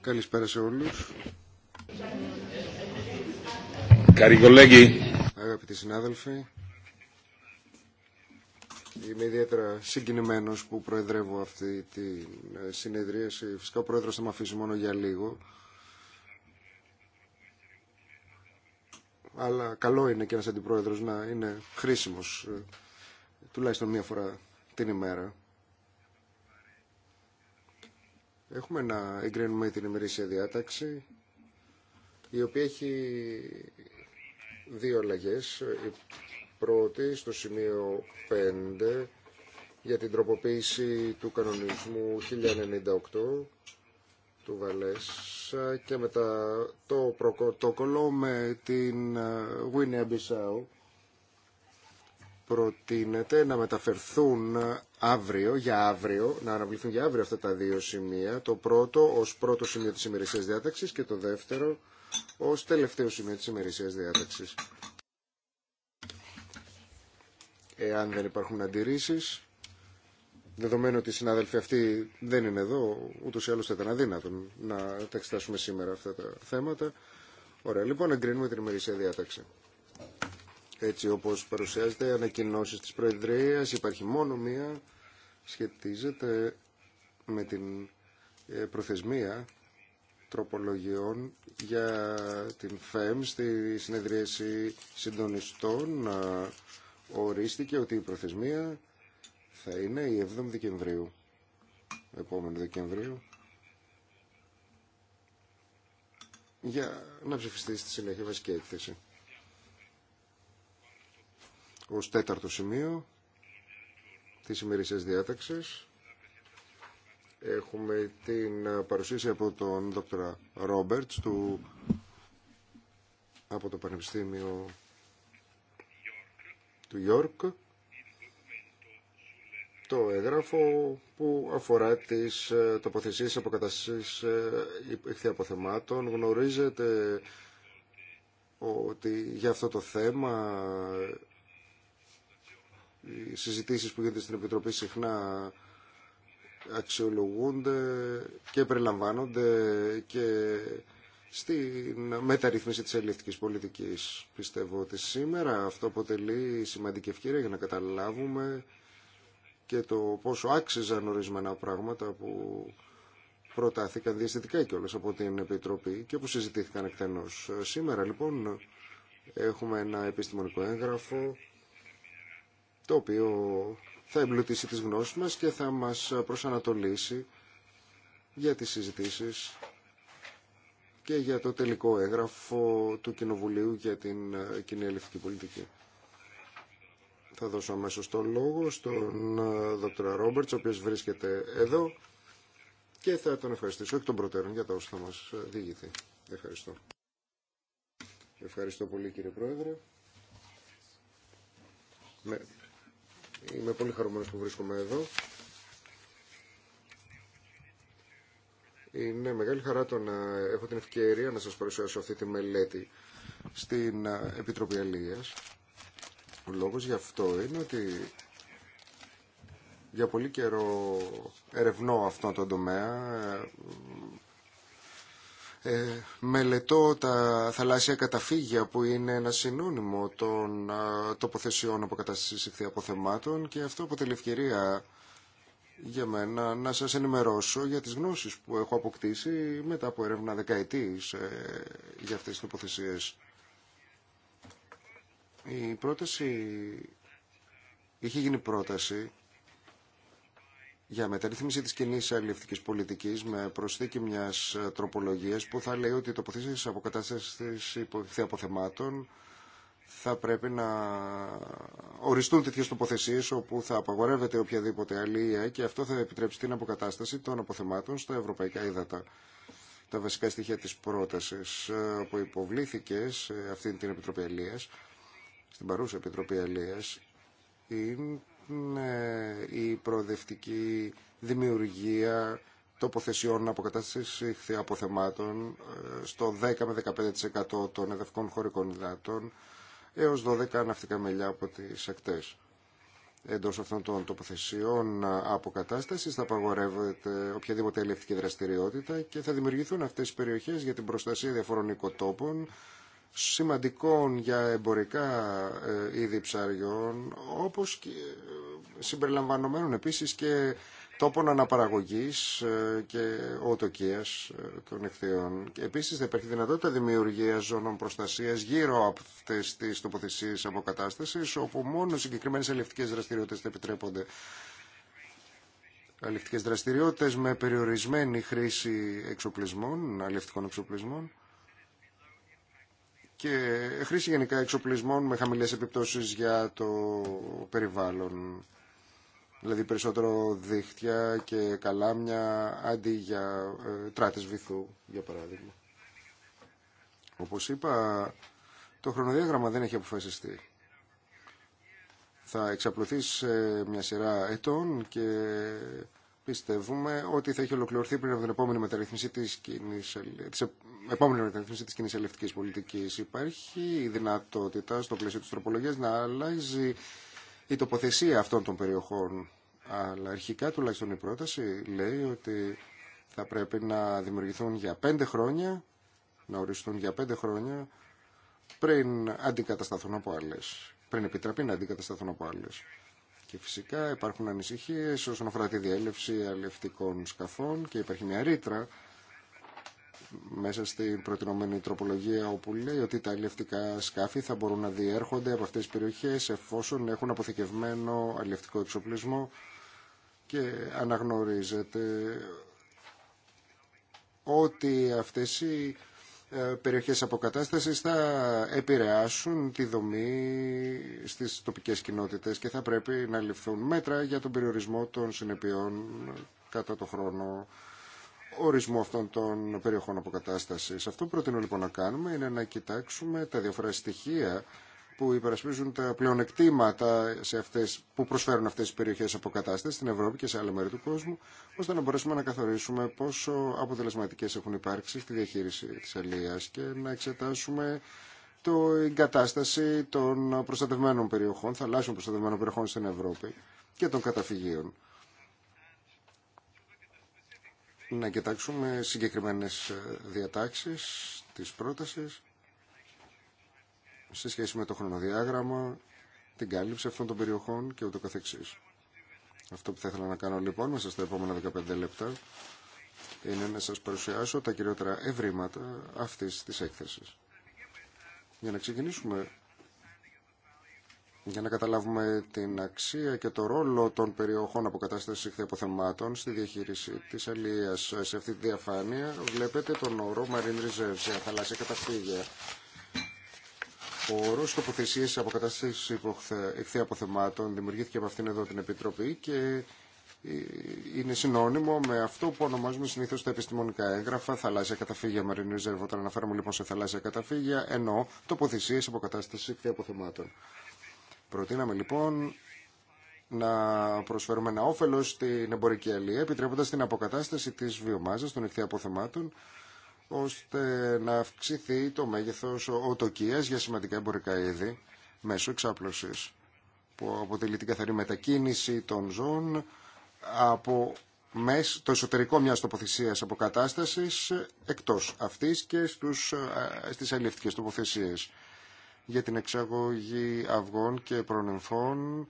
Καλησπέρα σε όλους. Καροί κολέγοι. Αγαπητοί συνάδελφοι. Είμαι ιδιαίτερα συγκινημένος που προεδρεύω αυτή τη συνεδρίαση. Φυσικά ο πρόεδρος θα με αφήσει μόνο για λίγο. Αλλά καλό είναι και ένας αντιπρόεδρος να είναι χρήσιμος ε, τουλάχιστον μία φορά την ημέρα. Έχουμε να εγκρίνουμε την ημερήσια διάταξη, η οποία έχει δύο αλλαγέ. Η πρώτη στο σημείο 5 για την τροποποίηση του κανονισμού 1098 του Βαλέσσα και μετά το πρωτόκολλο με την ε, Γουίνια Μπισάου προτείνεται να μεταφερθούν αύριο, για αύριο, να αναβληθούν για αύριο αυτά τα δύο σημεία. Το πρώτο ως πρώτο σημείο της ημερησίας διάταξης και το δεύτερο ως τελευταίο σημείο της ημερησίας διάταξης. Εάν δεν υπάρχουν αντιρρήσεις, δεδομένου ότι οι συνάδελφοι αυτοί δεν είναι εδώ, ούτως ή άλλως θα ήταν αδύνατο να τα εξετάσουμε σήμερα αυτά τα θέματα. Ωραία, λοιπόν, εγκρίνουμε την ημερησία διάταξη. Έτσι όπως παρουσιάζεται ανακοινώσεις της Προεδρίας υπάρχει μόνο μία σχετίζεται με την ε, προθεσμία τροπολογιών για την ΦΕΜ στη συνεδρίαση συντονιστών ορίστηκε ότι η προθεσμία θα είναι η 7η Δεκεμβρίου επόμενο Δεκεμβρίου για να ψηφιστεί στη συνέχεια βασική έκθεση ως τέταρτο σημείο της ημερησίας διάταξης. Έχουμε την παρουσίαση από τον Δ. Ρόμπερτ του, από το Πανεπιστήμιο του Ιόρκ το έγγραφο που αφορά τις ε, τοποθεσίες αποκαταστήσεις ε, θεμάτων. Γνωρίζετε ότι για αυτό το θέμα οι συζητήσεις που γίνεται στην Επιτροπή συχνά αξιολογούνται και περιλαμβάνονται και στη μεταρρύθμιση της ελληνικής πολιτικής. Πιστεύω ότι σήμερα αυτό αποτελεί σημαντική ευκαιρία για να καταλάβουμε και το πόσο άξιζαν ορισμένα πράγματα που προτάθηκαν διαστητικά κιόλας από την Επιτροπή και που συζητήθηκαν εκτενώς. Σήμερα λοιπόν έχουμε ένα επιστημονικό έγγραφο το οποίο θα εμπλουτίσει τις γνώσεις μας και θα μας προσανατολίσει για τις συζητήσεις και για το τελικό έγγραφο του Κοινοβουλίου για την ε, κοινή ελευθερική πολιτική. Θα δώσω αμέσω το λόγο στον ε, Δ. Ρόμπερτς, ο οποίος βρίσκεται εδώ και θα τον ευχαριστήσω εκ των προτέρων για τα όσα θα μας ε, διηγηθεί. Ευχαριστώ. Ευχαριστώ πολύ κύριε Πρόεδρε. Είμαι πολύ χαρούμενος που βρίσκομαι εδώ. Είναι μεγάλη χαρά το να έχω την ευκαιρία να σας παρουσιάσω αυτή τη μελέτη στην ε, Επιτροπή Αλίας. Ο λόγος γι' αυτό είναι ότι για πολύ καιρό ερευνώ αυτό το τομέα ε, ε, μελετώ τα θαλάσσια καταφύγια που είναι ένα συνώνυμο των τοποθεσιών αποκατάστασης αποθεμάτων και αυτό αποτελεί ευκαιρία για μένα να σας ενημερώσω για τις γνώσεις που έχω αποκτήσει μετά από έρευνα δεκαετής ε, για αυτές τις τοποθεσίες. Η πρόταση, είχε γίνει πρόταση για μεταρρύθμιση της κοινή αλληλευτικής πολιτικής με προσθήκη μιας ε, τροπολογίας που θα λέει ότι οι τοποθέσεις αποκατάστασης αποθεμάτων θα πρέπει να οριστούν τέτοιες τοποθεσίες όπου θα απαγορεύεται οποιαδήποτε αλληλεία και αυτό θα επιτρέψει την αποκατάσταση των αποθεμάτων στα ευρωπαϊκά ύδατα. Τα βασικά στοιχεία της πρότασης ε, που υποβλήθηκε σε αυτή την Επιτροπή Αλίας, στην παρούσα Επιτροπή Αλίας, είναι ναι, η προοδευτική δημιουργία τοποθεσιών αποκατάσταση αποθεμάτων ε, στο 10 με 15% των εδαφικών χωρικών υδάτων έως 12 ναυτικά μελιά από τις ακτές. Εντός αυτών των τοποθεσιών αποκατάστασης θα απαγορεύεται οποιαδήποτε ελευτική δραστηριότητα και θα δημιουργηθούν αυτές οι περιοχές για την προστασία διαφορών οικοτόπων σημαντικών για εμπορικά ε, είδη ψαριών, όπως και ε, συμπεριλαμβανομένων επίσης και τόπων αναπαραγωγής ε, και οτοκίας των εχθείων. Επίσης θα υπάρχει δυνατότητα δημιουργίας ζώνων προστασίας γύρω από αυτές τις τοποθεσίες αποκατάστασης, όπου μόνο συγκεκριμένες ελευτικές δραστηριότητες θα επιτρέπονται. Αλευτικές δραστηριότητες με περιορισμένη χρήση εξοπλισμών, αλευτικών εξοπλισμών και χρήση γενικά εξοπλισμών με χαμηλές επιπτώσεις για το περιβάλλον. Δηλαδή περισσότερο δίχτυα και καλάμια αντί για ε, τράτες βυθού, για παράδειγμα. Όπως είπα, το χρονοδιάγραμμα δεν έχει αποφασιστεί. Θα εξαπλωθεί σε μια σειρά ετών και Πιστεύουμε ότι θα έχει ολοκληρωθεί πριν από την επόμενη μεταρρύθμιση της, κοινής, της επόμενη μεταρρύθμιση της κοινής ελευτικής πολιτικής. Υπάρχει η δυνατότητα στο πλαίσιο της τροπολογίας να αλλάζει η τοποθεσία αυτών των περιοχών. Αλλά αρχικά τουλάχιστον η πρόταση λέει ότι θα πρέπει να δημιουργηθούν για πέντε χρόνια, να οριστούν για πέντε χρόνια πριν αντικατασταθούν από άλλες. Πριν επιτραπεί να αντικατασταθούν από άλλες. Και φυσικά υπάρχουν ανησυχίες όσον αφορά τη διέλευση αλευτικών σκαφών και υπάρχει μια ρήτρα μέσα στην προτινόμενη τροπολογία όπου λέει ότι τα αλευτικά σκάφη θα μπορούν να διέρχονται από αυτές τις περιοχές εφόσον έχουν αποθηκευμένο αλευτικό εξοπλισμό και αναγνωρίζεται ότι αυτές οι ε, περιοχές αποκατάστασης θα επηρεάσουν τη δομή στις τοπικές κοινότητες και θα πρέπει να ληφθούν μέτρα για τον περιορισμό των συνεπειών κατά το χρόνο ορισμού αυτών των περιοχών αποκατάστασης. Αυτό που προτείνω λοιπόν να κάνουμε είναι να κοιτάξουμε τα διαφορά στοιχεία που υπερασπίζουν τα πλεονεκτήματα σε αυτές, που προσφέρουν αυτές τις περιοχές αποκατάσταση στην Ευρώπη και σε άλλα μέρη του κόσμου, ώστε να μπορέσουμε να καθορίσουμε πόσο αποτελεσματικές έχουν υπάρξει στη διαχείριση της αλίας και να εξετάσουμε το εγκατάσταση των προστατευμένων περιοχών, θαλάσσιων προστατευμένων περιοχών στην Ευρώπη και των καταφυγίων. Να κοιτάξουμε συγκεκριμένες διατάξεις της πρότασης σε σχέση με το χρονοδιάγραμμα, την κάλυψη αυτών των περιοχών και ούτω καθεξής. Αυτό που θα ήθελα να κάνω λοιπόν μέσα στα επόμενα 15 λεπτά είναι να σας παρουσιάσω τα κυριότερα ευρήματα αυτής της έκθεσης. Για να ξεκινήσουμε, για να καταλάβουμε την αξία και το ρόλο των περιοχών αποκατάστασης ηχθειαποθεμάτων στη διαχείριση της αλίας. Σε αυτή τη διαφάνεια βλέπετε τον όρο Marine Reserve, σε θαλάσσια καταφύγια. Ο όρο τοποθεσίε αποκατάσταση ευθεία αποθεμάτων δημιουργήθηκε από αυτήν εδώ την Επιτροπή και ε, είναι συνώνυμο με αυτό που ονομάζουμε συνήθω τα επιστημονικά έγγραφα, θαλάσσια καταφύγια, marine reserve. Όταν αναφέρομαι λοιπόν σε θαλάσσια καταφύγια, ενώ τοποθεσίε αποκατάσταση ευθεία αποθεμάτων. Προτείναμε λοιπόν να προσφέρουμε ένα όφελο στην εμπορική αλία, επιτρέποντα την αποκατάσταση τη βιομάζα των ευθεία αποθεμάτων ώστε να αυξηθεί το μέγεθος οτοκίας για σημαντικά εμπορικά είδη μέσω εξάπλωσης που αποτελεί την καθαρή μετακίνηση των ζώων από το εσωτερικό μιας τοποθεσίας αποκατάστασης εκτός αυτής και στους, ε, στις αλληλευτικές τοποθεσίες για την εξαγωγή αυγών και προνεμφών,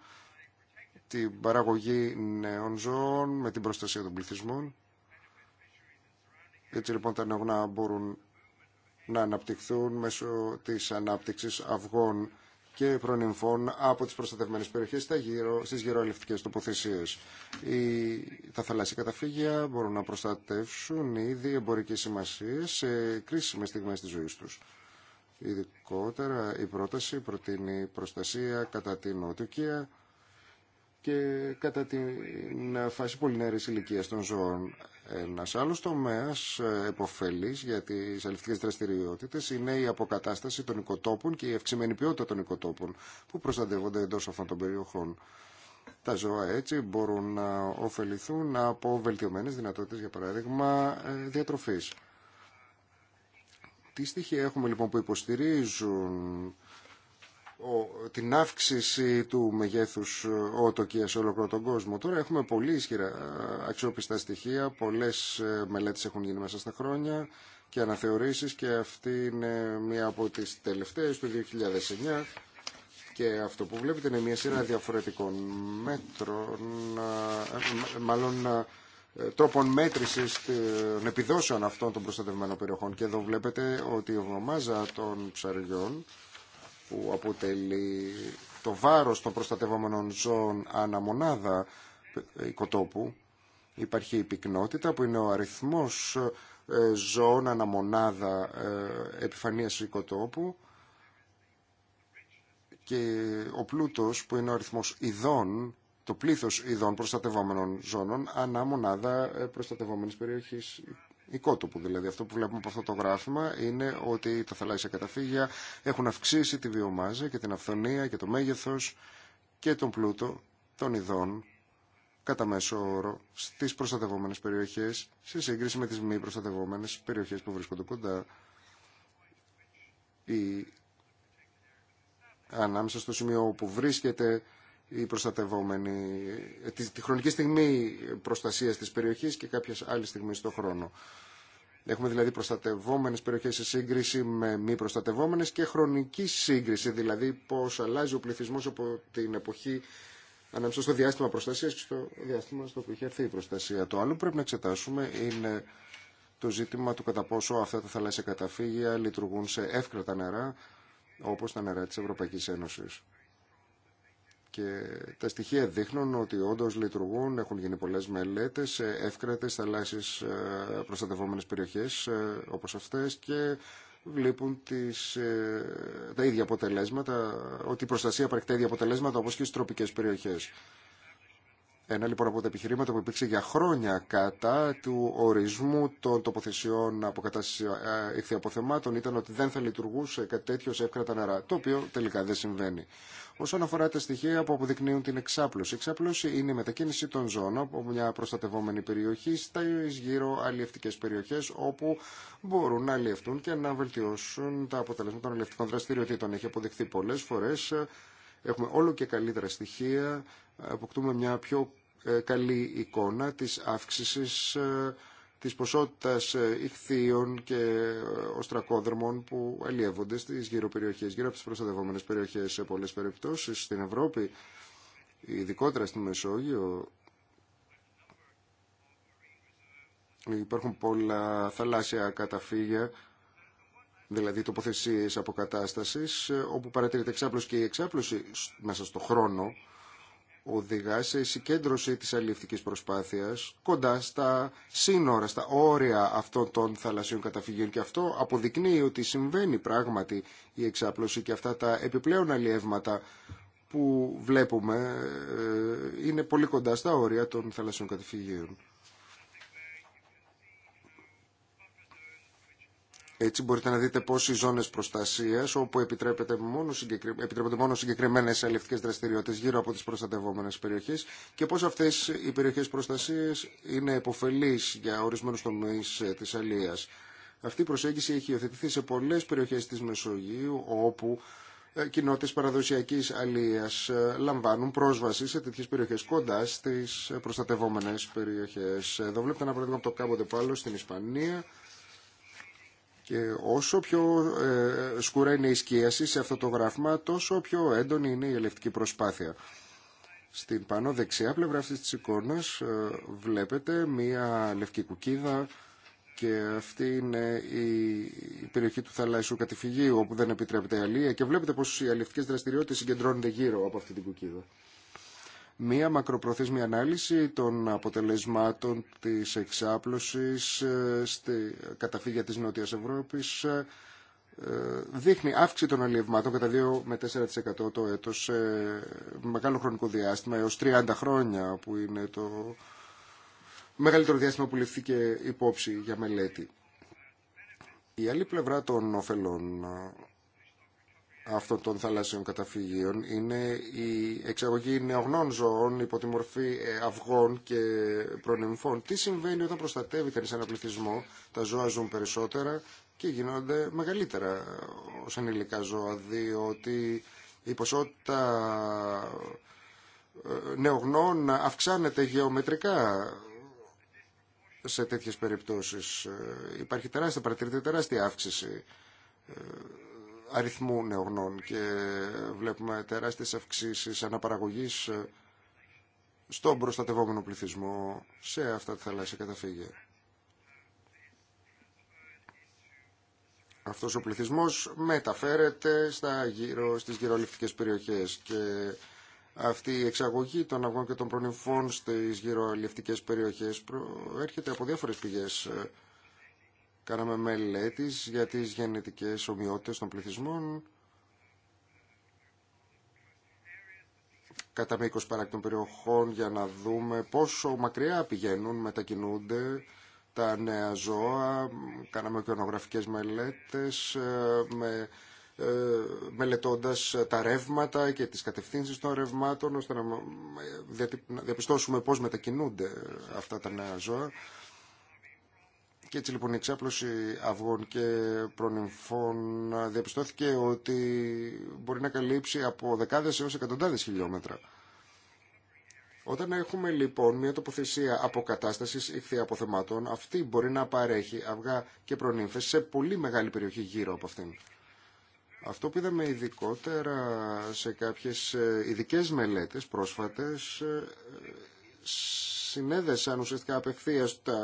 την παραγωγή νέων ζώων με την προστασία των πληθυσμών έτσι λοιπόν τα νεογνά μπορούν να αναπτυχθούν μέσω της ανάπτυξης αυγών και προνυμφών από τις προστατευμένες περιοχές στα γύρω, στις τοποθεσίες. τα θαλάσσια καταφύγια μπορούν να προστατεύσουν ήδη εμπορικές σημασίες σε κρίσιμες στιγμές της ζωής τους. Ειδικότερα η πρόταση προτείνει προστασία κατά την οτοκία και κατά την φάση πολυνέρης ηλικία των ζώων. Ένας άλλο τομέας ε, επωφελής για τις αληθικές δραστηριότητες είναι η αποκατάσταση των οικοτόπων και η αυξημένη ποιότητα των οικοτόπων που προστατεύονται εντός αυτών των περιοχών. Τα ζώα έτσι μπορούν να ωφεληθούν από βελτιωμένες δυνατότητες, για παράδειγμα, ε, διατροφής. Τι στοιχεία έχουμε λοιπόν που υποστηρίζουν την αύξηση του μεγέθους ε, ότοκια σε ολόκληρο τον κόσμο. Τώρα έχουμε πολύ ισχυρά ε, αξιόπιστα στοιχεία, πολλές ε, μελέτες έχουν γίνει μέσα στα χρόνια και αναθεωρήσεις και αυτή είναι μία από τις τελευταίες του 2009 και αυτό που βλέπετε είναι μία σειρά διαφορετικών μέτρων, μάλλον τρόπων μέτρησης των επιδόσεων αυτών των προστατευμένων περιοχών και εδώ βλέπετε ότι η γνωμάζα των ψαριών που αποτελεί το βάρος των προστατευόμενων ζώων αναμονάδα ε, οικοτόπου. Υπάρχει η πυκνότητα που είναι ο αριθμός ε, ζώων αναμονάδα ε, επιφανείας οικοτόπου και ο πλούτος που είναι ο αριθμός ειδών, το πλήθος ειδών προστατευόμενων ζώνων ανά μονάδα προστατευόμενης περιοχής οικότοπου. Δηλαδή αυτό που βλέπουμε από αυτό το γράφημα είναι ότι τα θαλάσσια καταφύγια έχουν αυξήσει τη βιομάζα και την αυθονία και το μέγεθος και τον πλούτο των ειδών κατά μέσο όρο στις προστατευόμενες περιοχές σε σύγκριση με τις μη προστατευόμενες περιοχές που βρίσκονται κοντά ανάμεσα στο σημείο που βρίσκεται οι προστατευόμενοι, ε, τη, χρονική στιγμή προστασία τη περιοχή και κάποια άλλη στιγμή στον χρόνο. Έχουμε δηλαδή προστατευόμενε περιοχέ σε σύγκριση με μη προστατευόμενες και χρονική σύγκριση, δηλαδή πώ αλλάζει ο πληθυσμό από την εποχή ανάμεσα στο διάστημα προστασία και στο διάστημα στο οποίο έχει έρθει η προστασία. Το άλλο που πρέπει να εξετάσουμε είναι το ζήτημα του κατά πόσο αυτά τα θαλάσσια καταφύγια λειτουργούν σε εύκρατα νερά, όπως τα νερά της Ευρωπαϊκής Ένωσης. Και τα στοιχεία δείχνουν ότι όντω λειτουργούν, έχουν γίνει πολλέ μελέτε σε εύκρατε θαλάσσιε προστατευόμενε περιοχέ ε, όπω αυτέ και βλέπουν τις, ε, τα ίδια αποτελέσματα, ότι η προστασία παρέχει τα ίδια αποτελέσματα όπως και στις τροπικέ περιοχές. Ένα λοιπόν από τα επιχειρήματα που υπήρξε για χρόνια κατά του ορισμού των τοποθεσιών αποκατάσταση ε, ηχθιαποθεμάτων ήταν ότι δεν θα λειτουργούσε κάτι τέτοιο σε εύκρατα νερά, το οποίο τελικά δεν συμβαίνει. Όσον αφορά τα στοιχεία που αποδεικνύουν την εξάπλωση, η εξάπλωση είναι η μετακίνηση των ζώων από μια προστατευόμενη περιοχή στα γύρω αλλιευτικέ περιοχέ όπου μπορούν να αλλιευτούν και να βελτιώσουν τα αποτελέσματα των αλλιευτικών δραστηριοτήτων. Έχει αποδειχθεί πολλέ φορέ ε, Έχουμε όλο και καλύτερα στοιχεία, αποκτούμε μια πιο ε, καλή εικόνα της αύξησης ε, της ποσότητας ε, ηχθείων και οστρακόδερμων που αλλιεύονται στις γύρω περιοχές, γύρω από τις προστατευόμενες περιοχές σε πολλές περιπτώσεις. Στην Ευρώπη, ειδικότερα στη Μεσόγειο, υπάρχουν πολλά θαλάσσια καταφύγια δηλαδή τοποθεσίες αποκατάστασης, ε, όπου παρατηρείται εξάπλωση και η εξάπλωση μέσα στο χρόνο οδηγά σε συγκέντρωση της αλληλευτικής προσπάθειας κοντά στα σύνορα, στα όρια αυτών των θαλασσίων καταφυγίων και αυτό αποδεικνύει ότι συμβαίνει πράγματι η εξάπλωση και αυτά τα επιπλέον αλλιεύματα που βλέπουμε ε, ε, είναι πολύ κοντά στα όρια των θαλασσίων καταφυγίων. Έτσι μπορείτε να δείτε πώς οι ζώνες προστασίας, όπου επιτρέπεται μόνο συγκεκρι... επιτρέπεται μόνο συγκεκριμένες αλληλευτικές δραστηριότητες γύρω από τις προστατευόμενες περιοχές και πώς αυτές οι περιοχές προστασίας είναι επωφελείς για ορισμένους τομείς ε, της αλίας. Αυτή η προσέγγιση έχει υιοθετηθεί σε πολλές περιοχές της Μεσογείου, όπου ε, κοινότητες παραδοσιακής αλίας ε, λαμβάνουν πρόσβαση σε τέτοιες περιοχές κοντά στις προστατευόμενες περιοχές. Εδώ βλέπετε ένα παράδειγμα από το Κάμπο Τεπάλο στην Ισπανία, και όσο πιο ε, σκούρα είναι η σκίαση σε αυτό το γράφημα, τόσο πιο έντονη είναι η ελευτική προσπάθεια. Στην πάνω δεξιά πλευρά αυτής της εικόνας ε, βλέπετε μία λευκή κουκίδα και αυτή είναι η, περιοχή του θαλάσσιου κατηφυγίου όπου δεν επιτρέπεται αλία και βλέπετε πως οι αλληλευτικές δραστηριότητες συγκεντρώνονται γύρω από αυτή την κουκίδα μία μακροπροθέσμη ανάλυση των αποτελεσμάτων της εξάπλωσης ε, στη καταφύγια της Νότιας Ευρώπης ε, δείχνει αύξηση των αλλιευμάτων κατά 2 με 4% το έτος σε μεγάλο χρονικό διάστημα έως 30 χρόνια που είναι το μεγαλύτερο διάστημα που ληφθήκε υπόψη για μελέτη. Η άλλη πλευρά των ωφελών αυτών των θαλάσσιων καταφυγίων είναι η εξαγωγή νεογνών ζώων υπό τη μορφή ε, αυγών και προνεμφών. Τι συμβαίνει όταν προστατεύει κανείς ένα πληθυσμό, τα ζώα ζουν περισσότερα και γίνονται μεγαλύτερα ως ενηλικά ζώα, διότι η ποσότητα ε, νεογνών αυξάνεται γεωμετρικά σε τέτοιες περιπτώσεις. Ε, υπάρχει τεράστια, παρατηρείται τεράστια αύξηση αριθμού νεογνών και βλέπουμε τεράστιες αυξήσεις αναπαραγωγής ε, στον προστατευόμενο πληθυσμό σε αυτά τα θαλάσσια καταφύγια. Αυτός ο πληθυσμός μεταφέρεται στα γύρω, στις περιοχές και αυτή η εξαγωγή των αυγών και των προνυμφών στις γυροληφτικές περιοχές έρχεται από διάφορες πηγές ε, Κάναμε μελέτης για τις γενετικές ομοιότητες των πληθυσμών κατά μήκος παράκτων περιοχών για να δούμε πόσο μακριά πηγαίνουν, μετακινούνται τα νέα ζώα. Κάναμε οκεωνογραφικές μελέτες ε, με ε, μελετώντας τα ρεύματα και τις κατευθύνσεις των ρευμάτων ώστε να ε, διαπιστώσουμε πώς μετακινούνται αυτά τα νέα ζώα. Και έτσι λοιπόν η εξάπλωση αυγών και προνυμφών διαπιστώθηκε ότι μπορεί να καλύψει από δεκάδες έως εκατοντάδες χιλιόμετρα. Όταν έχουμε λοιπόν μια τοποθεσία αποκατάσταση ηχθεία αποθεμάτων, αυτή μπορεί να παρέχει αυγά και προνύμφες σε πολύ μεγάλη περιοχή γύρω από αυτήν. Αυτό που είδαμε ειδικότερα σε κάποιες ε, ειδικέ μελέτες πρόσφατες ε, συνέδεσαν ουσιαστικά απευθεία τα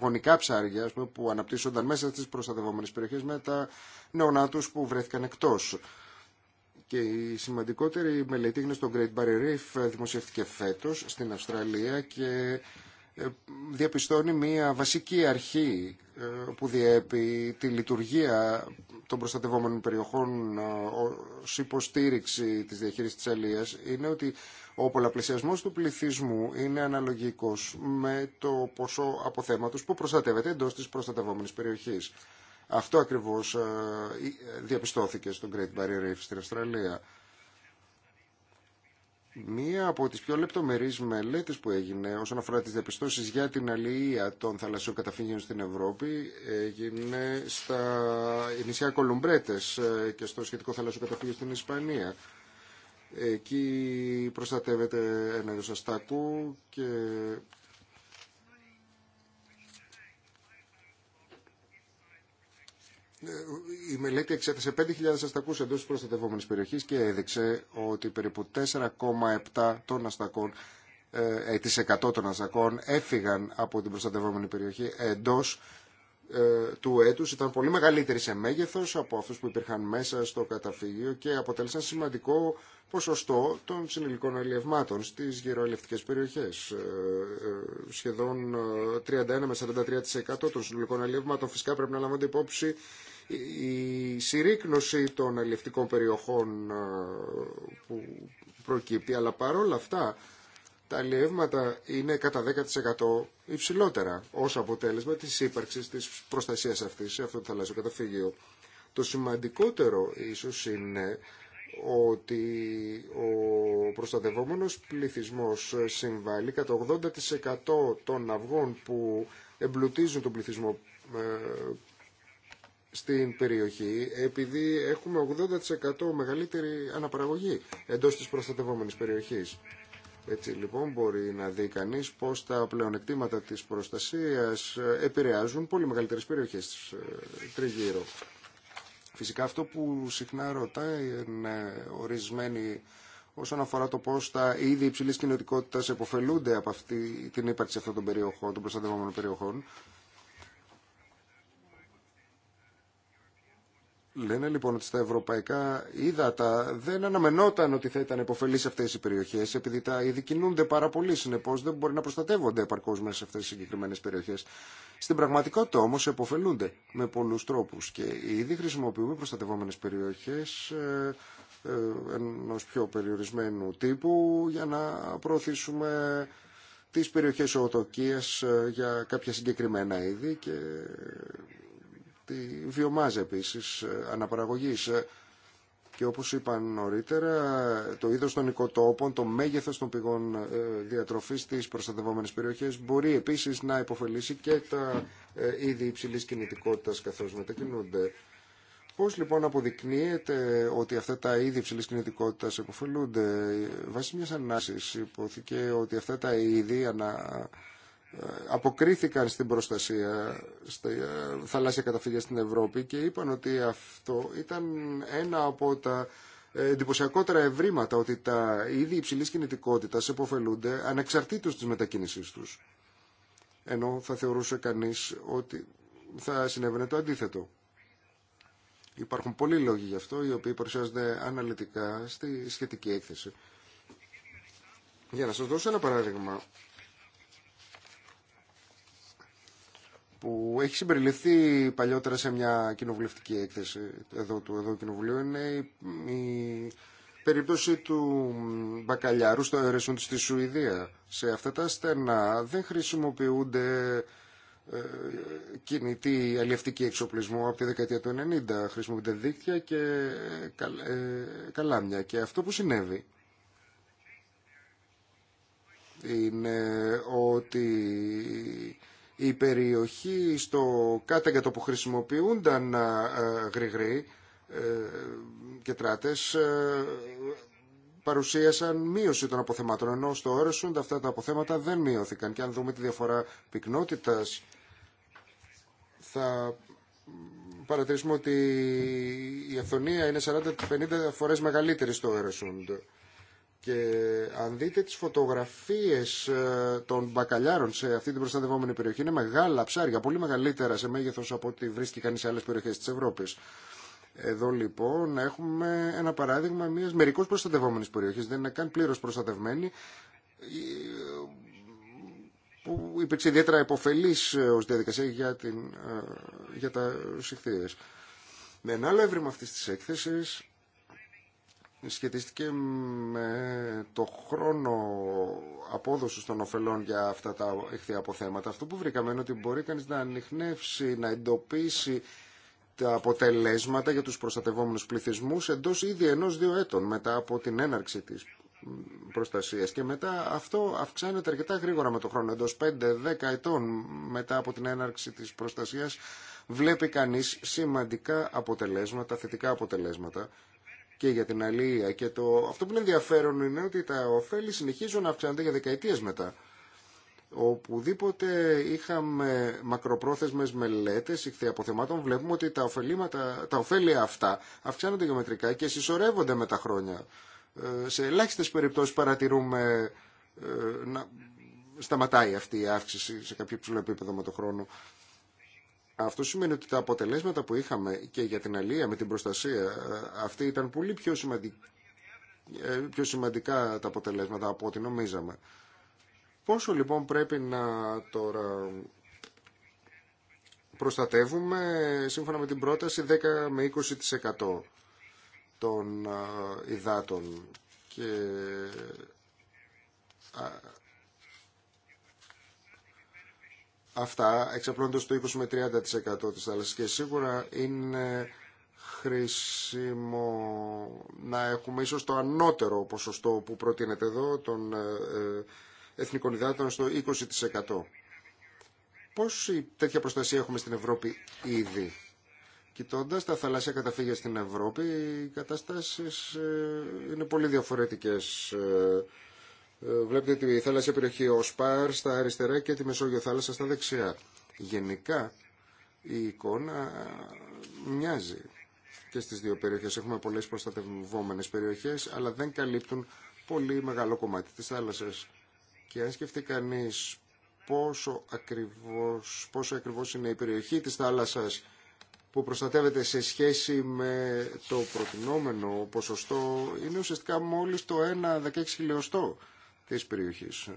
γονικά ψάρια πούμε, που αναπτύσσονταν μέσα στι προστατευόμενε περιοχέ με τα νεονά του που βρέθηκαν εκτό. Και η σημαντικότερη μελέτη έγινε στο Great Barrier Reef, δημοσιεύτηκε φέτο στην Αυστραλία και ε, διαπιστώνει μια βασική αρχή ε, που διέπει τη λειτουργία των προστατευόμενων περιοχών ε, ως υποστήριξη της διαχείρισης της αλίας είναι ότι ο πολλαπλησιασμό του πληθυσμού είναι αναλογικός με το ποσό αποθέματος που προστατεύεται εντό της προστατευόμενης περιοχής. Αυτό ακριβώς ε, ε, διαπιστώθηκε στο Great Barrier Reef στην Αυστραλία. Μία από τις πιο λεπτομερείς μελέτες που έγινε όσον αφορά τις διαπιστώσεις για την αλληλεία των θαλασσιών καταφύγιων στην Ευρώπη έγινε στα νησιά Κολουμπρέτες ε, και στο σχετικό θαλασσιό καταφύγιο στην Ισπανία. Εκεί προστατεύεται ένα αστάκου και Η μελέτη εξέτασε 5.000 αστακούς εντός της προστατευόμενης περιοχής και έδειξε ότι περίπου 4,7 των αστακών ε, 100 ε, των αστακών έφυγαν από την προστατευόμενη περιοχή εντός ε, του έτους ήταν πολύ μεγαλύτερη σε μέγεθος από αυτούς που υπήρχαν μέσα στο καταφύγιο και αποτέλεσαν σημαντικό ποσοστό των συνολικών αλλιευμάτων στις γεροαλλιευτικές περιοχές. Ε, ε, σχεδόν 31 με 43% των συνολικών αλλιευμάτων φυσικά πρέπει να λαμβάνει υπόψη η συρρήκνωση των αλλιευτικών περιοχών που προκύπτει, αλλά παρόλα αυτά τα αλλιεύματα είναι κατά 10% υψηλότερα ως αποτέλεσμα της ύπαρξης της προστασίας αυτής σε αυτό το θαλάσσιο καταφύγιο. Το σημαντικότερο ίσως είναι ότι ο προστατευόμενος πληθυσμός συμβάλλει κατά 80% των αυγών που εμπλουτίζουν τον πληθυσμό ε, στην περιοχή επειδή έχουμε 80% μεγαλύτερη αναπαραγωγή εντός της προστατευόμενης περιοχής. Έτσι λοιπόν μπορεί να δει κανεί πώς τα πλεονεκτήματα της προστασίας ε, επηρεάζουν πολύ μεγαλύτερες περιοχές ε, τριγύρω. Φυσικά αυτό που συχνά ρωτάει είναι ορισμένοι όσον αφορά το πώ τα είδη υψηλή κοινωτικότητα επωφελούνται από αυτή την ύπαρξη αυτών των περιοχών, των προστατευόμενων περιοχών. Λένε λοιπόν ότι στα ευρωπαϊκά ύδατα δεν αναμενόταν ότι θα ήταν υποφελεί αυτέ οι περιοχέ, επειδή τα είδη κινούνται πάρα πολύ, συνεπώ δεν μπορεί να προστατεύονται επαρκώ μέσα σε αυτές τι συγκεκριμένες περιοχές. Στην πραγματικότητα όμω υποφελούνται με πολλού τρόπου και ήδη χρησιμοποιούμε προστατευόμενε περιοχέ ε, ε, ενό πιο περιορισμένου τύπου για να προωθήσουμε τις περιοχές οτοκίας ε, για κάποια συγκεκριμένα είδη και τη βιομάζα επίσης ε, αναπαραγωγής ε, και όπως είπαν νωρίτερα το είδος των οικοτόπων, το μέγεθος των πηγών ε, διατροφής στις προστατευόμενες περιοχές μπορεί επίσης να υποφελήσει και τα είδη υψηλής κινητικότητας καθώς μετακινούνται. Πώς λοιπόν αποδεικνύεται ότι αυτά τα είδη υψηλής κινητικότητας υποφελούνται. Βάσει μιας ανάσης υπόθηκε ότι αυτά τα είδη ανα αποκρίθηκαν στην προστασία στα ε, θαλάσσια καταφύγια στην Ευρώπη και είπαν ότι αυτό ήταν ένα από τα εντυπωσιακότερα ευρήματα ότι τα είδη υψηλή κινητικότητα υποφελούνται ανεξαρτήτως της μετακίνησής τους. Ενώ θα θεωρούσε κανείς ότι θα συνέβαινε το αντίθετο. Υπάρχουν πολλοί λόγοι γι' αυτό, οι οποίοι παρουσιάζονται αναλυτικά στη σχετική έκθεση. Για να σας δώσω ένα παράδειγμα, που έχει συμπεριληφθεί παλιότερα σε μια κοινοβουλευτική έκθεση εδώ του εδώ Κοινοβουλίου είναι η, περίπτωση του μπακαλιάρου στο της στη Σουηδία. Σε αυτά τα στενά δεν χρησιμοποιούνται ε, κινητή αλλιευτική εξοπλισμό από τη δεκαετία του 90. Χρησιμοποιούνται δίκτυα και ε, ε, καλάμια. Και αυτό που συνέβη είναι ότι η περιοχή στο κάτεγκατο που χρησιμοποιούνταν ε, γρηγροί ε, και τράτες ε, παρουσίασαν μείωση των αποθεμάτων ενώ στο Ωρεσούντ αυτά τα αποθέματα δεν μειώθηκαν και αν δούμε τη διαφορά πυκνότητας θα παρατηρήσουμε ότι η αυθονία είναι 40-50 φορές μεγαλύτερη στο Ωρεσούντ και αν δείτε τις φωτογραφίες ε, των μπακαλιάρων σε αυτή την προστατευόμενη περιοχή, είναι μεγάλα ψάρια, πολύ μεγαλύτερα σε μέγεθος από ό,τι βρίσκει κανείς σε άλλες περιοχές της Ευρώπης. Εδώ λοιπόν έχουμε ένα παράδειγμα μιας μερικώς προστατευόμενης περιοχής, δεν είναι καν πλήρως προστατευμένη, ε, που υπήρξε ιδιαίτερα υποφελής ε, ως διαδικασία για, την, για τα συχθείες. Με ένα άλλο έβριμα αυτής της έκθεσης σχετίστηκε με το χρόνο απόδοσης των ωφελών για αυτά τα εχθή αποθέματα. Αυτό που βρήκαμε είναι ότι μπορεί κανείς να ανοιχνεύσει, να εντοπίσει τα αποτελέσματα για τους προστατευόμενους πληθυσμούς εντός ήδη ενός-δύο έτων μετά από την έναρξη της προστασίας και μετά αυτό αυξάνεται αρκετά γρήγορα με το χρόνο εντός 5-10 ετών μετά από την έναρξη της προστασίας βλέπει κανείς σημαντικά αποτελέσματα, θετικά αποτελέσματα και για την αλληλεία. Και το, αυτό που είναι ενδιαφέρον είναι ότι τα ωφέλη συνεχίζουν να αυξάνονται για δεκαετίες μετά. Οπουδήποτε είχαμε μακροπρόθεσμες μελέτες αποθεμάτων, βλέπουμε ότι τα, τα ωφέλη αυτά αυξάνονται γεωμετρικά και συσσωρεύονται με τα χρόνια. Ε, σε ελάχιστες περιπτώσεις παρατηρούμε ε, να σταματάει αυτή η αύξηση σε κάποιο ψηλό επίπεδο με το χρόνο. Αυτό σημαίνει ότι τα αποτελέσματα που είχαμε και για την αλία με την προστασία ε, αυτή ήταν πολύ πιο, ε, πιο σημαντικά τα αποτελέσματα από ό,τι νομίζαμε. Πόσο λοιπόν πρέπει να τώρα προστατεύουμε σύμφωνα με την πρόταση 10 με 20% των ε, υδάτων και αυτά εξαπλώνοντας το 20 με 30% της θάλασσας και σίγουρα είναι χρήσιμο να έχουμε ίσως το ανώτερο ποσοστό που προτείνεται εδώ των ε, ε, εθνικών υδάτων στο 20%. Πόση τέτοια προστασία έχουμε στην Ευρώπη ήδη. Κοιτώντας τα θαλάσσια καταφύγια στην Ευρώπη, οι καταστάσεις ε, είναι πολύ διαφορετικές ε, βλέπετε τη θάλασσα περιοχή ΟΣΠΑΡ στα αριστερά και τη Μεσόγειο θάλασσα στα δεξιά. Γενικά η εικόνα μοιάζει και στις δύο περιοχές. Έχουμε πολλές προστατευόμενες περιοχές, αλλά δεν καλύπτουν πολύ μεγάλο κομμάτι της θάλασσας. Και αν σκεφτεί κανεί πόσο ακριβώς, πόσο ακριβώς είναι η περιοχή της θάλασσας που προστατεύεται σε σχέση με το προτινόμενο ποσοστό, είναι ουσιαστικά μόλις το 1-16 χιλιοστό της περιοχής.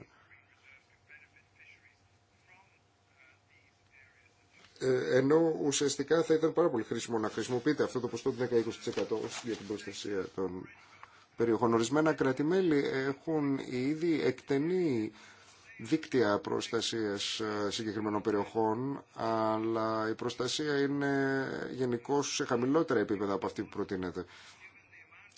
Ε, ενώ ουσιαστικά θα ήταν πάρα πολύ χρήσιμο να χρησιμοποιείτε αυτό το ποσοστό του 10-20% για την προστασία των περιοχών. Ορισμένα κρατημέλη έχουν ήδη εκτενή δίκτυα προστασίας ε, συγκεκριμένων περιοχών, αλλά η προστασία είναι γενικώ σε χαμηλότερα επίπεδα από αυτή που προτείνεται.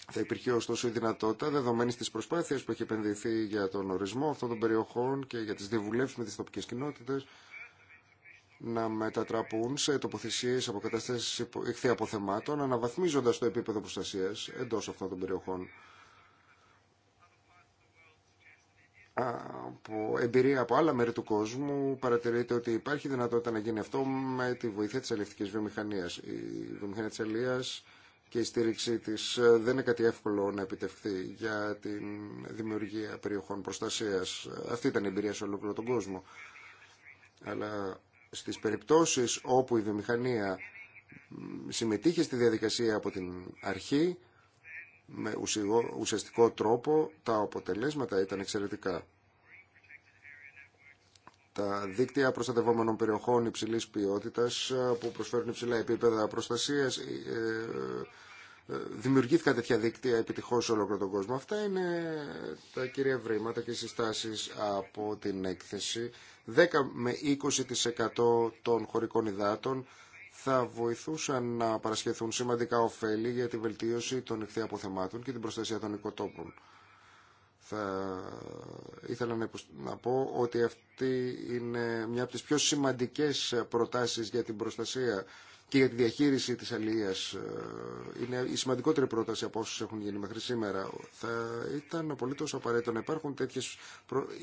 Θα υπήρχε ωστόσο η δυνατότητα, δεδομένη τη προσπάθεια που έχει επενδυθεί για τον ορισμό αυτών των περιοχών και για τι διαβουλεύσει με τι τοπικέ κοινότητε, να μετατραπούν σε τοποθεσίε αποκαταστάσει εχθεί αποθεμάτων, αναβαθμίζοντα το επίπεδο προστασία εντό αυτών των περιοχών. Από εμπειρία από άλλα μέρη του κόσμου παρατηρείται ότι υπάρχει δυνατότητα να γίνει αυτό με τη βοήθεια της αλληλευτικής βιομηχανίας. Η βιομηχανία της και η στήριξή της ε, δεν είναι κάτι εύκολο να επιτευχθεί για τη δημιουργία περιοχών προστασίας. Αυτή ήταν η εμπειρία σε ολόκληρο τον κόσμο. Αλλά στις περιπτώσεις όπου η βιομηχανία συμμετείχε στη διαδικασία από την αρχή με ουσιαστικό τρόπο τα αποτελέσματα ήταν εξαιρετικά τα δίκτυα προστατευόμενων περιοχών υψηλής ποιότητας ε, που προσφέρουν υψηλά επίπεδα προστασίας ε, ε, δημιουργήθηκαν τέτοια δίκτυα επιτυχώς σε όλο τον κόσμο. Αυτά είναι τα κυρία βρήματα και συστάσεις από την έκθεση. 10 με 20% των χωρικών υδάτων θα βοηθούσαν να παρασχεθούν σημαντικά ωφέλη για τη βελτίωση των αποθεμάτων και την προστασία των οικοτόπων θα ήθελα να, να πω ότι αυτή είναι μια από τις πιο σημαντικές προτάσεις για την προστασία και για τη διαχείριση της αλληλείας. Ε, είναι η σημαντικότερη πρόταση από όσους έχουν γίνει μέχρι σήμερα. Θα ήταν τόσο απαραίτητο να υπάρχουν τέτοιες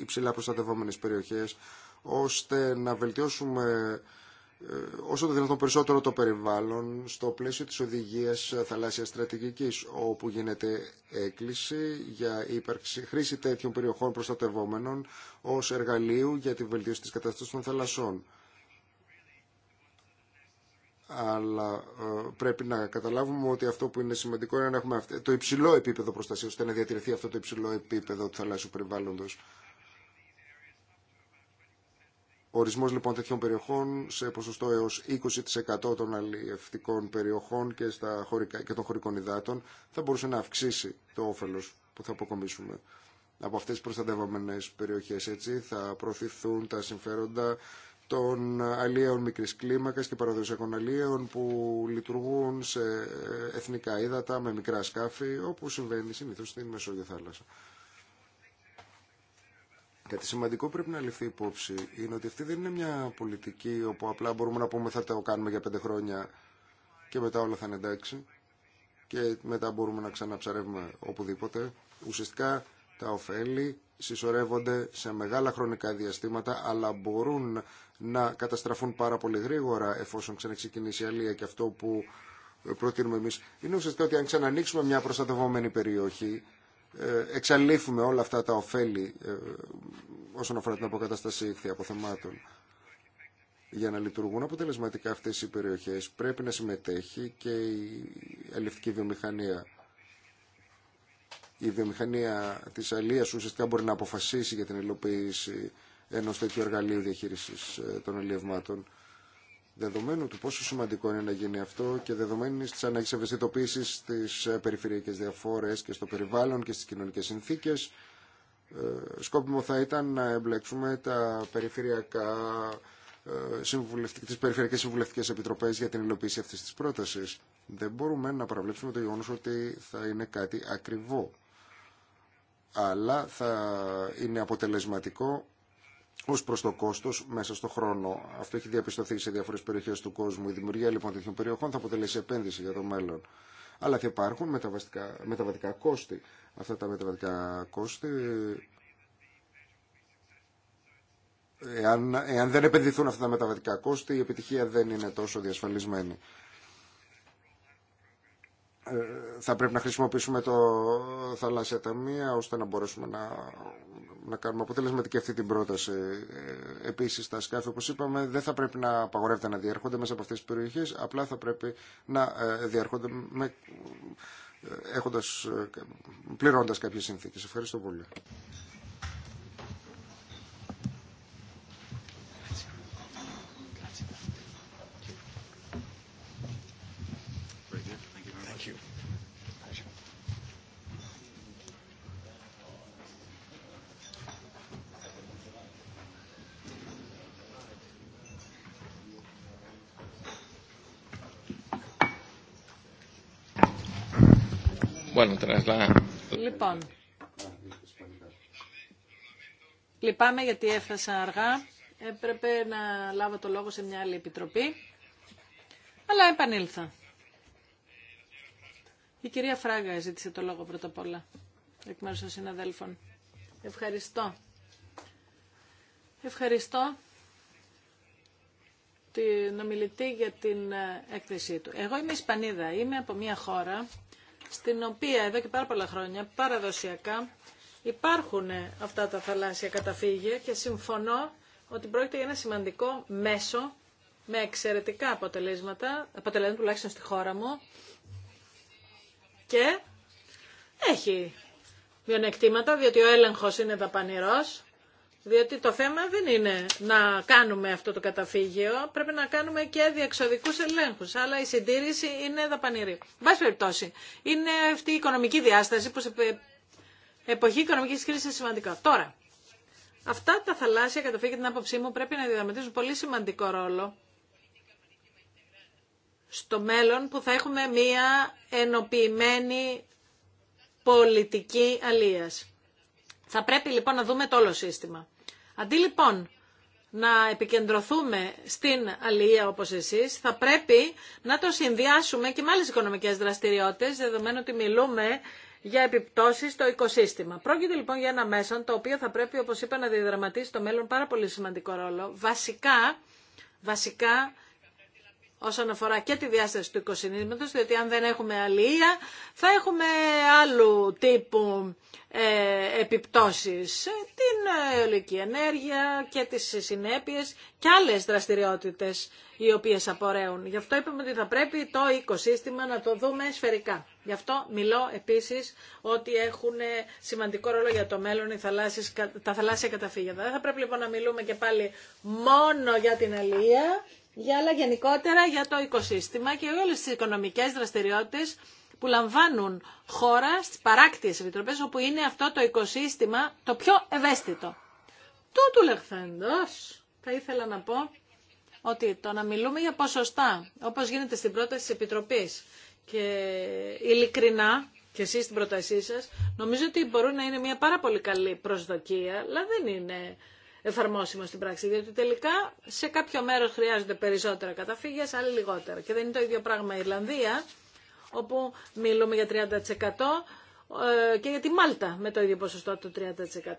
υψηλά προστατευόμενες περιοχές ώστε να βελτιώσουμε ε, όσο το δυνατόν περισσότερο το περιβάλλον στο πλαίσιο της οδηγίας θαλάσσιας στρατηγικής όπου γίνεται έκκληση για ύπαρξη χρήση τέτοιων περιοχών προστατευόμενων ως εργαλείου για τη βελτίωση της κατάστασης των θαλασσών. Αλλά ε, πρέπει να καταλάβουμε ότι αυτό που είναι σημαντικό είναι να έχουμε το υψηλό επίπεδο προστασίας ώστε να διατηρηθεί αυτό το υψηλό επίπεδο του θαλάσσιου περιβάλλοντος ορισμό λοιπόν τέτοιων περιοχών σε ποσοστό έω 20% των αλλιευτικών περιοχών και, στα χωρικά, και των χωρικών υδάτων θα μπορούσε να αυξήσει το όφελος που θα αποκομίσουμε από αυτές τι προστατευόμενες περιοχέ. Έτσι θα προωθηθούν τα συμφέροντα των αλλιέων μικρή κλίμακα και παραδοσιακών αλλιέων που λειτουργούν σε εθνικά ύδατα με μικρά σκάφη, όπου συμβαίνει συνήθω στην Μεσόγειο θάλασσα. Κάτι σημαντικό πρέπει να ληφθεί υπόψη είναι ότι αυτή δεν είναι μια πολιτική όπου απλά μπορούμε να πούμε θα το κάνουμε για πέντε χρόνια και μετά όλα θα είναι εντάξει και μετά μπορούμε να ξαναψαρεύουμε οπουδήποτε. Ουσιαστικά τα ωφέλη συσσωρεύονται σε μεγάλα χρονικά διαστήματα αλλά μπορούν να καταστραφούν πάρα πολύ γρήγορα εφόσον ξαναξεκινήσει η αλία και αυτό που προτείνουμε εμείς είναι ουσιαστικά ότι αν ξανανοίξουμε μια προστατευόμενη περιοχή ε, εξαλείφουμε όλα αυτά τα ωφέλη ε, όσον αφορά την αποκατάσταση αποθεμάτων για να λειτουργούν αποτελεσματικά αυτές οι περιοχές πρέπει να συμμετέχει και η αλληλευτική βιομηχανία. Η βιομηχανία της αλίας ουσιαστικά μπορεί να αποφασίσει για την υλοποίηση ενός τέτοιου εργαλείου διαχείρισης ε, των αλληλευμάτων Δεδομένου του πόσο σημαντικό είναι να γίνει αυτό και δεδομένου τη ανάγκη ευαισθητοποίηση στι ε, περιφερειακέ διαφορέ και στο περιβάλλον και στι κοινωνικέ συνθήκε, ε, σκόπιμο θα ήταν να εμπλέξουμε τα περιφερειακά ε, τις περιφερειακές συμβουλευτικές επιτροπές για την υλοποίηση αυτής της πρότασης. Δεν μπορούμε να παραβλέψουμε το γεγονός ότι θα είναι κάτι ακριβό, αλλά θα είναι αποτελεσματικό ω προ το κόστο μέσα στο χρόνο. Αυτό έχει διαπιστωθεί σε διάφορε περιοχέ του κόσμου. Η δημιουργία λοιπόν τέτοιων περιοχών θα αποτελέσει επένδυση για το μέλλον. Αλλά θα υπάρχουν μεταβατικά κόστη. Αυτά τα μεταβατικά κόστη, εάν, εάν δεν επενδυθούν αυτά τα μεταβατικά κόστη, η επιτυχία δεν είναι τόσο διασφαλισμένη ε, θα πρέπει να χρησιμοποιήσουμε το θαλάσσια ταμεία ώστε να μπορέσουμε να να κάνουμε αποτελεσματική αυτή την πρόταση. Ε, επίσης, τα σκάφη, όπως είπαμε, δεν θα πρέπει να απαγορεύεται να διέρχονται μέσα από αυτέ τι περιοχέ, απλά θα πρέπει να ε, διέρχονται με, ε, έχοντας, πληρώντας κάποιες συνθήκες. Ευχαριστώ πολύ. Λοιπόν, λυπάμαι γιατί έφτασα αργά. Έπρεπε να λάβω το λόγο σε μια άλλη επιτροπή, αλλά επανήλθα. Η κυρία Φράγκα ζήτησε το λόγο πρώτα απ' όλα, εκ μέρους των συναδέλφων. Ευχαριστώ. Ευχαριστώ την ομιλητή για την ε, έκθεσή του. Εγώ είμαι Ισπανίδα, είμαι από μια χώρα στην οποία εδώ και πάρα πολλά χρόνια παραδοσιακά υπάρχουν αυτά τα θαλάσσια καταφύγια και συμφωνώ ότι πρόκειται για ένα σημαντικό μέσο με εξαιρετικά αποτελέσματα, αποτελέσματα τουλάχιστον στη χώρα μου και έχει μειονεκτήματα διότι ο έλεγχος είναι δαπανηρός διότι το θέμα δεν είναι να κάνουμε αυτό το καταφύγιο, πρέπει να κάνουμε και διεξοδικού ελέγχου. Αλλά η συντήρηση είναι δαπανηρή. Βάση περιπτώσει, είναι αυτή η οικονομική διάσταση που σε εποχή οικονομική κρίση είναι σημαντικό. Τώρα, αυτά τα θαλάσσια καταφύγια, την άποψή μου, πρέπει να διαδραματίζουν πολύ σημαντικό ρόλο στο μέλλον που θα έχουμε μία ενοποιημένη πολιτική αλίας. Θα πρέπει λοιπόν να δούμε το όλο σύστημα. Αντί λοιπόν να επικεντρωθούμε στην αλληλεία όπως εσείς, θα πρέπει να το συνδυάσουμε και με άλλες οικονομικές δραστηριότητες, δεδομένου ότι μιλούμε για επιπτώσεις στο οικοσύστημα. Πρόκειται λοιπόν για ένα μέσο το οποίο θα πρέπει, όπως είπα, να διαδραματίσει το μέλλον πάρα πολύ σημαντικό ρόλο. Βασικά, βασικά όσον αφορά και τη διάσταση του οικοσυνείδηματος, διότι αν δεν έχουμε αλληλεία θα έχουμε άλλου τύπου ε, επιπτώσεις, την αιωλική ενέργεια και τις συνέπειες και άλλες δραστηριότητες οι οποίες απορρέουν. Γι' αυτό είπαμε ότι θα πρέπει το οικοσύστημα να το δούμε σφαιρικά. Γι' αυτό μιλώ επίσης ότι έχουν σημαντικό ρόλο για το μέλλον τα θαλάσσια καταφύγια. Δεν θα πρέπει λοιπόν να μιλούμε και πάλι μόνο για την αλληλεία, για, αλλά γενικότερα για το οικοσύστημα και όλες τις οικονομικές δραστηριότητες που λαμβάνουν χώρα στις παράκτιες επιτροπές όπου είναι αυτό το οικοσύστημα το πιο ευαίσθητο. Τούτου λεχθέντος θα ήθελα να πω ότι το να μιλούμε για ποσοστά όπως γίνεται στην πρόταση της Επιτροπής και ειλικρινά και εσείς στην πρότασή σας νομίζω ότι μπορούν να είναι μια πάρα πολύ καλή προσδοκία αλλά δεν είναι εφαρμόσιμο στην πράξη. Διότι τελικά σε κάποιο μέρο χρειάζονται περισσότερα καταφύγια, σε λιγότερα. Και δεν είναι το ίδιο πράγμα η Ιρλανδία, όπου μιλούμε για 30% ε, και για τη Μάλτα με το ίδιο ποσοστό του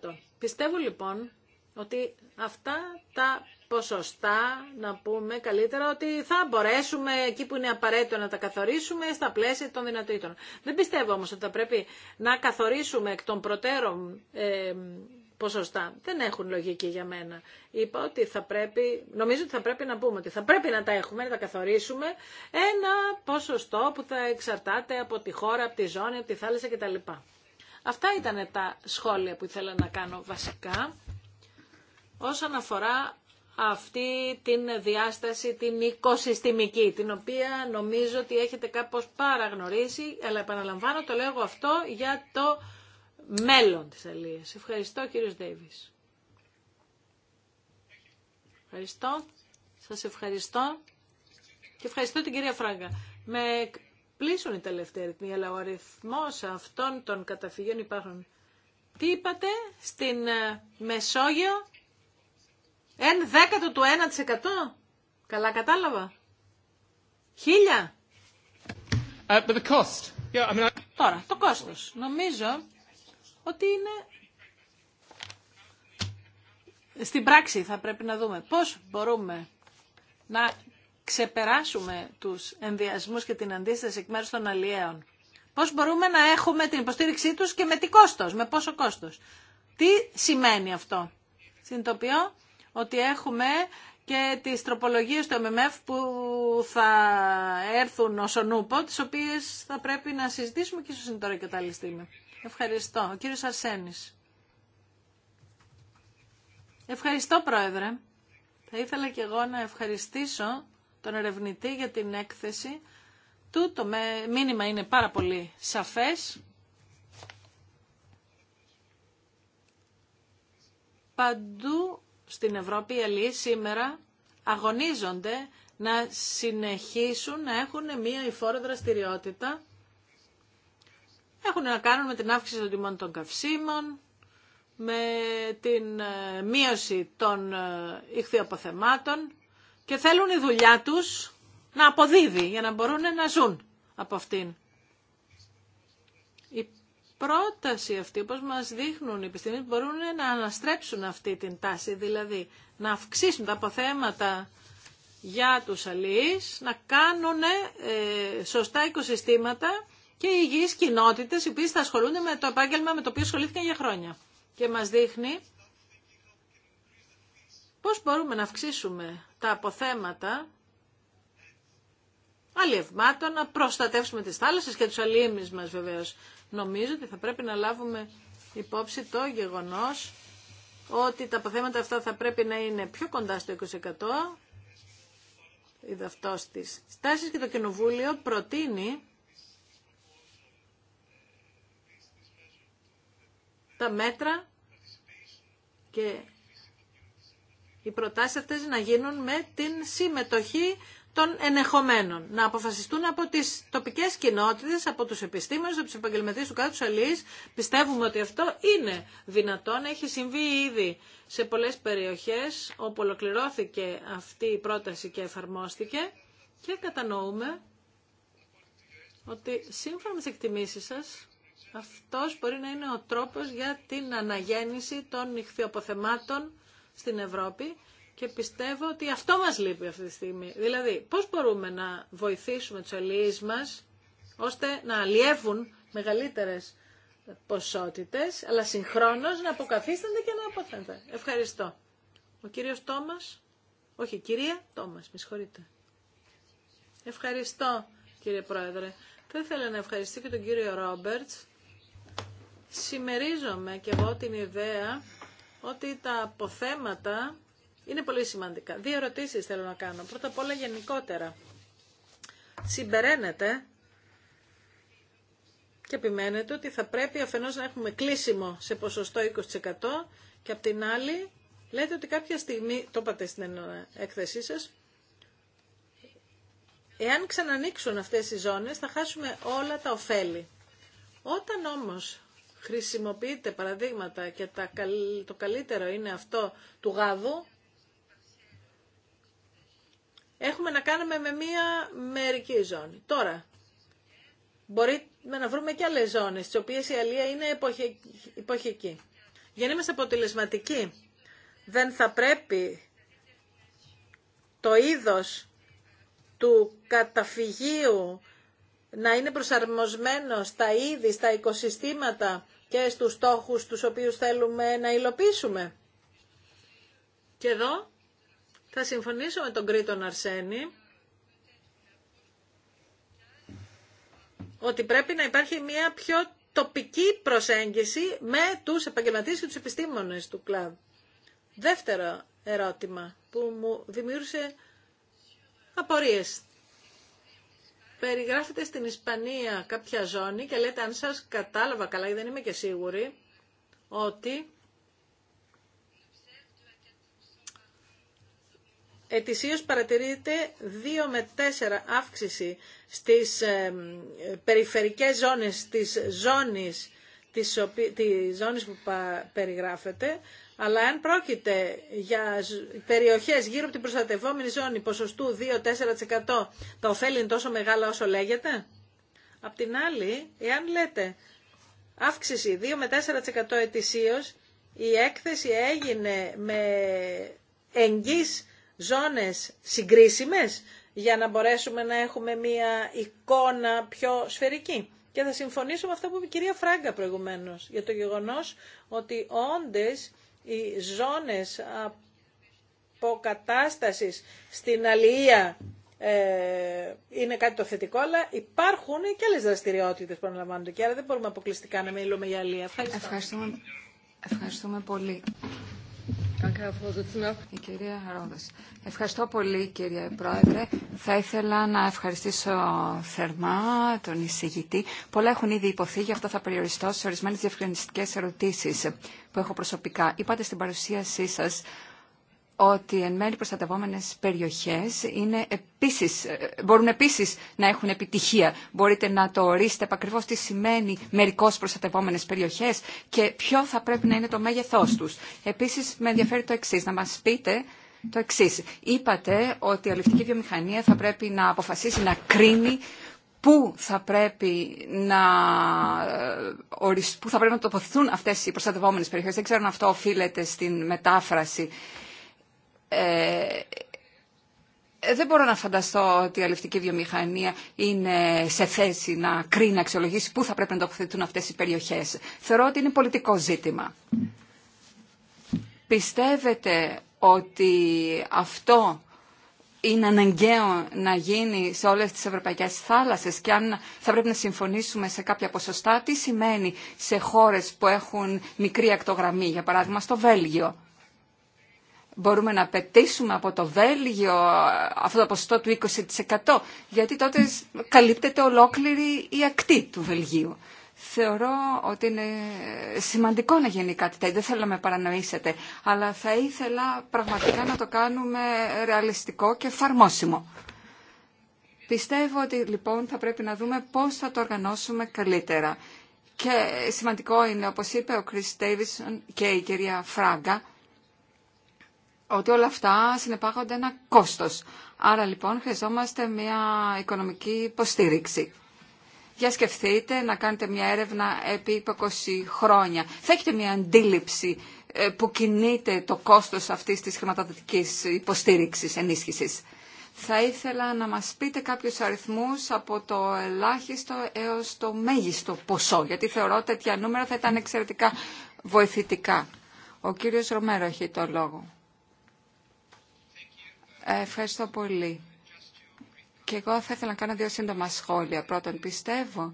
30%. Πιστεύω λοιπόν ότι αυτά τα ποσοστά, να πούμε καλύτερα, ότι θα μπορέσουμε εκεί που είναι απαραίτητο να τα καθορίσουμε στα πλαίσια των δυνατοτήτων. Δεν πιστεύω όμως ότι θα πρέπει να καθορίσουμε εκ των προτέρων ε, ποσοστά. Δεν έχουν λογική για μένα. Είπα ότι θα πρέπει, νομίζω ότι θα πρέπει να πούμε ότι θα πρέπει να τα έχουμε, να τα καθορίσουμε ένα ποσοστό που θα εξαρτάται από τη χώρα, από τη ζώνη, από τη θάλασσα κτλ. Αυτά ήταν τα σχόλια που ήθελα να κάνω βασικά όσον αφορά αυτή την διάσταση, την οικοσυστημική, την οποία νομίζω ότι έχετε κάπως παραγνωρίσει, αλλά επαναλαμβάνω το λέω αυτό για το μέλλον της αλίας. Ευχαριστώ κύριος Ντέιβις. Ευχαριστώ. Σας ευχαριστώ. Και ευχαριστώ την κυρία Φράγκα. Με πλήσουν οι τελευταίοι αριθμοί, αλλά ο αριθμός αυτών των καταφυγιών υπάρχουν. Τι είπατε στην ε, Μεσόγειο, εν δέκατο του 1%. Καλά κατάλαβα. Χίλια. Ε, yeah, I mean... Τώρα, το κόστος. Νομίζω ότι είναι στην πράξη θα πρέπει να δούμε πώς μπορούμε να ξεπεράσουμε τους ενδιασμούς και την αντίσταση εκ μέρους των αλλιέων. Πώς μπορούμε να έχουμε την υποστήριξή τους και με τι κόστος, με πόσο κόστος. Τι σημαίνει αυτό. Συνειδητοποιώ ότι έχουμε και τις τροπολογίες του MMF που θα έρθουν ως ο νούπο, τις οποίες θα πρέπει να συζητήσουμε και ίσως είναι τώρα και τα Ευχαριστώ. Ο κύριος Αρσένης. Ευχαριστώ, Πρόεδρε. Θα ήθελα και εγώ να ευχαριστήσω τον ερευνητή για την έκθεση του. Το μήνυμα είναι πάρα πολύ σαφές. Παντού στην Ευρώπη οι αλλοί σήμερα αγωνίζονται να συνεχίσουν να έχουν μία υφόρο δραστηριότητα έχουν να κάνουν με την αύξηση των τιμών των καυσίμων, με την ε, μείωση των ε, ηχθειοποθεμάτων και θέλουν η δουλειά τους να αποδίδει για να μπορούν να ζουν από αυτήν. Η πρόταση αυτή, όπως μας δείχνουν οι επιστήμονες, μπορούν να αναστρέψουν αυτή την τάση, δηλαδή να αυξήσουν τα αποθέματα για τους αλληλείς, να κάνουν ε, σωστά οικοσυστήματα και οι υγιείς κοινότητες οι οποίες θα ασχολούνται με το επάγγελμα με το οποίο ασχολήθηκαν για χρόνια. Και μας δείχνει πώς μπορούμε να αυξήσουμε τα αποθέματα αλλιευμάτων, να προστατεύσουμε τις θάλασσες και τους αλλιήμνες μας βεβαίως. Νομίζω ότι θα πρέπει να λάβουμε υπόψη το γεγονός ότι τα αποθέματα αυτά θα πρέπει να είναι πιο κοντά στο 20%. Είδα αυτό της στάσεις και το Κοινοβούλιο προτείνει τα μέτρα και οι προτάσεις αυτές να γίνουν με την συμμετοχή των ενεχομένων. Να αποφασιστούν από τις τοπικές κοινότητες, από τους επιστήμονες, από τους επαγγελματίες του κράτους αλληλής. Πιστεύουμε ότι αυτό είναι δυνατόν. Έχει συμβεί ήδη σε πολλές περιοχές όπου ολοκληρώθηκε αυτή η πρόταση και εφαρμόστηκε. Και κατανοούμε ότι σύμφωνα με τις εκτιμήσεις σας, αυτός μπορεί να είναι ο τρόπος για την αναγέννηση των νυχθειοποθεμάτων στην Ευρώπη και πιστεύω ότι αυτό μας λείπει αυτή τη στιγμή. Δηλαδή, πώς μπορούμε να βοηθήσουμε τους αλληλείς μας ώστε να αλλιεύουν μεγαλύτερες ποσότητες, αλλά συγχρόνως να αποκαθίστανται και να αποθένται. Ευχαριστώ. Ο κύριος Τόμας, όχι κυρία Τόμας, με συγχωρείτε. Ευχαριστώ κύριε Πρόεδρε. Θα ήθελα να ευχαριστήσω και τον κύριο Ρόμπερτς Συμμερίζομαι και εγώ την ιδέα ότι τα αποθέματα είναι πολύ σημαντικά. Δύο ερωτήσεις θέλω να κάνω. Πρώτα απ' όλα γενικότερα. συμπεραίνετε και επιμένετε ότι θα πρέπει αφενός να έχουμε κλείσιμο σε ποσοστό 20% και απ' την άλλη λέτε ότι κάποια στιγμή, το είπατε στην έκθεσή σας, εάν ξανανοίξουν αυτές οι ζώνες θα χάσουμε όλα τα ωφέλη. Όταν όμως χρησιμοποιείτε παραδείγματα και το καλύτερο είναι αυτό του γάδου, έχουμε να κάνουμε με μία μερική ζώνη. Τώρα, μπορούμε να βρούμε και άλλες ζώνες, τις οποίες η αλία είναι εποχική. Για να είμαστε αποτελεσματικοί, δεν θα πρέπει το είδος του καταφυγίου να είναι προσαρμοσμένο στα είδη, στα οικοσυστήματα και στους στόχους τους οποίους θέλουμε να υλοποιήσουμε. Και εδώ θα συμφωνήσω με τον Κρήτον Αρσένη ότι πρέπει να υπάρχει μια πιο τοπική προσέγγιση με τους επαγγελματίες και τους επιστήμονες του κλάδου. Δεύτερο ερώτημα που μου δημιούργησε απορίες περιγράφεται στην Ισπανία κάποια ζώνη και λέτε αν σας κατάλαβα καλά ή δεν είμαι και σίγουρη ότι ετησίως παρατηρείται 2 με 4 αύξηση στις ε, περιφερικές ζώνες της ζώνης, που περιγράφεται αλλά αν πρόκειται για περιοχές γύρω από την προστατευόμενη ζώνη ποσοστού 2-4% τα ωφέλη είναι τόσο μεγάλα όσο λέγεται. Απ' την άλλη, εάν λέτε αύξηση 2 4% ετησίως, η έκθεση έγινε με εγγύς ζώνες συγκρίσιμες για να μπορέσουμε να έχουμε μία εικόνα πιο σφαιρική. Και θα συμφωνήσω με αυτό που είπε η κυρία Φράγκα προηγουμένως για το γεγονός ότι όντες οι ζώνες αποκατάστασης στην αλληλεία ε, είναι κάτι το θετικό, αλλά υπάρχουν και άλλες δραστηριότητες που αναλαμβάνονται και άρα δεν μπορούμε αποκλειστικά να μιλούμε για αλληλεία. Ευχαριστούμε, ευχαριστούμε πολύ. Ευχαριστώ πολύ κύριε Πρόεδρε. Θα ήθελα να ευχαριστήσω θερμά τον εισηγητή. Πολλά έχουν ήδη υποθεί, γι' αυτό θα περιοριστώ σε ορισμένες διευκρινιστικές ερωτήσεις που έχω προσωπικά. Είπατε στην παρουσίασή σας ότι εν μέρει προστατευόμενες περιοχές ε, μπορούν επίσης να έχουν επιτυχία. Μπορείτε να το ορίσετε επακριβώς τι σημαίνει μερικώς προστατευόμενες περιοχές και ποιο θα πρέπει να είναι το μέγεθός τους. Επίσης με ενδιαφέρει το εξή να μας πείτε το εξή. Είπατε ότι η αληφτική βιομηχανία θα πρέπει να αποφασίσει να κρίνει πού θα πρέπει να, ε, πού θα πρέπει να τοποθετούν αυτές οι προστατευόμενες περιοχές. Δεν ξέρω αν αυτό οφείλεται στην μετάφραση ε, ε, δεν μπορώ να φανταστώ ότι η αλευτική βιομηχανία είναι σε θέση να κρίνει, να αξιολογήσει πού θα πρέπει να τοποθετηθούν αυτές οι περιοχές. Θεωρώ ότι είναι πολιτικό ζήτημα. Πιστεύετε ότι αυτό είναι αναγκαίο να γίνει σε όλες τις ευρωπαϊκές θάλασσες και αν θα πρέπει να συμφωνήσουμε σε κάποια ποσοστά, τι σημαίνει σε χώρες που έχουν μικρή ακτογραμμή, για παράδειγμα στο Βέλγιο μπορούμε να πετήσουμε από το Βέλγιο αυτό το ποσοστό του 20% γιατί τότε καλύπτεται ολόκληρη η ακτή του Βελγίου. Θεωρώ ότι είναι σημαντικό να γίνει κάτι τέτοιο, δεν θέλω να με παρανοήσετε, αλλά θα ήθελα πραγματικά να το κάνουμε ρεαλιστικό και εφαρμόσιμο. Πιστεύω ότι λοιπόν θα πρέπει να δούμε πώς θα το οργανώσουμε καλύτερα. Και σημαντικό είναι, όπως είπε ο Κρις και η κυρία Φράγκα, ότι όλα αυτά συνεπάγονται ένα κόστος. Άρα λοιπόν χρειαζόμαστε μια οικονομική υποστήριξη. Για σκεφτείτε να κάνετε μια έρευνα επί 20 χρόνια. Θα έχετε μια αντίληψη ε, που κινείται το κόστος αυτής της χρηματοδοτικής υποστήριξης, ενίσχυσης. Θα ήθελα να μας πείτε κάποιους αριθμούς από το ελάχιστο έως το μέγιστο ποσό, γιατί θεωρώ τέτοια νούμερα θα ήταν εξαιρετικά βοηθητικά. Ο κύριος Ρωμέρο έχει το λόγο. Ε, ευχαριστώ πολύ. Και εγώ θα ήθελα να κάνω δύο σύντομα σχόλια. Πρώτον, πιστεύω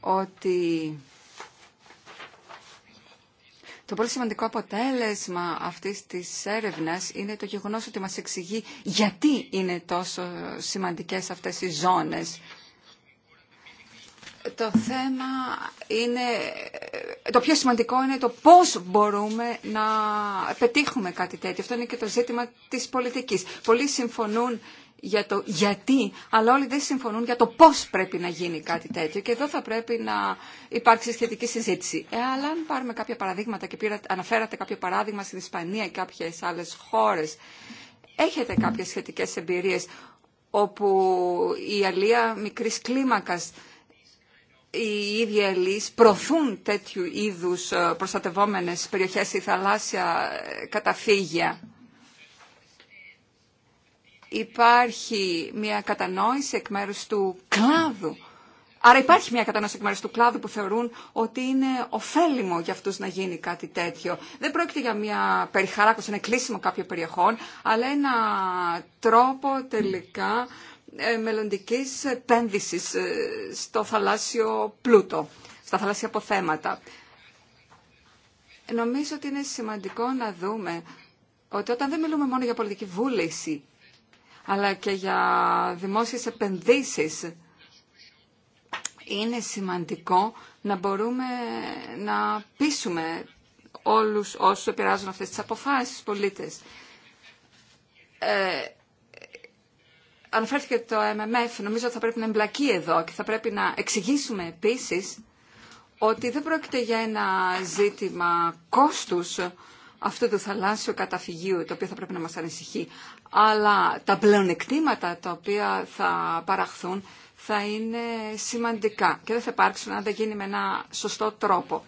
ότι το πολύ σημαντικό αποτέλεσμα αυτής της έρευνας είναι το γεγονός ότι μας εξηγεί γιατί είναι τόσο σημαντικές αυτές οι ζώνες το θέμα είναι, το πιο σημαντικό είναι το πώς μπορούμε να πετύχουμε κάτι τέτοιο. Αυτό είναι και το ζήτημα της πολιτικής. Πολλοί συμφωνούν για το γιατί, αλλά όλοι δεν συμφωνούν για το πώς πρέπει να γίνει κάτι τέτοιο. Και εδώ θα πρέπει να υπάρξει σχετική συζήτηση. Ε, αλλά αν πάρουμε κάποια παραδείγματα και πήρα, αναφέρατε κάποιο παράδειγμα στην Ισπανία ή κάποιες άλλες χώρες, έχετε κάποιες σχετικές εμπειρίες όπου η αλία μικρής κλίμακας οι ίδιοι ελείς προωθούν τέτοιου είδους ε, προστατευόμενες περιοχές ή θαλάσσια ε, καταφύγια. Υπάρχει μια κατανόηση εκ μέρους του κλάδου. Άρα υπάρχει μια κατανόηση εκ μέρους του κλάδου που θεωρούν ότι είναι ωφέλιμο για αυτούς να γίνει κάτι τέτοιο. Δεν πρόκειται για μια περιχαράκωση, ένα κλείσιμο κάποιων περιοχών, αλλά ένα τρόπο τελικά ε, μελλοντικής επένδυσης ε, στο θαλάσσιο πλούτο, στα θαλάσσια αποθέματα. Νομίζω ότι είναι σημαντικό να δούμε ότι όταν δεν μιλούμε μόνο για πολιτική βούληση, αλλά και για δημόσιες επενδύσεις, είναι σημαντικό να μπορούμε να πείσουμε όλους όσους επηρεάζουν αυτές τις αποφάσεις, πολίτες. Ε, αναφέρθηκε το MMF, νομίζω ότι θα πρέπει να εμπλακεί εδώ και θα πρέπει να εξηγήσουμε επίσης ότι δεν πρόκειται για ένα ζήτημα κόστους αυτού του θαλάσσιου καταφυγίου, το οποίο θα πρέπει να μας ανησυχεί, αλλά τα πλεονεκτήματα τα οποία θα παραχθούν θα είναι σημαντικά και δεν θα υπάρξουν αν δεν γίνει με ένα σωστό τρόπο.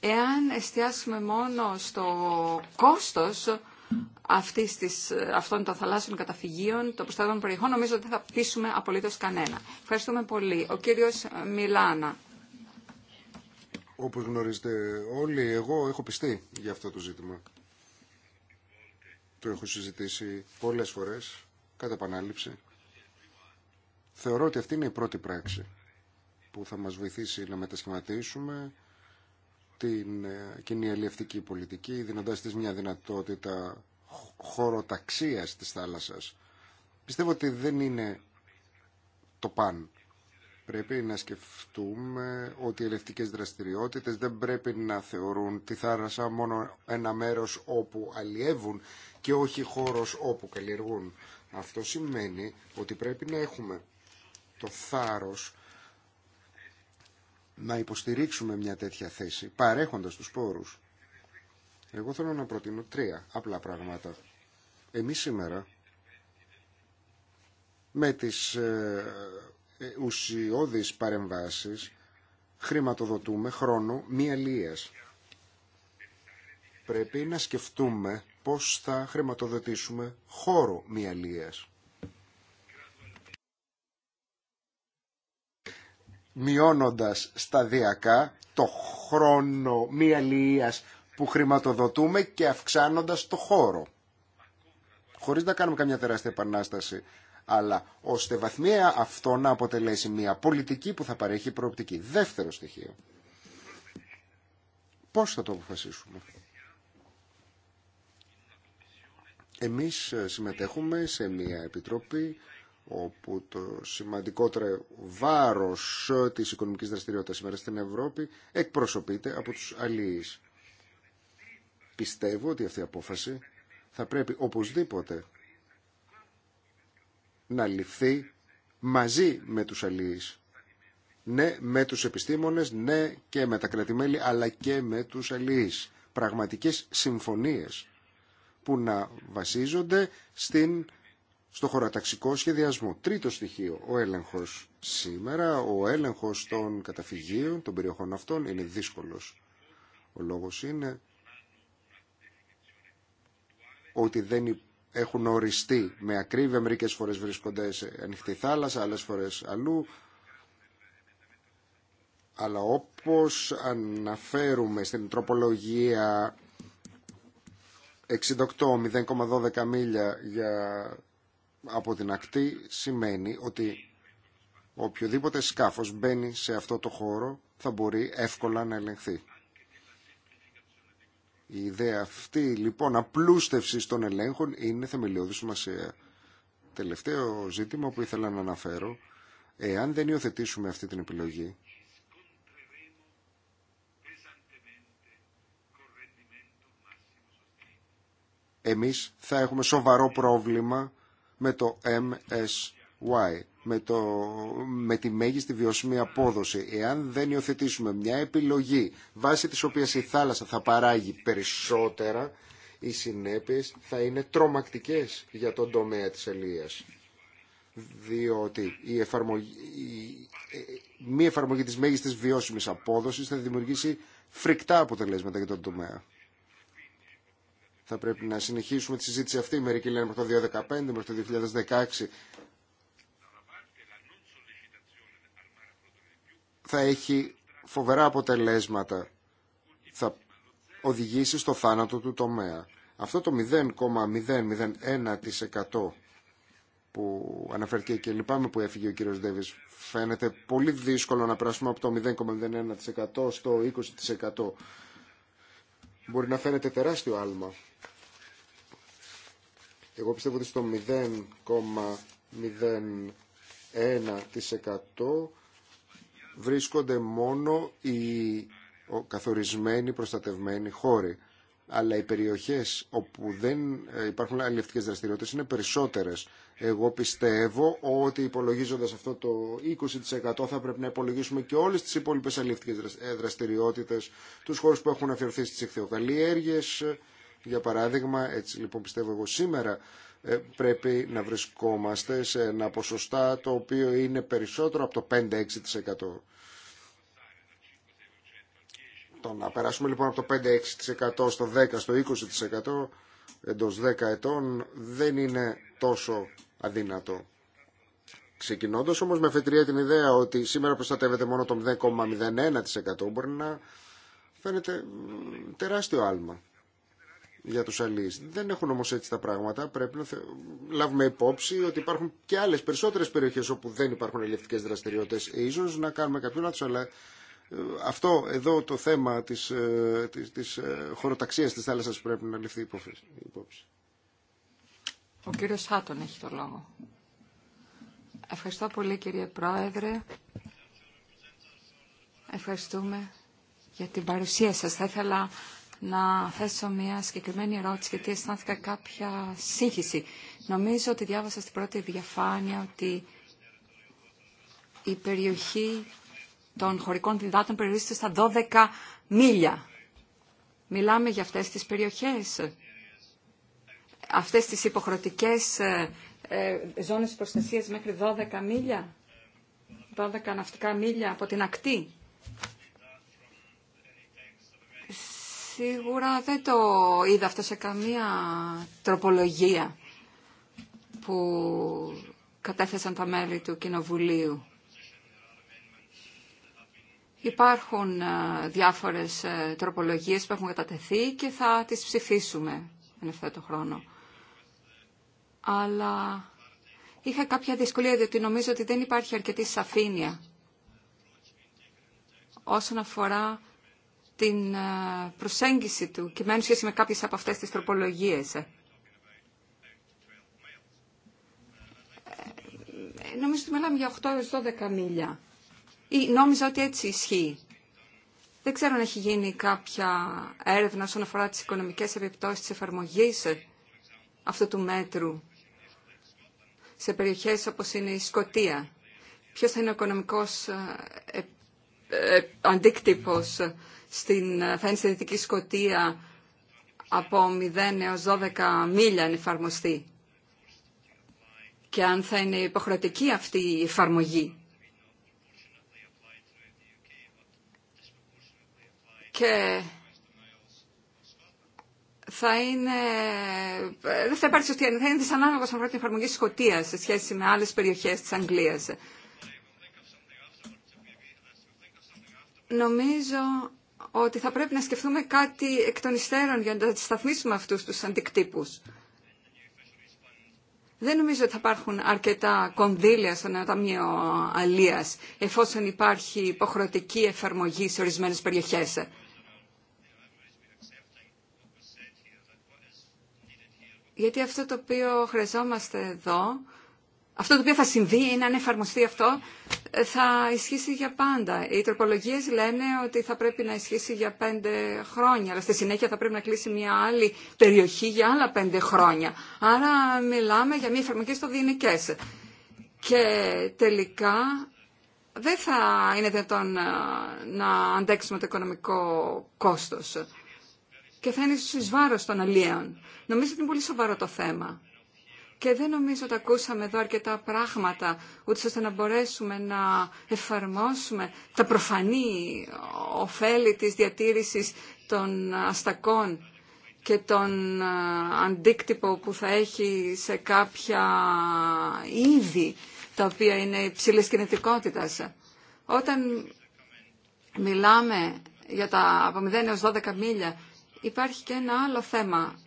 Εάν εστιάσουμε μόνο στο κόστος, της, αυτών των θαλάσσιων καταφυγίων, των προστατών περιοχών, νομίζω ότι δεν θα πείσουμε απολύτω κανένα. Ευχαριστούμε πολύ. Ο κύριος Μιλάνα. Όπως γνωρίζετε όλοι, εγώ έχω πιστεί για αυτό το ζήτημα. Το έχω συζητήσει πολλές φορές, κατά επανάληψη. Θεωρώ ότι αυτή είναι η πρώτη πράξη που θα μας βοηθήσει να μετασχηματίσουμε την ε, κοινή αλληλευτική πολιτική, δίνοντάς της μια δυνατότητα χωροταξίας της θάλασσας. Πιστεύω ότι δεν είναι το παν. Πρέπει να σκεφτούμε ότι οι ελευτικές δραστηριότητες δεν πρέπει να θεωρούν τη θάλασσα μόνο ένα μέρος όπου αλλιεύουν και όχι χώρος όπου καλλιεργούν. Αυτό σημαίνει ότι πρέπει να έχουμε το θάρρος να υποστηρίξουμε μια τέτοια θέση παρέχοντας τους πόρους. Εγώ θέλω να προτείνω τρία απλά πράγματα. Εμείς σήμερα με τις ε, ε ουσιώδεις παρεμβάσεις χρηματοδοτούμε χρόνο μη Πρέπει να σκεφτούμε πώς θα χρηματοδοτήσουμε χώρο μη μειώνοντας σταδιακά το χρόνο μια αλληλίας που χρηματοδοτούμε και αυξάνοντας το χώρο. Χωρίς να κάνουμε καμιά τεράστια επανάσταση, αλλά ώστε βαθμία αυτό να αποτελέσει μια πολιτική που θα παρέχει προοπτική. Δεύτερο στοιχείο. Πώς θα το αποφασίσουμε. Εμείς συμμετέχουμε σε μια επιτροπή όπου το σημαντικότερο βάρος της οικονομικής δραστηριότητας σήμερα στην Ευρώπη εκπροσωπείται από τους αλληλείς. Πιστεύω ότι αυτή η απόφαση θα πρέπει οπωσδήποτε να ληφθεί μαζί με τους αλληλείς. Ναι, με τους επιστήμονες, ναι και με τα κρατημέλη, αλλά και με τους αλληλείς. Πραγματικές συμφωνίες που να βασίζονται στην στο χωραταξικό σχεδιασμό. Τρίτο στοιχείο, ο έλεγχος. Σήμερα ο έλεγχος των καταφυγίων, των περιοχών αυτών είναι δύσκολος. Ο λόγος είναι ότι δεν έχουν οριστεί με ακρίβεια. Μερικές φορές βρίσκονται σε ανοιχτή θάλασσα, άλλες φορές αλλού. Αλλά όπως αναφέρουμε στην τροπολογία 68-0,12 μίλια για από την ακτή σημαίνει ότι οποιοδήποτε σκάφος μπαίνει σε αυτό το χώρο θα μπορεί εύκολα να ελεγχθεί. Η ιδέα αυτή λοιπόν απλούστευση των ελέγχων είναι θεμελιώδη σημασία. Τελευταίο ζήτημα που ήθελα να αναφέρω, εάν δεν υιοθετήσουμε αυτή την επιλογή, εμείς θα έχουμε σοβαρό πρόβλημα με το MSY, με, το, με τη μέγιστη βιώσιμη απόδοση. Εάν δεν υιοθετήσουμε μια επιλογή βάσει της οποίας η θάλασσα θα παράγει περισσότερα, οι συνέπειες θα είναι τρομακτικές για τον τομέα της ελίας. Διότι η, εφαρμογή, η ε, μη εφαρμογή της μέγιστης βιώσιμης απόδοσης θα δημιουργήσει φρικτά αποτελέσματα για τον τομέα. Θα πρέπει να συνεχίσουμε τη συζήτηση αυτή. Μερικοί λένε μέχρι το 2015, μέχρι το 2016. Θα έχει φοβερά αποτελέσματα. Θα οδηγήσει στο θάνατο του τομέα. Αυτό το 0,001% που αναφέρθηκε και λυπάμαι που έφυγε ο κύριος Δέβης, φαίνεται πολύ δύσκολο να περάσουμε από το 0,01% στο 20%. Μπορεί να φαίνεται τεράστιο άλμα. Εγώ πιστεύω ότι στο 0,01% βρίσκονται μόνο οι καθορισμένοι προστατευμένοι χώροι. Αλλά οι περιοχές όπου δεν ε, υπάρχουν αλληλευτικές δραστηριότητες είναι περισσότερες. Εγώ πιστεύω ότι υπολογίζοντας αυτό το 20% θα πρέπει να υπολογίσουμε και όλες τις υπόλοιπες αλληλευτικές ε, δραστηριότητες, τους χώρους που έχουν αφιερωθεί στις εκθεοκαλλιέργειες... Για παράδειγμα, έτσι λοιπόν πιστεύω εγώ σήμερα, ε, πρέπει να βρισκόμαστε σε ένα ποσοστά το οποίο είναι περισσότερο από το 5-6%. Το να περάσουμε λοιπόν από το 5-6% στο 10% στο 20% εντός 10 ετών δεν είναι τόσο αδύνατο. Ξεκινώντας όμως με φετρία την ιδέα ότι σήμερα προστατεύεται μόνο το 0,01% μπορεί να φαίνεται τεράστιο άλμα για τους αλείς. Δεν έχουν όμως έτσι τα πράγματα. Πρέπει να λάβουμε υπόψη ότι υπάρχουν και άλλες περισσότερες περιοχές όπου δεν υπάρχουν ελευθερικές δραστηριότητες. Ίσως να κάνουμε κάποιο λάθος, αλλά ε, αυτό εδώ το θέμα της, ε, της, της ε, χωροταξίας της θάλασσας πρέπει να ληφθεί υπόψη. Ο κύριος Σάτων έχει το λόγο. Ευχαριστώ πολύ κύριε Πρόεδρε. Ευχαριστούμε για την παρουσία σας. Θα ήθελα να θέσω μια συγκεκριμένη ερώτηση γιατί αισθάνθηκα κάποια σύγχυση. Νομίζω ότι διάβασα στην πρώτη διαφάνεια ότι η περιοχή των χωρικών διδάτων περιορίζεται στα 12 μίλια. Μιλάμε για αυτές τις περιοχές, αυτές τις υποχρεωτικές ε, ε, ζώνες προστασίας μέχρι 12 μίλια, 12 ναυτικά μίλια από την ακτή. Σίγουρα δεν το είδα αυτό σε καμία τροπολογία που κατέθεσαν τα μέλη του Κοινοβουλίου. Υπάρχουν ε, διάφορες ε, τροπολογίες που έχουν κατατεθεί και θα τις ψηφίσουμε εν το χρόνο. Αλλά είχα κάποια δυσκολία διότι νομίζω ότι δεν υπάρχει αρκετή σαφήνεια όσον αφορά την ε, προσέγγιση του κειμένου σχέση με κάποιες από αυτές τις τροπολογίες. Ε, νομίζω ότι μιλάμε για 8 έως 12 μίλια. Ή νόμιζα ότι έτσι ισχύει. Δεν ξέρω αν έχει γίνει κάποια έρευνα όσον αφορά τις οικονομικές επιπτώσεις της εφαρμογής αυτού του μέτρου σε περιοχές όπως είναι η Σκοτία. Ποιος θα είναι ο οικονομικός ε, ε, αντίκτυπος στην, ε, θα είναι στη Δυτική Σκοτία από 0 έως 12 μίλια αν εφαρμοστεί και αν θα είναι υποχρεωτική αυτή η εφαρμογή. Και θα είναι, ε, δεν θα υπάρξει θα είναι δυσανάλογος αν την εφαρμογή της Σκοτίας σε σχέση με άλλες περιοχές της Αγγλίας. Νομίζω ότι θα πρέπει να σκεφτούμε κάτι εκ των υστέρων για να σταθμίσουμε αυτούς τους αντικτύπους. Δεν νομίζω ότι θα υπάρχουν αρκετά κονδύλια στον Ταμείο Αλίας, εφόσον υπάρχει υποχρεωτική εφαρμογή σε ορισμένες περιοχές. Γιατί αυτό το οποίο χρειαζόμαστε εδώ αυτό το οποίο θα συμβεί είναι αν εφαρμοστεί αυτό ε, θα ισχύσει για πάντα. Οι τροπολογίε λένε ότι θα πρέπει να ισχύσει για πέντε χρόνια, αλλά στη συνέχεια θα πρέπει να κλείσει μια άλλη περιοχή για άλλα πέντε χρόνια. Άρα μιλάμε για μια εφαρμογή στο διενικέ. Και τελικά δεν θα είναι δυνατόν ε, να αντέξουμε το οικονομικό κόστος. Και θα είναι εις βάρος των αλλίων. Νομίζω ότι είναι πολύ σοβαρό το θέμα και δεν νομίζω ότι ακούσαμε εδώ αρκετά πράγματα, ούτε ώστε να μπορέσουμε να εφαρμόσουμε τα προφανή ωφέλη της διατήρησης των αστακών και τον αντίκτυπο που θα έχει σε κάποια είδη τα οποία είναι υψηλή κινητικότητας. Όταν μιλάμε για τα από 0 έως 12 μίλια υπάρχει και ένα άλλο θέμα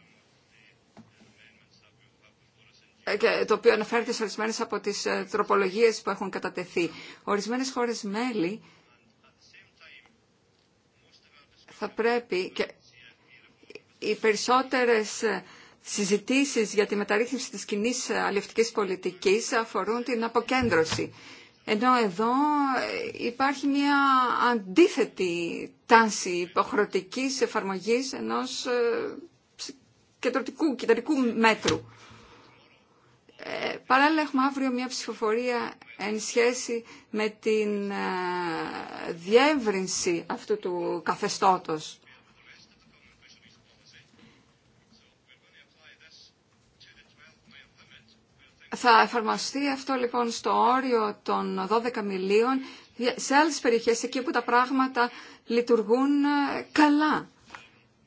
Ε, το οποίο αναφέρεται σε ορισμένε από τις ε, τροπολογίες που έχουν κατατεθεί. Ορισμένες χώρες μέλη θα πρέπει και οι περισσότερες ε, συζητήσεις για τη μεταρρύθμιση της κοινή αλληλευτικής πολιτικής αφορούν την αποκέντρωση. Ενώ εδώ υπάρχει μια αντίθετη τάση υποχρεωτικής εφαρμογής ενός κεντρωτικού, κεντρικού μέτρου. Ε, παράλληλα έχουμε αύριο μια ψηφοφορία εν σχέση με την ε, διεύρυνση αυτού του καθεστώτος. Θα εφαρμοστεί αυτό λοιπόν στο όριο των 12 μιλίων σε άλλες περιοχές εκεί που τα πράγματα λειτουργούν ε, καλά.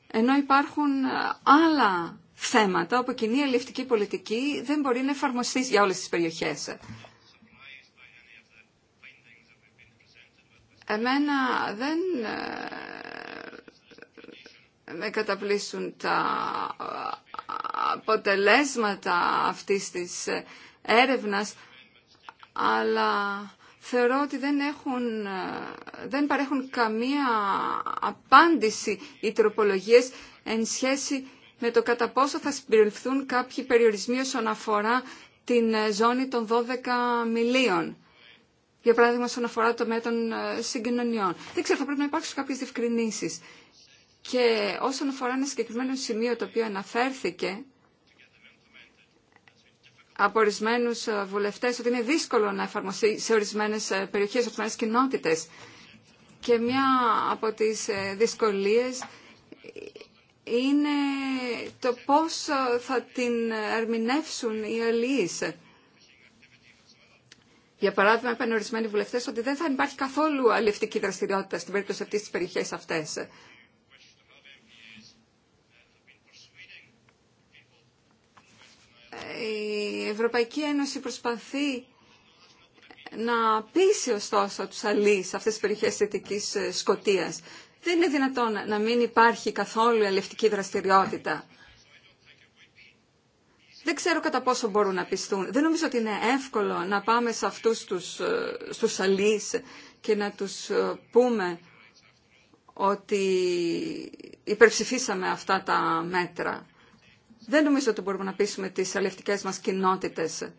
Ενώ υπάρχουν ε, άλλα θέματα όπου η κοινή αλληλευτική πολιτική δεν μπορεί να εφαρμοστεί για όλες τις περιοχές. Εμένα δεν ε, με καταπλήσουν τα αποτελέσματα αυτής της έρευνας, αλλά θεωρώ ότι δεν, έχουν, δεν παρέχουν καμία απάντηση οι τροπολογίες εν σχέση με το κατά πόσο θα συμπεριληφθούν κάποιοι περιορισμοί όσον αφορά την ε, ζώνη των 12 μιλίων. Για παράδειγμα, όσον αφορά το μέτρο των ε, συγκοινωνιών. Δεν ξέρω, θα πρέπει να υπάρξουν κάποιες διευκρινήσει. Και όσον αφορά ένα συγκεκριμένο σημείο το οποίο αναφέρθηκε από ορισμένου ε, βουλευτέ ότι είναι δύσκολο να εφαρμοστεί σε ορισμένε περιοχέ, σε ορισμένε κοινότητε. Και μια από τι δυσκολίε είναι το πώς θα την ερμηνεύσουν οι αλληλείς. Για παράδειγμα, είπαν ορισμένοι βουλευτέ ότι δεν θα υπάρχει καθόλου αλληλευτική δραστηριότητα στην περίπτωση αυτή τη περιοχή αυτέ. Η Ευρωπαϊκή Ένωση προσπαθεί να πείσει ωστόσο τους σε αυτές τις περιοχές θετικής σκοτίας. Δεν είναι δυνατόν να μην υπάρχει καθόλου αλληλευτική δραστηριότητα. Δεν ξέρω κατά πόσο μπορούν να πιστούν. Δεν νομίζω ότι είναι εύκολο να πάμε σε αυτούς τους, ε, στους αλείς και να τους ε, πούμε ότι υπερψηφίσαμε αυτά τα μέτρα. Δεν νομίζω ότι μπορούμε να πείσουμε τις αλευτικές μας κοινότητες.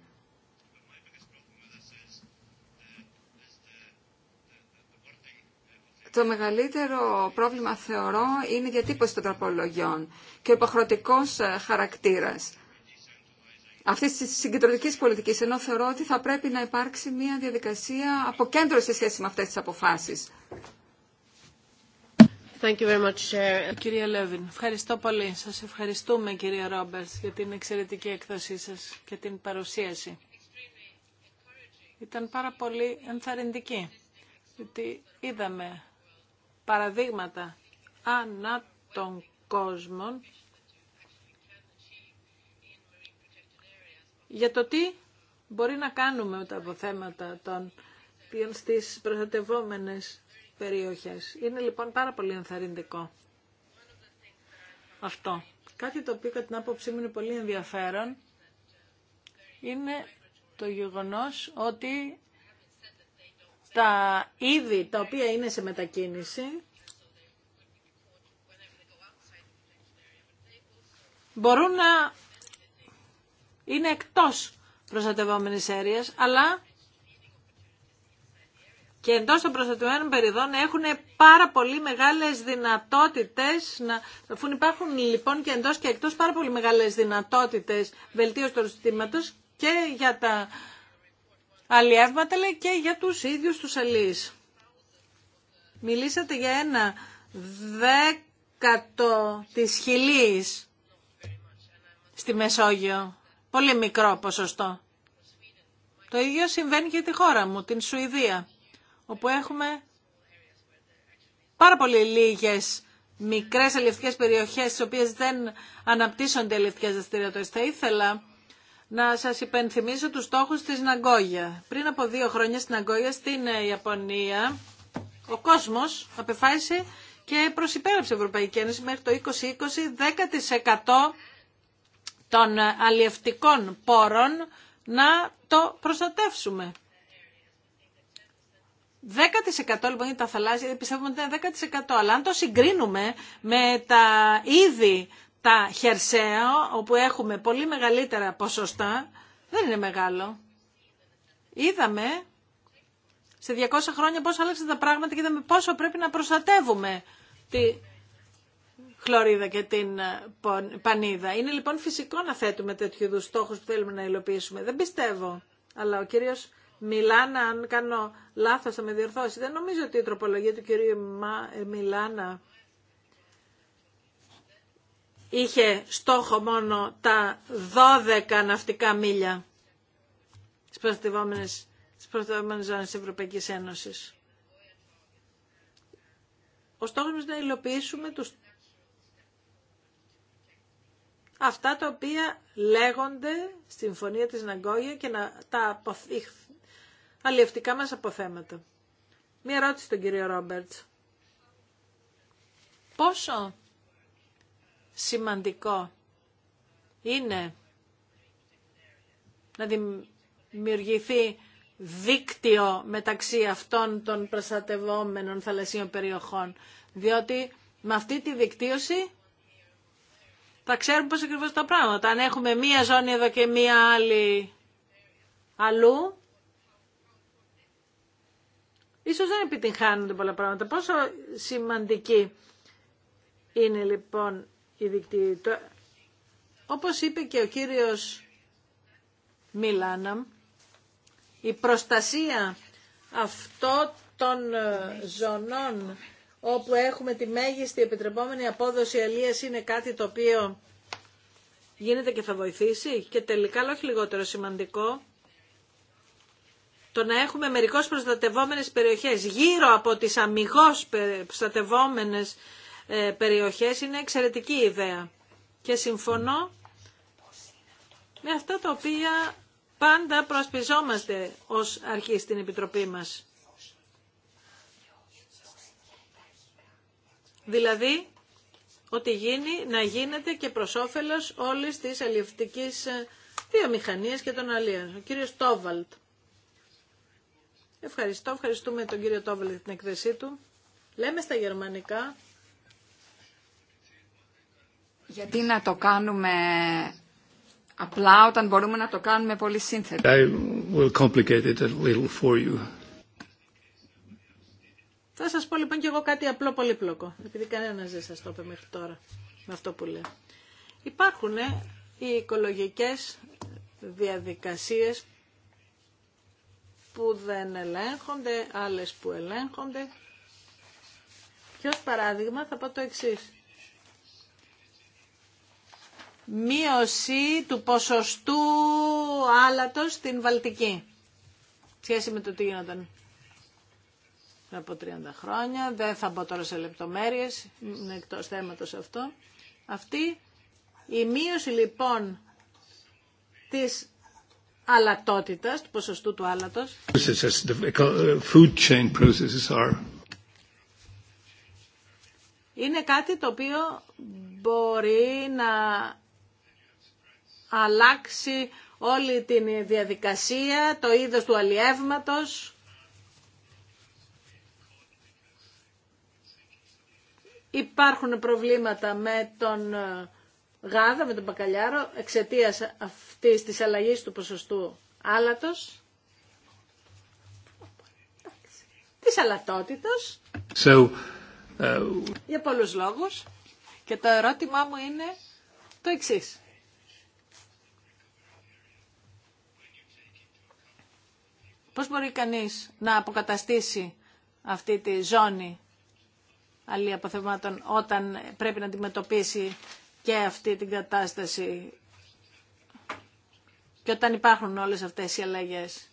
Το μεγαλύτερο πρόβλημα, θεωρώ, είναι η διατύπωση των τροπολογιών και ο υποχρεωτικό ε, χαρακτήρα αυτή τη συγκεντρωτική πολιτική, ενώ θεωρώ ότι θα πρέπει να υπάρξει μια διαδικασία αποκέντρωση σε σχέση με αυτέ τι αποφάσει. Thank you κυρία Λέβιν, ευχαριστώ πολύ. Σας ευχαριστούμε, κυρία Ρόμπερτς, για την εξαιρετική έκδοσή σας και την παρουσίαση. Ήταν πάρα πολύ ενθαρρυντική, γιατί είδαμε παραδείγματα ανά των κόσμων για το τι μπορεί να κάνουμε με τα αποθέματα των στις προστατευόμενες περιοχές. Είναι λοιπόν πάρα πολύ ενθαρρυντικό αυτό. Κάτι το οποίο κατά την άποψή μου είναι πολύ ενδιαφέρον είναι το γεγονός ότι τα είδη τα οποία είναι σε μετακίνηση μπορούν να είναι εκτός προστατευόμενης αίριας, αλλά και εντός των προστατευόμενων περιδών έχουν πάρα πολύ μεγάλες δυνατότητες, να, αφού υπάρχουν λοιπόν και εντός και εκτός πάρα πολύ μεγάλες δυνατότητες βελτίωσης του συστήματος και για τα αλλιεύματα λέει και για τους ίδιους τους αλείς. Μιλήσατε για ένα δέκατο της χιλής στη Μεσόγειο. Πολύ μικρό ποσοστό. Το ίδιο συμβαίνει και τη χώρα μου, την Σουηδία, όπου έχουμε πάρα πολύ λίγες μικρές αλληλευτικές περιοχές, στις οποίες δεν αναπτύσσονται αλληλευτικές δραστηριότητες. Θα ήθελα να σας υπενθυμίσω τους στόχους της Ναγκόγια. Πριν από δύο χρόνια στην Ναγκόγια, στην ε, Ιαπωνία, ο κόσμος απεφάσισε και προσυπέραψε η Ευρωπαϊκή Ένωση μέχρι το 2020 10% των ε, αλλιευτικών πόρων να το προστατεύσουμε. 10% λοιπόν για τα θαλάσσια, πιστεύουμε ότι είναι 10%. Αλλά αν το συγκρίνουμε με τα είδη τα χερσαία, όπου έχουμε πολύ μεγαλύτερα ποσοστά, δεν είναι μεγάλο. Είδαμε σε 200 χρόνια πώς άλλαξαν τα πράγματα και είδαμε πόσο πρέπει να προστατεύουμε τη χλωρίδα και την ε, πανίδα. Είναι λοιπόν φυσικό να θέτουμε τέτοιου είδους στόχους που θέλουμε να υλοποιήσουμε. Δεν πιστεύω, αλλά ο κύριος Μιλάνα, αν κάνω λάθος θα με διορθώσει. Δεν νομίζω ότι η τροπολογία του κυρίου ε, Μιλάνα είχε στόχο μόνο τα 12 ναυτικά μίλια στις προστατευόμενες, στις προστατευόμενες ζώνες της Ευρωπαϊκής Ένωσης. Ο στόχος μας να υλοποιήσουμε τους... αυτά τα οποία λέγονται στη Συμφωνία της Ναγκόγια και να τα αποθ... αλλιευτικά μας αποθέματα. Μία ερώτηση στον κύριο Ρόμπερτς. Πόσο σημαντικό είναι να δημιουργηθεί δίκτυο μεταξύ αυτών των προστατευόμενων θαλασσίων περιοχών, διότι με αυτή τη δικτύωση θα ξέρουμε πώς ακριβώς τα πράγματα. Αν έχουμε μία ζώνη εδώ και μία άλλη αλλού, ίσως δεν επιτυγχάνονται πολλά πράγματα. Πόσο σημαντική είναι λοιπόν Όπω Όπως είπε και ο κύριος Μιλάναμ, η προστασία αυτών των ε, ζωνών όπου έχουμε τη μέγιστη επιτρεπόμενη απόδοση αλίας είναι κάτι το οποίο γίνεται και θα βοηθήσει και τελικά, αλλά όχι λιγότερο σημαντικό, το να έχουμε μερικώς προστατευόμενες περιοχές γύρω από τις αμυγός προστατευόμενες ε, περιοχές είναι εξαιρετική ιδέα. Και συμφωνώ με αυτά τα οποία πάντα προσπιζόμαστε ως αρχή στην Επιτροπή μας. Δηλαδή, ότι γίνει να γίνεται και προς όφελος τις της αλληλευτική ε, βιομηχανίας και των αλλήλων. Ο κύριος Τόβαλτ. Ευχαριστώ, ευχαριστούμε τον κύριο Τόβαλτ την εκθεσή του. Λέμε στα γερμανικά γιατί να το κάνουμε απλά όταν μπορούμε να το κάνουμε πολύ σύνθετα. a little for you. Θα σας πω λοιπόν και εγώ κάτι απλό πολύπλοκο, επειδή κανένας δεν σας το είπε μέχρι τώρα με αυτό που λέω. Υπάρχουν ε, οι οικολογικές διαδικασίες που δεν ελέγχονται, άλλες που ελέγχονται. Και ως παράδειγμα θα πω το εξής μείωση του ποσοστού άλατος στην Βαλτική. Σχέση με το τι γίνονταν από 30 χρόνια. Δεν θα μπω τώρα σε λεπτομέρειες, είναι εκτός θέματος αυτό. Αυτή η μείωση λοιπόν της αλατότητας, του ποσοστού του άλατος. Είναι κάτι το οποίο μπορεί να αλλάξει όλη την διαδικασία, το είδος του αλλιεύματος. Υπάρχουν προβλήματα με τον ε, γάδα, με τον μπακαλιάρο, εξαιτίας αυτής της αλλαγής του ποσοστού άλατος, της αλατότητος, uh, για πολλούς λόγους. Και το ερώτημά μου είναι το εξής. Πώς μπορεί κανείς να αποκαταστήσει αυτή τη ζώνη αλλή όταν πρέπει να αντιμετωπίσει και αυτή την κατάσταση και όταν υπάρχουν όλες αυτές οι αλλαγές.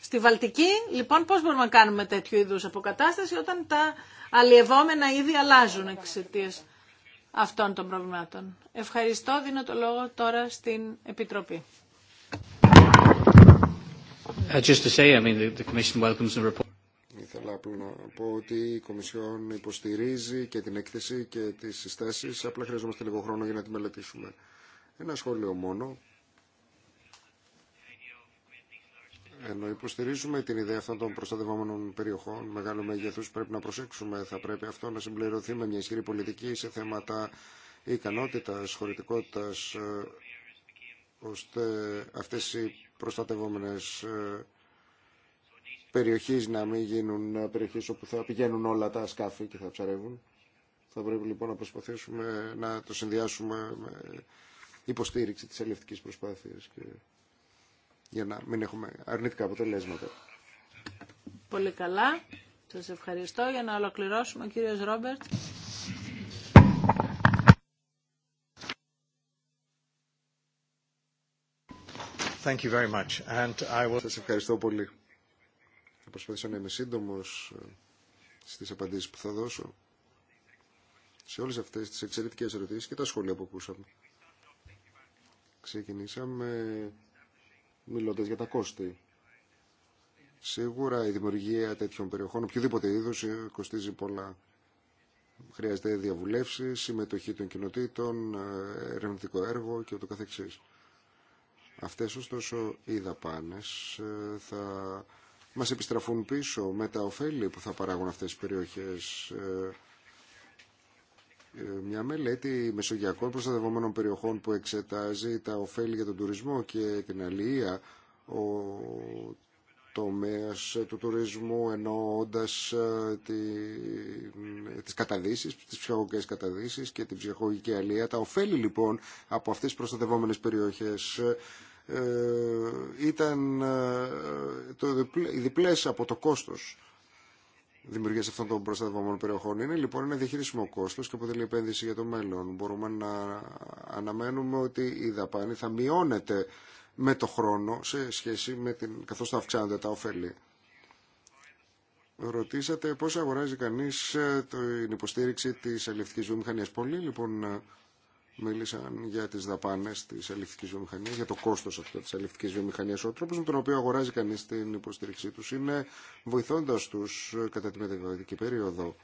Στη Βαλτική, λοιπόν, πώς μπορούμε να κάνουμε τέτοιου είδους αποκατάσταση όταν τα αλλιευόμενα ήδη αλλάζουν εξαιτία αυτών των προβλημάτων. Ευχαριστώ. Δίνω το λόγο τώρα στην Επιτροπή. Uh, just to say, I mean, the, Commission welcomes the report. Ήθελα απλά να πω ότι η Κομισιόν υποστηρίζει και την έκθεση και τις συστάσεις. Απλά χρειαζόμαστε λίγο χρόνο για να τη μελετήσουμε. Ένα σχόλιο μόνο. Ενώ υποστηρίζουμε την ιδέα αυτών των προστατευόμενων περιοχών μεγάλου μεγεθού, πρέπει να προσέξουμε. Θα πρέπει αυτό να συμπληρωθεί με μια ισχυρή πολιτική σε θέματα ικανότητα, χωρητικότητα, ε, ώστε αυτέ οι προστατευόμενες ε, περιοχές να μην γίνουν ε, περιοχές όπου θα πηγαίνουν όλα τα σκάφη και θα ψαρεύουν. Θα πρέπει λοιπόν να προσπαθήσουμε να το συνδυάσουμε με υποστήριξη της ελευτικής προσπάθειας και για να μην έχουμε αρνητικά αποτελέσματα. Πολύ καλά. Σας ευχαριστώ. Για να ολοκληρώσουμε, ο κύριος Ρόμπερτ. Thank Σας ευχαριστώ πολύ. Θα προσπαθήσω να είμαι σύντομος ε, στις απαντήσεις που θα δώσω σε όλες αυτές τις εξαιρετικές ερωτήσεις και τα σχόλια που ακούσαμε. Ξεκινήσαμε μιλώντας για τα κόστη. Σίγουρα η δημιουργία τέτοιων περιοχών, οποιοδήποτε είδους, ε, κοστίζει πολλά. Χρειάζεται διαβουλεύσεις, συμμετοχή των κοινοτήτων, ε, ερευνητικό έργο και ούτω καθεξής. Αυτές ωστόσο οι δαπάνες ε, θα μας επιστραφούν πίσω με τα ωφέλη που θα παράγουν αυτές τις περιοχές. Ε, ε, μια μελέτη μεσογειακών προστατευόμενων περιοχών που εξετάζει τα ωφέλη για τον τουρισμό και την αλληλεία, το τομέας του τουρισμού εννοώντας τις καταδύσεις, τις ψυχαγωγικές καταδύσεις και την ψυχαγωγική αλληλεία. Τα ωφέλη λοιπόν από αυτές τις προστατευόμενες περιοχές ε, ήταν ε, το διπλέ, διπλές από το κόστος δημιουργίας αυτών των προστατευόμενων περιοχών. Είναι λοιπόν ένα διαχειρισμό κόστο και αποτελεί επένδυση για το μέλλον. Μπορούμε να αναμένουμε ότι η δαπάνη θα μειώνεται με το χρόνο σε σχέση με την, καθώς θα αυξάνονται τα ωφέλη. Ρωτήσατε πώς αγοράζει κανείς ε, την υποστήριξη της αλληλευτικής βιομηχανίας. Πολύ λοιπόν μίλησαν για τι δαπάνε τη αληθική βιομηχανία, για το κόστο αυτό τη αληθική βιομηχανία, Ο τρόπο με τον οποίο αγοράζει κανεί την υποστήριξή του, είναι βοηθώντα του κατά τη μεταβατική περίοδο.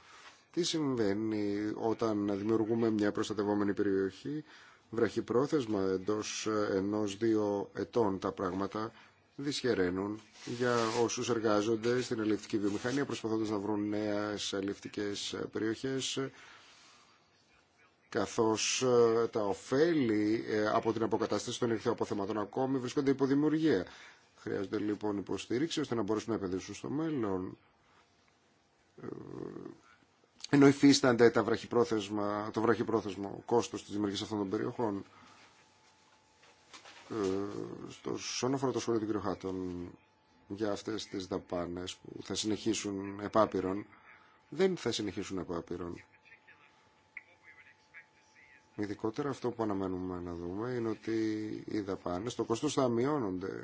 Τι συμβαίνει όταν δημιουργούμε μια προστατευόμενη περιοχή, εντό ενό ενός-δύο ετών τα πράγματα δυσχεραίνουν για όσου εργάζονται στην αληθική βιομηχανία προσπαθώντα να βρουν νέε αληθικέ περιοχέ καθώς ε, τα ωφέλη ε, από την αποκατάσταση των ηχθείων αποθεμάτων ακόμη βρίσκονται υποδημιουργία. Χρειάζεται Χρειάζονται λοιπόν υποστήριξη ώστε να μπορέσουν να επενδύσουν στο μέλλον. Ε, ενώ υφίστανται τα το βραχυπρόθεσμο κόστος της δημιουργίας αυτών των περιοχών. Στο σώνοφορο αφορά το σχολείο του κ. για αυτές τις δαπάνες που θα συνεχίσουν επάπειρον, δεν θα συνεχίσουν επάπειρον Ειδικότερα αυτό που αναμένουμε να δούμε είναι ότι οι δαπάνες, το κόστος θα μειώνονται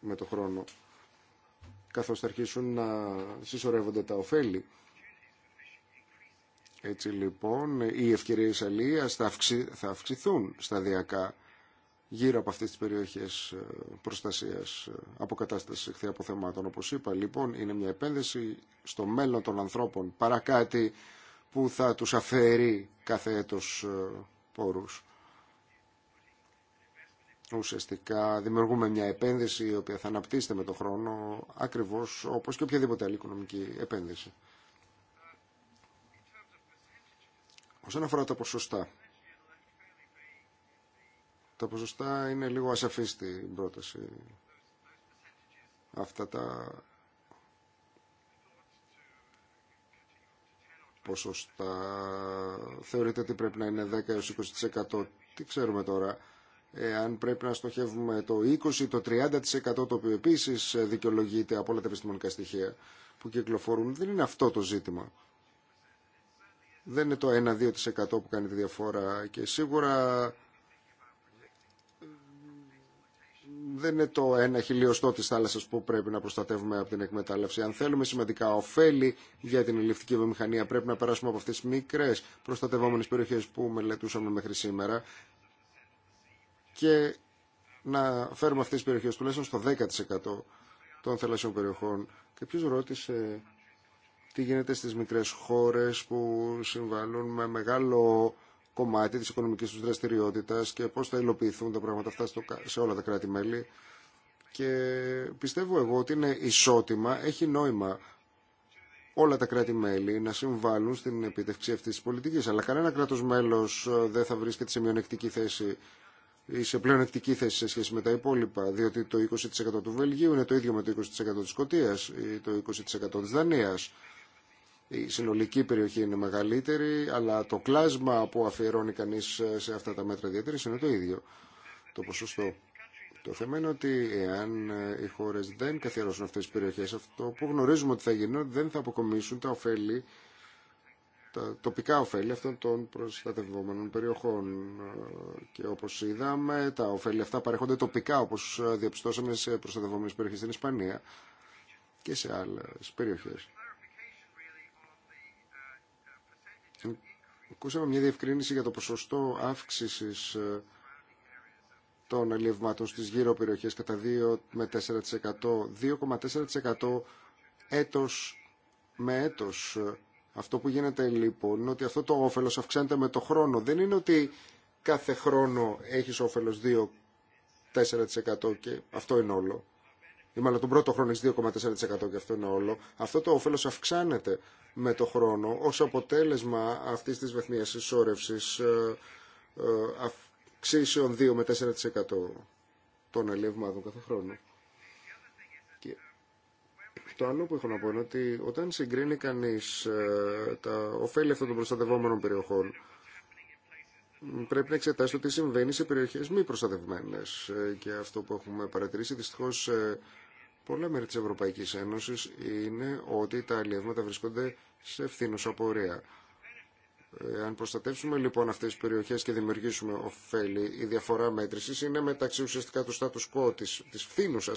με το χρόνο καθώς θα αρχίσουν να συσσωρεύονται τα ωφέλη. Έτσι λοιπόν οι ευκαιρίες αλληλείας θα, θα αυξηθούν σταδιακά γύρω από αυτές τις περιοχές ε, προστασίας ε, αποκατάστασης εχθεία αποθεμάτων. Όπως είπα λοιπόν είναι μια επένδυση στο μέλλον των ανθρώπων παρά κάτι που θα τους αφαιρεί κάθε έτος ε, πόρους. Ουσιαστικά δημιουργούμε μια επένδυση η οποία θα αναπτύσσεται με τον χρόνο ακριβώς όπως και οποιαδήποτε άλλη οικονομική επένδυση. Όσον αφορά τα ποσοστά, τα ποσοστά είναι λίγο ασαφή στην πρόταση. Αυτά τα ποσοστά θεωρείται ότι πρέπει να είναι 10 20%. Τι ξέρουμε τώρα. αν πρέπει να στοχεύουμε το 20% 30% το οποίο επίσης δικαιολογείται από όλα τα επιστημονικά στοιχεία που κυκλοφορούν, δεν είναι αυτό το ζήτημα. Δεν είναι το 1-2% που κάνει τη διαφορά και σίγουρα δεν είναι το ένα χιλιοστό της θάλασσας που πρέπει να προστατεύουμε από την εκμετάλλευση. Αν θέλουμε σημαντικά ωφέλη για την ελληνική βιομηχανία πρέπει να περάσουμε από αυτές τις μικρές προστατευόμενες περιοχές που μελετούσαμε μέχρι σήμερα και να φέρουμε αυτές τις περιοχές τουλάχιστον στο 10% των θαλασσιών περιοχών. Και ποιο ρώτησε τι γίνεται στις μικρές χώρες που συμβάλλουν με μεγάλο κομμάτι της οικονομικής τους δραστηριότητας και πώς θα υλοποιηθούν τα πράγματα αυτά σε όλα τα κράτη-μέλη. Και πιστεύω εγώ ότι είναι ισότιμα, έχει νόημα όλα τα κράτη-μέλη να συμβάλλουν στην επιτευξή αυτής της πολιτικής. Αλλά κανένα κράτος μέλος ε, δεν θα βρίσκεται σε μειονεκτική θέση ή σε πλεονεκτική θέση σε σχέση με τα υπόλοιπα, διότι το 20% του Βελγίου είναι το ίδιο με το 20% της Σκοτίας ή το 20% της Δανίας η συνολική περιοχή είναι μεγαλύτερη, αλλά το κλάσμα που αφιερώνει κανείς σε αυτά τα μέτρα ιδιαίτερη είναι το ίδιο, το ποσοστό. Το θέμα είναι ότι εάν ε, οι χώρε δεν καθιερώσουν αυτέ τι περιοχέ, αυτό που γνωρίζουμε ότι θα γίνει δεν θα αποκομίσουν τα ωφέλη, τα τοπικά ωφέλη αυτών των προστατευόμενων περιοχών. Και όπω είδαμε, τα ωφέλη αυτά παρέχονται τοπικά, όπω ε, διαπιστώσαμε σε προστατευόμενε περιοχέ στην Ισπανία και σε άλλε περιοχέ. Ακούσαμε μια διευκρίνηση για το ποσοστό αύξησης ε, των αλλιευμάτων στις γύρω περιοχές κατά 2 με 4%. 2,4% έτος με έτος. Αυτό που γίνεται λοιπόν είναι ότι αυτό το όφελος αυξάνεται με το χρόνο. Δεν είναι ότι κάθε χρόνο έχεις όφελος 2-4% και αυτό είναι όλο ή ε, μάλλον τον πρώτο χρόνο έχει 2,4% και αυτό είναι όλο. Αυτό το όφελο αυξάνεται με το χρόνο ω αποτέλεσμα αυτή τη βαθμία συσσόρευση ε, ε, αυξήσεων 2 με 4% των ελευμάτων κάθε χρόνο. Και το άλλο που έχω να πω είναι ότι όταν συγκρίνει κανεί τα ωφέλη αυτών των προστατευόμενων περιοχών, πρέπει να εξετάσουμε τι συμβαίνει σε περιοχέ μη προστατευμένε. Και αυτό που έχουμε παρατηρήσει δυστυχώ πολλά μέρη της Ευρωπαϊκής Ένωσης είναι ότι τα αλλιεύματα βρίσκονται σε ευθύνουσα πορεία. Ε, αν προστατεύσουμε λοιπόν αυτές τις περιοχές και δημιουργήσουμε ωφέλη, η διαφορά μέτρησης είναι μεταξύ ουσιαστικά του status quo, της, της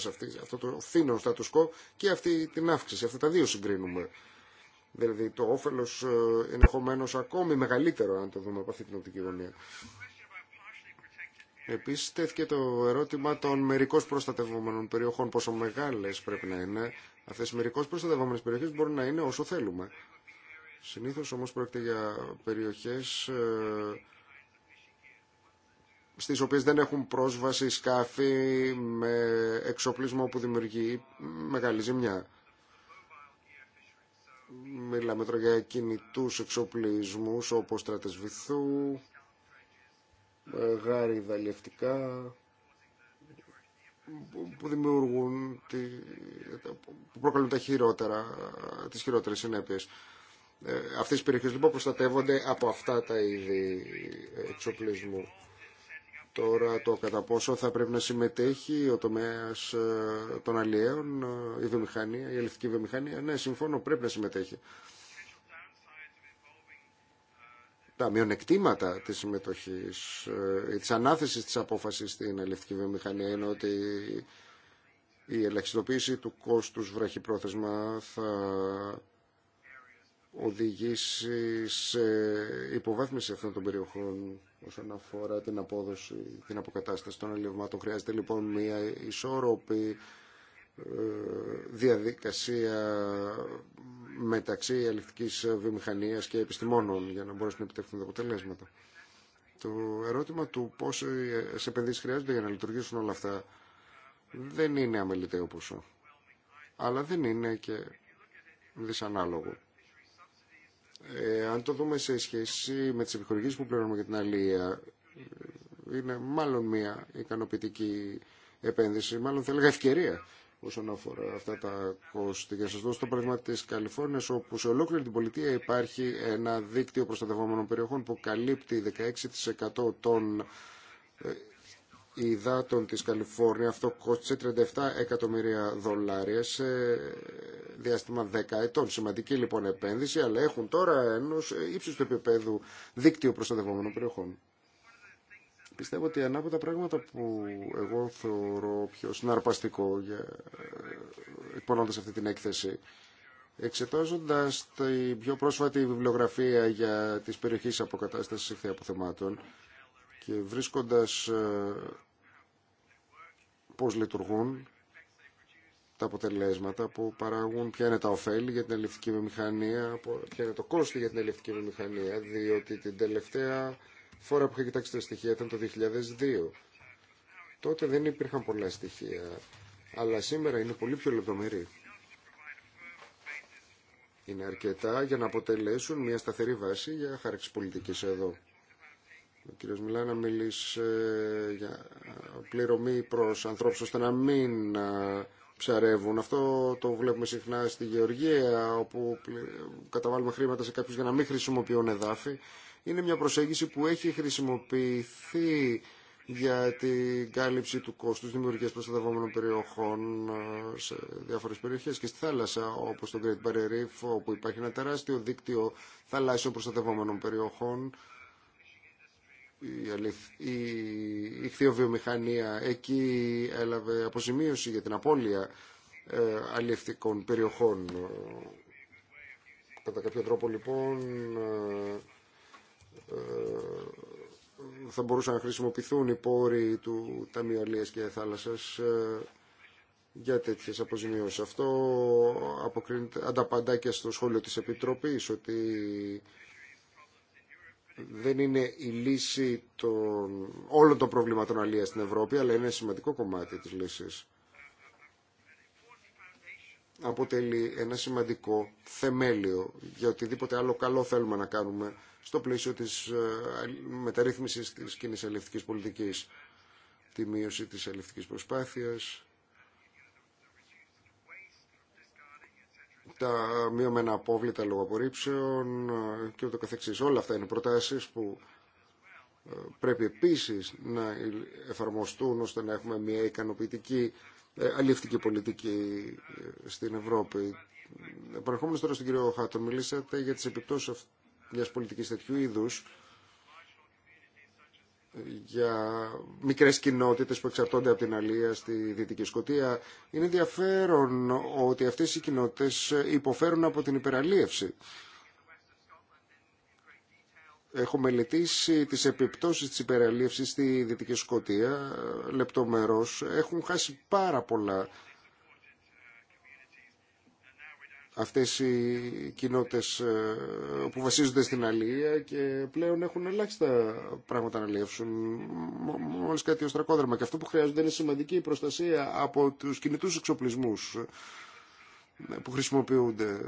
αυτής, αυτό το φθήνο status quo και αυτή την αύξηση. Αυτά τα δύο συγκρίνουμε. Δηλαδή το όφελος ε, ενδεχομένω ακόμη μεγαλύτερο αν το δούμε από αυτή την οπτική γωνία. Επίση τέθηκε το ερώτημα των μερικώς προστατευόμενων περιοχών, πόσο μεγάλες πρέπει να είναι. Αυτέ οι μερικώς προστατευόμενες περιοχές μπορούν να είναι όσο θέλουμε. Συνήθως όμως πρόκειται για περιοχές ε, στις οποίες δεν έχουν πρόσβαση σκάφη με εξοπλισμό που δημιουργεί μεγάλη ζημιά. Μιλάμε τώρα για κινητού εξοπλισμού όπω στρατεσβηθού, γάρι δαλευτικά που δημιουργούν που προκαλούν τα χειρότερα τις χειρότερες συνέπειες ε, αυτές οι περιοχές λοιπόν προστατεύονται από αυτά τα είδη εξοπλισμού τώρα το κατά πόσο θα πρέπει να συμμετέχει ο τομέας ε, των αλλιέων ε, η βιομηχανία, η ελευτική βιομηχανία ναι συμφωνώ πρέπει να συμμετέχει τα μειονεκτήματα της συμμετοχής ή ε, της ανάθεσης της απόφασης στην ελευτική βιομηχανία είναι ότι η της αναθεσης της αποφασης στην αλληλευτικη βιομηχανια ειναι οτι η ελαχιστοποιηση του κόστους βραχυπρόθεσμα θα οδηγήσει σε υποβάθμιση αυτών των περιοχών όσον αφορά την απόδοση, την αποκατάσταση των ελευμάτων. Χρειάζεται λοιπόν μια ισόρροπη διαδικασία μεταξύ ελεκτικής βιομηχανίας και επιστημόνων για να μπορέσουν να επιτευχθούν τα αποτελέσματα. Το ερώτημα του πώς σε επενδύσεις χρειάζονται για να λειτουργήσουν όλα αυτά δεν είναι αμεληταίο ποσό. Αλλά δεν είναι και δυσανάλογο. Ε, αν το δούμε σε σχέση με τις επιχορηγήσεις που πληρώνουμε για την αλληλεία, ε, είναι μάλλον μια ικανοποιητική επένδυση, μάλλον θα έλεγα ευκαιρία όσον αφορά αυτά τα κόστη. Για σας δώσω το παράδειγμα της Καλιφόρνιας, όπου σε ολόκληρη την πολιτεία υπάρχει ένα δίκτυο προστατευόμενων περιοχών που καλύπτει 16% των ε, υδάτων της Καλιφόρνια. Αυτό κόστησε 37 εκατομμύρια δολάρια σε διάστημα 10 ετών. Σημαντική λοιπόν επένδυση, αλλά έχουν τώρα ενός ύψους του επίπεδου δίκτυο προστατευόμενων περιοχών. Πιστεύω ότι ένα από τα πράγματα που εγώ θεωρώ πιο συναρπαστικό για... εκπονώντας αυτή την έκθεση εξετάζοντας τη πιο πρόσφατη βιβλιογραφία για τις περιοχές αποκατάστασης ηχθεία αποθεμάτων και βρίσκοντας ε, πώς λειτουργούν τα αποτελέσματα που παράγουν, ποια είναι τα ωφέλη για την ελληνική μηχανία ποια είναι το κόστος για την ελληνική βιομηχανία, διότι την τελευταία φορά που είχα κοιτάξει τα στοιχεία ήταν το 2002. Τότε δεν υπήρχαν πολλά στοιχεία, αλλά σήμερα είναι πολύ πιο λεπτομερή. Είναι αρκετά για να αποτελέσουν μια σταθερή βάση για χάραξη πολιτική εδώ. Ο κ. Μιλάνα μίλησε για πληρωμή προς ανθρώπους ώστε να μην ψαρεύουν. Αυτό το βλέπουμε συχνά στη Γεωργία, όπου καταβάλουμε χρήματα σε κάποιους για να μην χρησιμοποιούν εδάφη είναι μια προσέγγιση που έχει χρησιμοποιηθεί για την κάλυψη του κόστου δημιουργία προστατευόμενων περιοχών ε, σε διάφορε περιοχές και στη θάλασσα, όπως το Great Barrier Reef, όπου υπάρχει ένα τεράστιο δίκτυο θαλάσσιων προστατευόμενων περιοχών, η, η, εκεί έλαβε αποζημίωση για την απώλεια ε, αλληλευτικών περιοχών. Ε, κατά κάποιο τρόπο λοιπόν... Ε, ε, θα μπορούσαν να χρησιμοποιηθούν οι πόροι του Ταμείου Αλίας και Θάλασσας ε, για τέτοιες αποζημιώσεις. Αυτό ανταπαντά και στο σχόλιο της Επιτροπής ότι δεν είναι η λύση των, όλων των προβλημάτων αλίας στην Ευρώπη, αλλά είναι ένα σημαντικό κομμάτι της λύσης. Αποτελεί ένα σημαντικό θεμέλιο για οτιδήποτε άλλο καλό θέλουμε να κάνουμε στο πλαίσιο της ε, μεταρρύθμισης της κοινή αλληλευτικής πολιτικής, τη μείωση της αλληλευτικής προσπάθειας, τα μειωμένα απόβλητα λόγω απορρίψεων ε, και ούτω καθεξής. Όλα αυτά είναι προτάσεις που ε, πρέπει επίσης να εφαρμοστούν ώστε να έχουμε μια ικανοποιητική αλληλευτική πολιτική στην Ευρώπη. Προερχόμενος τώρα στον κύριο Χάτο, μιλήσατε για τις επιπτώσεις μια πολιτική τέτοιου είδου, για μικρές κοινότητες που εξαρτώνται από την Αλία στη Δυτική Σκοτία. Είναι ενδιαφέρον ότι αυτές οι κοινότητες υποφέρουν από την υπεραλίευση. Έχω μελετήσει τις επιπτώσεις της υπεραλίευσης στη Δυτική Σκοτία λεπτομερώς. Έχουν χάσει πάρα πολλά αυτές οι κοινότητες ε, που βασίζονται στην αλληλεία και πλέον έχουν ελάχιστα πράγματα να λεύσουν, μόλις κάτι τρακόδραμα. Και αυτό που χρειάζονται είναι σημαντική προστασία από τους κινητούς εξοπλισμούς ε, που χρησιμοποιούνται.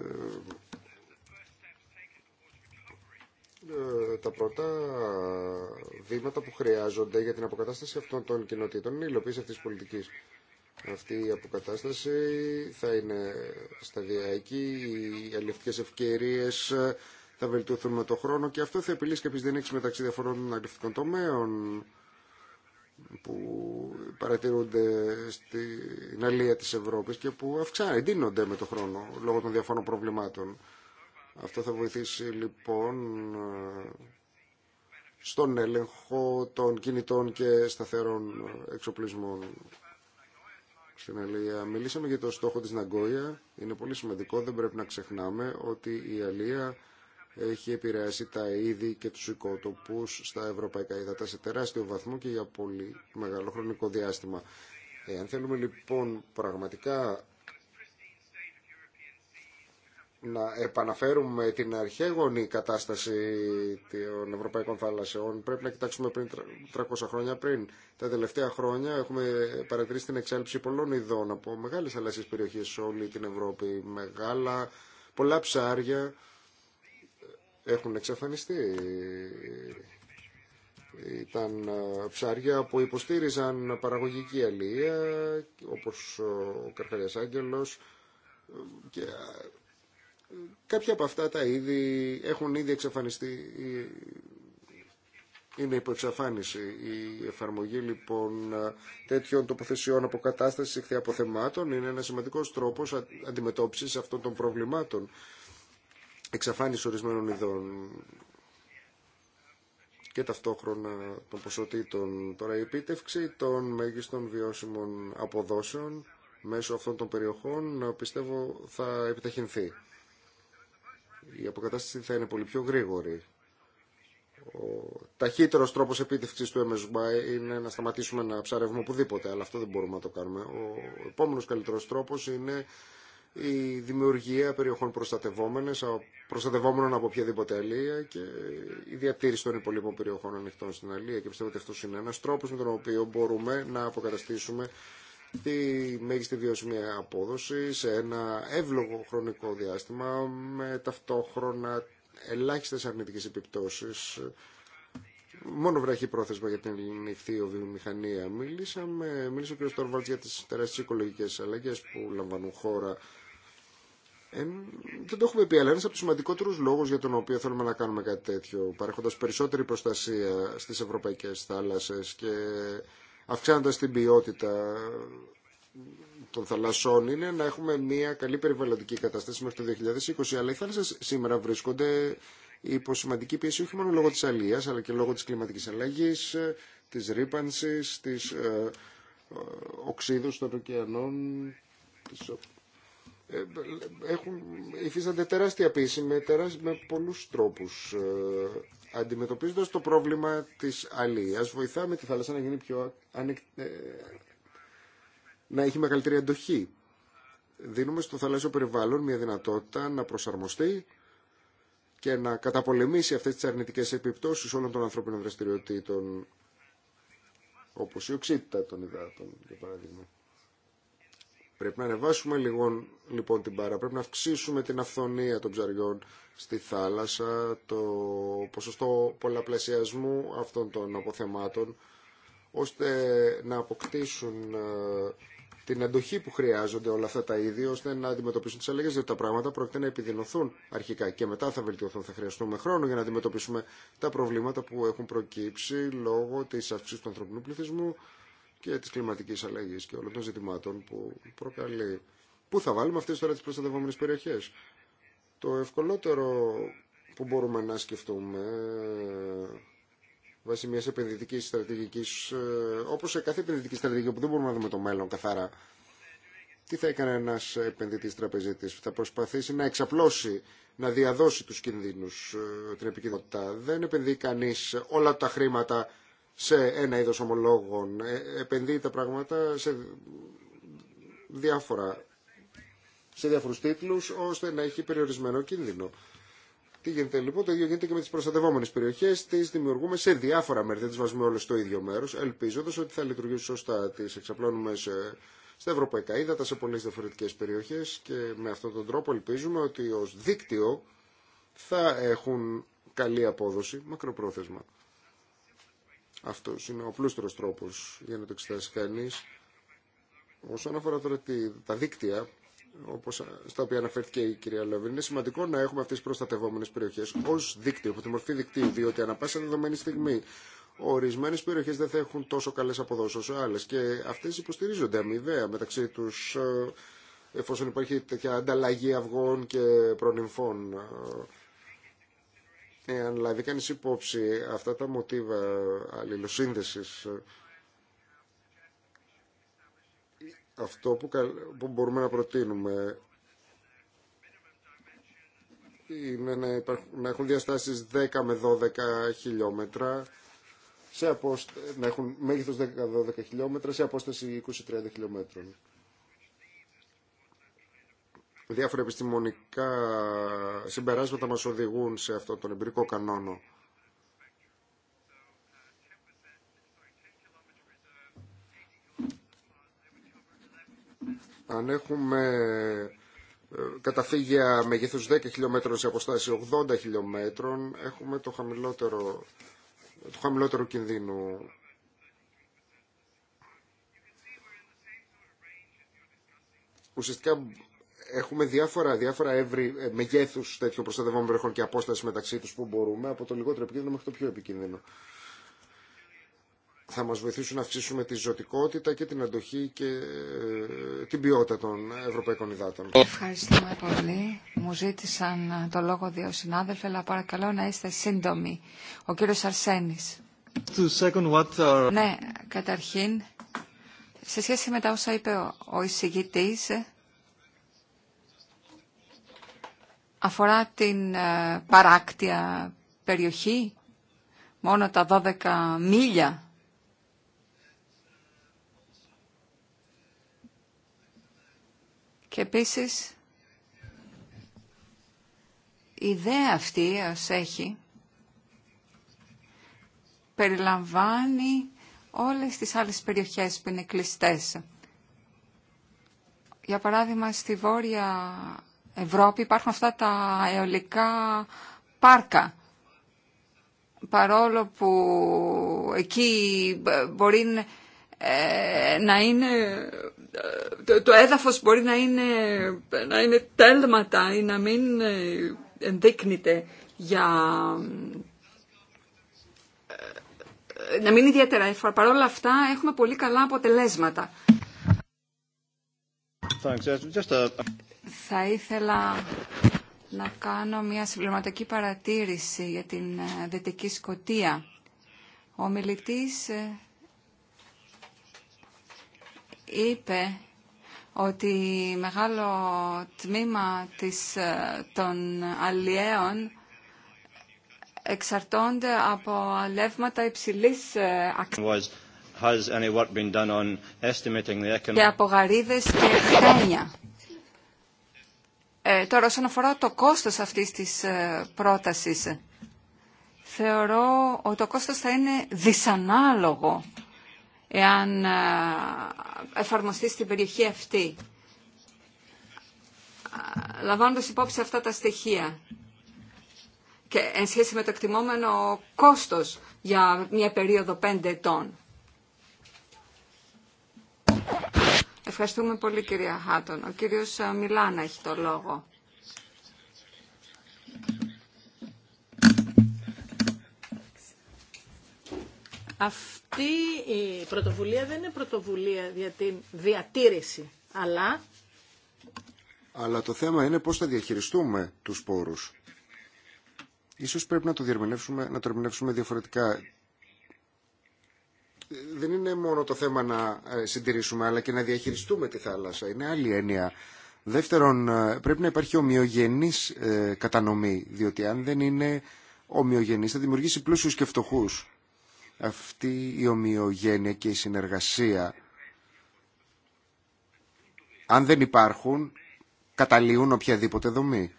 Ε, τα πρώτα βήματα που χρειάζονται για την αποκατάσταση αυτών των κοινοτήτων είναι η υλοποίηση αυτής της πολιτικής. Αυτή η αποκατάσταση θα είναι σταδιακή, οι αλληλευτικές ευκαιρίες ε, θα βελτιωθούν με το χρόνο και αυτό θα επιλύσει κάποιες έχεις μεταξύ διαφορών αλληλευτικών τομέων που παρατηρούνται στην αλληλεία της Ευρώπης και που αυξάνονται, με το χρόνο λόγω των διαφόρων προβλημάτων. Αυτό θα βοηθήσει λοιπόν ε, στον έλεγχο των κινητών και σταθερών εξοπλισμών στην Αλία. Μιλήσαμε για το στόχο της Ναγκόια. Είναι πολύ σημαντικό, δεν πρέπει να ξεχνάμε ότι η Αλία έχει επηρεάσει τα είδη και τους οικότοπους στα ευρωπαϊκά ύδατα σε τεράστιο βαθμό και για πολύ μεγάλο χρονικό διάστημα. Εάν θέλουμε λοιπόν πραγματικά να επαναφέρουμε την αρχαίγονη κατάσταση των ευρωπαϊκών θάλασσεων πρέπει να κοιτάξουμε πριν 300 χρόνια πριν. Τα τελευταία χρόνια έχουμε παρατηρήσει την εξάλληψη πολλών ειδών από μεγάλες θαλασσίες περιοχές σε όλη την Ευρώπη. Μεγάλα, πολλά ψάρια έχουν εξαφανιστεί. Ήταν ε, ψάρια που υποστήριζαν παραγωγική αλληλεία όπως ο Καρχαριάς Άγγελος και ε, Κάποια από αυτά τα είδη έχουν ήδη εξαφανιστεί, είναι υπό εξαφάνιση. Η εφαρμογή λοιπόν τέτοιων τοποθεσιών αποκατάστασης εκθεαποθεματων είναι ένα σημαντικός τρόπος αντιμετώπισης αυτών των προβλημάτων εξαφάνιση ορισμένων ειδών και ταυτόχρονα των ποσοτήτων. Τώρα η επίτευξη των μέγιστων βιώσιμων αποδόσεων μέσω αυτών των περιοχών πιστεύω θα επιταχυνθεί η αποκατάσταση θα είναι πολύ πιο γρήγορη. Ο ταχύτερο τρόπο επίτευξη του MSB είναι να σταματήσουμε να ψαρεύουμε οπουδήποτε, αλλά αυτό δεν μπορούμε να το κάνουμε. Ο επόμενο καλύτερο τρόπο είναι η δημιουργία περιοχών προστατευόμενων από οποιαδήποτε αλεία και η διατήρηση των υπολείπων περιοχών ανοιχτών στην αλία και πιστεύω ότι αυτό είναι ένα τρόπο με τον οποίο μπορούμε να αποκαταστήσουμε τη μέγιστη βιώσιμη απόδοση σε ένα εύλογο χρονικό διάστημα με ταυτόχρονα ελάχιστες αρνητικές επιπτώσεις Μόνο βραχή πρόθεσμα για την ελληνική βιομηχανία μίλησαμε. Μίλησε ο κ. Τόρβαλτ για τις τεράστιες οικολογικές αλλαγές που λαμβάνουν χώρα. Ε, δεν το έχουμε πει, αλλά ένα από του σημαντικότερου λόγου για τον οποίο θέλουμε να κάνουμε κάτι τέτοιο, παρέχοντα περισσότερη προστασία στι ευρωπαϊκέ θάλασσε και αυξάνοντας την ποιότητα των θαλασσών είναι να έχουμε μια καλή περιβαλλοντική κατάσταση μέχρι το 2020, αλλά οι θάλασσες σήμερα βρίσκονται υπό σημαντική πίεση όχι μόνο λόγω της αλίας, αλλά και λόγω της κλιματικής αλλαγής, της ρήπανσης, της ε, ε οξύδους των ωκεανών. Ε, έχουν, υφίστανται τεράστια πίεση με, με πολλούς τρόπους. Ε, Αντιμετωπίζοντας το πρόβλημα της αλίας, βοηθάμε τη θάλασσα να γίνει πιο... Ε, να έχει μεγαλύτερη αντοχή. Δίνουμε στο θαλάσσιο περιβάλλον μια δυνατότητα να προσαρμοστεί και να καταπολεμήσει αυτές τις αρνητικές επιπτώσεις όλων των ανθρώπινων δραστηριοτήτων, όπως η οξύτητα των υδάτων, για παράδειγμα. Πρέπει να ανεβάσουμε λίγο λοιπόν, λοιπόν την παρά, πρέπει να αυξήσουμε την αυθονία των ψαριών στη θάλασσα, το ποσοστό πολλαπλασιασμού αυτών των αποθεμάτων, ώστε να αποκτήσουν ε, την αντοχή που χρειάζονται όλα αυτά τα είδη, ώστε να αντιμετωπίσουν τι αλλαγέ, διότι τα πράγματα πρόκειται να επιδεινωθούν αρχικά και μετά θα βελτιωθούν. Θα χρειαστούμε χρόνο για να αντιμετωπίσουμε τα προβλήματα που έχουν προκύψει λόγω τη αύξηση του ανθρωπινού πληθυσμού, και τη κλιματική αλλαγή και όλων των ζητημάτων που προκαλεί. Πού θα βάλουμε αυτές τώρα τις προστατευόμενες περιοχές. Το ευκολότερο που μπορούμε να σκεφτούμε βάσει μιας επενδυτικής στρατηγικής, όπως σε κάθε επενδυτική στρατηγική που δεν μπορούμε να δούμε το μέλλον καθαρά, τι θα έκανε ένας επενδυτής τραπεζίτης που θα βαλουμε αυτέ τωρα τις προστατευομενες περιοχέ. το ευκολοτερο που μπορουμε να εξαπλώσει, μια επενδυτική διαδώσει τους κινδύνους, ε, την επικοινωνία. Δεν επενδύει ένα επενδυτή τραπεζιτη που θα προσπαθησει να εξαπλωσει να διαδωσει του κινδυνους την επικοινωνια δεν επενδυει κανεί ολα τα χρήματα σε ένα είδος ομολόγων. Ε, επενδύει τα πράγματα σε διάφορα σε διάφορους τίτλους ώστε να έχει περιορισμένο κίνδυνο. Τι γίνεται λοιπόν, το ίδιο γίνεται και με τι προστατευόμενε περιοχέ. Τι δημιουργούμε σε διάφορα μέρη, δεν τι βάζουμε όλε στο ίδιο μέρο, ελπίζοντα ότι θα λειτουργήσουν σωστά. Τι εξαπλώνουμε σε, στα ευρωπαϊκά ύδατα, σε πολλέ διαφορετικέ περιοχέ και με αυτόν τον τρόπο ελπίζουμε ότι ω δίκτυο θα έχουν καλή απόδοση μακροπρόθεσμα. Αυτό είναι ο πλούστερο τρόπο για να το εξετάσει κανεί. Όσον αφορά τώρα τα δίκτυα, όπως στα οποία αναφέρθηκε η κυρία Λαβρή, είναι σημαντικό να έχουμε αυτέ τι προστατευόμενε περιοχέ ω δίκτυο, από τη μορφή δικτύου, διότι ανά πάσα δεδομένη στιγμή Ορισμένε περιοχέ δεν θα έχουν τόσο καλέ αποδόσει όσο άλλε και αυτέ υποστηρίζονται αμοιβαία μεταξύ του ε, εφόσον υπάρχει τέτοια ανταλλαγή αυγών και προνυμφών. Ε, Εάν λάβει κανείς υπόψη αυτά τα μοτίβα αλληλοσύνδεσης, αυτό που, που μπορούμε να προτείνουμε είναι να, να έχουν διαστάσεις 10 με 12 χιλιόμετρα, σε να έχουν μέγεθος 10-12 χιλιόμετρα σε απόσταση 20-30 χιλιόμετρων διάφορα επιστημονικά συμπεράσματα μας οδηγούν σε αυτό τον εμπειρικό κανόνο. Αν έχουμε ε, καταφύγια μεγέθους 10 χιλιόμετρων σε αποστάση 80 χιλιόμετρων, έχουμε το χαμηλότερο, το χαμηλότερο κινδύνο. Ουσιαστικά έχουμε διάφορα, διάφορα εύρη ε, μεγέθους τέτοιων προστατευόμενων βρεχών και απόσταση μεταξύ τους που μπορούμε από το λιγότερο επικίνδυνο μέχρι το πιο επικίνδυνο. Θα μα βοηθήσουν να αυξήσουμε τη ζωτικότητα και την αντοχή και ε, την ποιότητα των ευρωπαϊκών υδάτων. Ευχαριστούμε πολύ. Μου ζήτησαν ε, το λόγο δύο συνάδελφοι, αλλά παρακαλώ να είστε σύντομοι. Ο κύριος Αρσένης. Ναι, καταρχήν, σε σχέση με τα όσα είπε ο εισηγητής, αφορά την ε, παράκτια περιοχή, μόνο τα 12 μίλια. Και επίσης, η ιδέα αυτή ως έχει περιλαμβάνει όλες τις άλλες περιοχές που είναι κλειστές. Για παράδειγμα, στη Βόρεια Ευρώπη υπάρχουν αυτά τα αεολικά πάρκα. Παρόλο που εκεί ε, μπορεί ε, να είναι, ε, το έδαφος μπορεί να είναι, να είναι τέλματα ή να μην ενδείκνυται για να μην είναι ιδιαίτερα εύφορα. Παρ' όλα αυτά έχουμε πολύ καλά αποτελέσματα. Θα ήθελα να κάνω μια συμπληρωματική παρατήρηση για την ε, Δυτική Σκοτία. Ο μιλητής ε, είπε ότι μεγάλο τμήμα της, ε, των αλλιέων εξαρτώνται από αλεύματα υψηλής αξίας και από γαρίδες και χένια. Ε, τώρα, όσον αφορά το κόστος αυτής της ε, πρότασης, θεωρώ ότι το κόστος θα είναι δυσανάλογο εάν ε, εφαρμοστεί στην περιοχή αυτή. Λαμβάνοντας υπόψη αυτά τα στοιχεία και εν σχέση με το εκτιμόμενο κόστος για μια περίοδο πέντε ετών. Ευχαριστούμε πολύ κυρία Χάτον. Ο κύριος ε, Μιλάνα έχει το λόγο. Αυτή η πρωτοβουλία δεν είναι πρωτοβουλία για την διατήρηση, αλλά... Αλλά το θέμα είναι πώς θα διαχειριστούμε τους πόρους. Ίσως πρέπει να το, να το ερμηνεύσουμε διαφορετικά δεν είναι μόνο το θέμα να ε, συντηρήσουμε αλλά και να διαχειριστούμε τη θάλασσα. Είναι άλλη έννοια. Δεύτερον, ε, πρέπει να υπάρχει ομοιογενής ε, κατανομή, διότι αν δεν είναι ομοιογενής θα δημιουργήσει πλούσιους και φτωχούς. Αυτή η ομοιογένεια και η συνεργασία, αν δεν υπάρχουν, καταλύουν οποιαδήποτε δομή.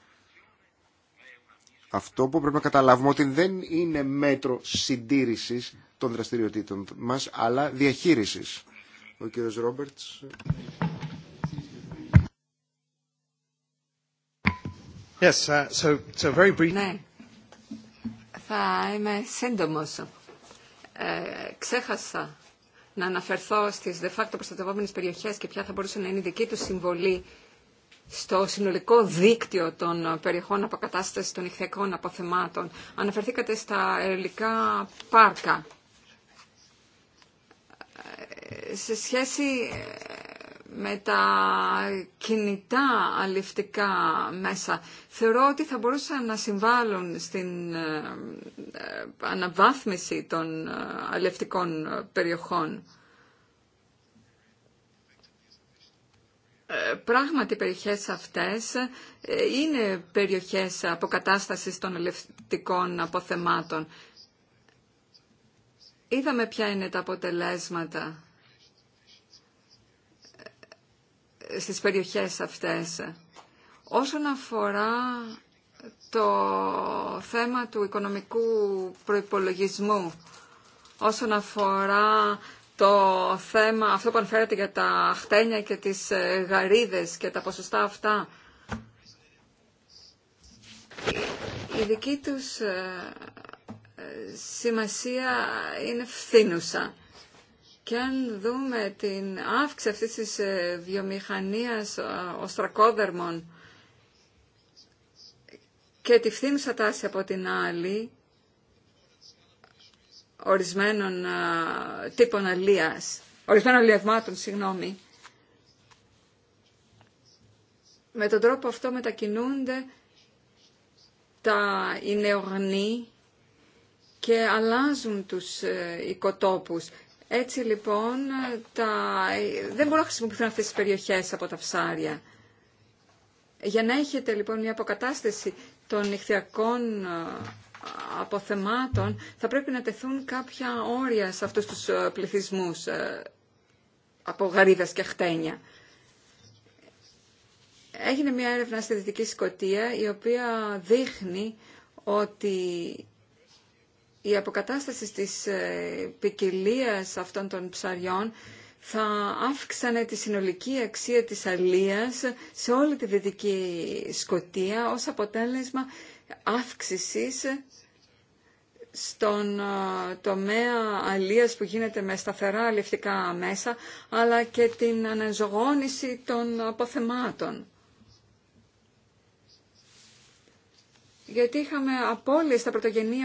Αυτό που πρέπει να καταλάβουμε ότι δεν είναι μέτρο συντήρησης των δραστηριοτήτων μας, αλλά διαχείρισης. Ο κύριος Ρόμπερτς. Yes, uh, so, so very brief. Ναι. Θα είμαι σύντομος. Ε, ξέχασα να αναφερθώ στις de facto προστατευόμενες περιοχές και ποια θα μπορούσε να είναι η δική του συμβολή στο συνολικό δίκτυο των περιοχών αποκατάστασης των ηχθιακών αποθεμάτων. Αναφερθήκατε στα ελληνικά πάρκα. Σε σχέση ε, με τα κινητά αληφτικά μέσα. Θεωρώ ότι θα μπορούσαν να συμβάλλουν στην ε, ε, αναβάθμιση των αλευτικών περιοχών. Ε, πράγματι οι περιοχές αυτές ε, είναι περιοχές αποκατάστασης των ελευτικών αποθεμάτων. Είδαμε ποια είναι τα αποτελέσματα ε, στις περιοχές αυτές. Όσον αφορά το θέμα του οικονομικού προϋπολογισμού, όσον αφορά το θέμα αυτό που αναφέρατε για τα χτένια και τις ε, γαρίδες και τα ποσοστά αυτά. Η δική τους ε, ε, σημασία είναι φθήνουσα. Και αν δούμε την αύξηση αυτής της βιομηχανίας οστρακόδερμων και τη φθήνουσα τάση από την άλλη, ορισμένων τύπων αλίας, ορισμένων αλιευμάτων, συγγνώμη. Με τον τρόπο αυτό μετακινούνται τα νεογνοί και αλλάζουν τους ε, οικοτόπους. Έτσι λοιπόν ε, τα... Ε, δεν μπορούν να χρησιμοποιηθούν αυτές τις περιοχές από τα ψάρια. Για να έχετε λοιπόν μια αποκατάσταση των νυχτιακών αποθεμάτων θα πρέπει να τεθούν κάποια όρια σε αυτούς τους ε, πληθυσμούς ε, από γαρίδες και χτένια. Έγινε μια έρευνα στη Δυτική Σκοτία η οποία δείχνει ότι η αποκατάσταση της ε, ποικιλία αυτών των ψαριών θα αύξανε τη συνολική αξία της αλίας σε όλη τη Δυτική Σκοτία ως αποτέλεσμα αύξησης στον ε, τομέα αλίας που γίνεται με σταθερά αλληλευτικά μέσα, αλλά και την αναζωγόνηση των αποθεμάτων. Γιατί είχαμε απόλυτα τα πρωτογενή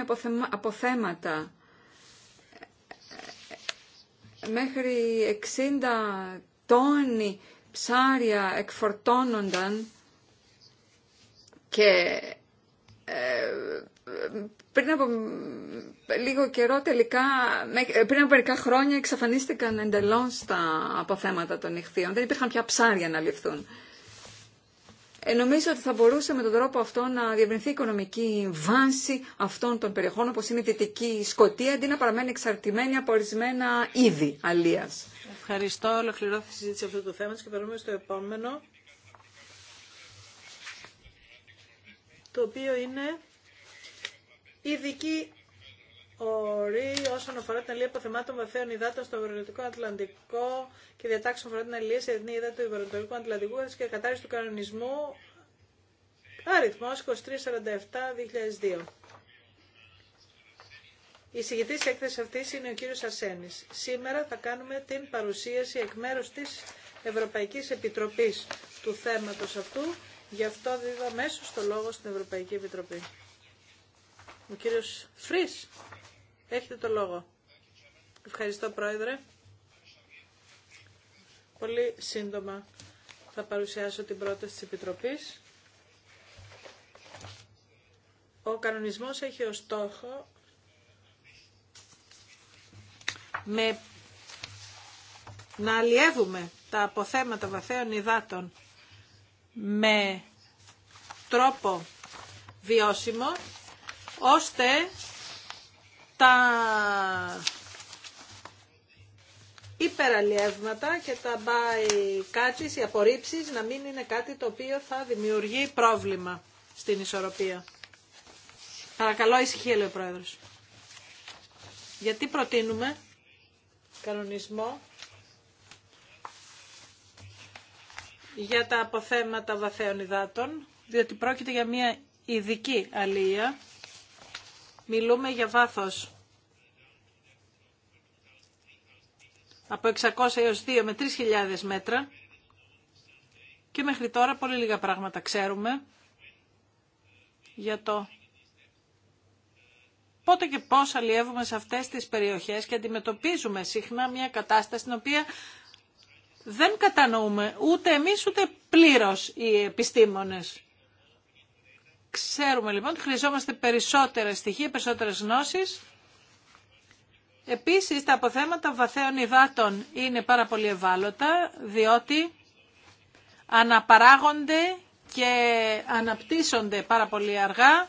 αποθέματα μέχρι 60 τόνοι ψάρια εκφορτώνονταν και ε, πριν από λίγο καιρό τελικά, ε, πριν από μερικά χρόνια εξαφανίστηκαν εντελώς τα αποθέματα των νυχθείων. Δεν υπήρχαν πια ψάρια να ληφθούν. Ε, νομίζω ότι θα μπορούσε με τον τρόπο αυτό να διευρυνθεί η οικονομική βάση αυτών των περιοχών, όπως είναι η Δυτική Σκοτία, αντί να παραμένει εξαρτημένη από ορισμένα είδη αλίας. Ευχαριστώ. Ολοκληρώθηκε η συζήτηση αυτού του θέματος και περνούμε στο επόμενο. το οποίο είναι ειδική ορή όσον αφορά την αλληλεία αποθεμάτων βαθέων υδάτων στο Βορειοδυτικό Ατλαντικό και διατάξεων αφορά την αλληλεία σε εθνή υδά του Βορειοδυτικού Ατλαντικού και κατάρριση του κανονισμου αριθμό αριθμός 2347-2002. Η συγκητή έκθεση αυτή είναι ο κύριο Ασένης. Σήμερα θα κάνουμε την παρουσίαση εκ μέρου τη Ευρωπαϊκή Επιτροπή του θέματο αυτού Γι' αυτό δίδω αμέσω το λόγο στην Ευρωπαϊκή Επιτροπή. Ο κύριος Φρίς έχετε το λόγο. Ευχαριστώ, Πρόεδρε. Πολύ σύντομα θα παρουσιάσω την πρόταση της Επιτροπής. Ο κανονισμός έχει ως στόχο με να αλλιεύουμε τα αποθέματα βαθέων υδάτων με τρόπο βιώσιμο, ώστε τα υπεραλλιεύματα και τα by catches, οι απορρίψεις, να μην είναι κάτι το οποίο θα δημιουργεί πρόβλημα στην ισορροπία. Παρακαλώ, ησυχία, λέει ο Πρόεδρος. Γιατί προτείνουμε κανονισμό για τα αποθέματα βαθέων υδάτων, διότι πρόκειται για μια ειδική αλία. Μιλούμε για βάθος από 600 έως 2 με 3.000 μέτρα και μέχρι τώρα πολύ λίγα πράγματα ξέρουμε για το πότε και πώς αλλιεύουμε σε αυτές τις περιοχές και αντιμετωπίζουμε συχνά μια κατάσταση στην οποία δεν κατανοούμε ούτε εμείς ούτε πλήρως οι επιστήμονες. Ξέρουμε λοιπόν ότι χρειαζόμαστε περισσότερα στοιχεία, περισσότερες γνώσεις. Επίσης τα αποθέματα βαθέων υδάτων είναι πάρα πολύ ευάλωτα διότι αναπαράγονται και αναπτύσσονται πάρα πολύ αργά.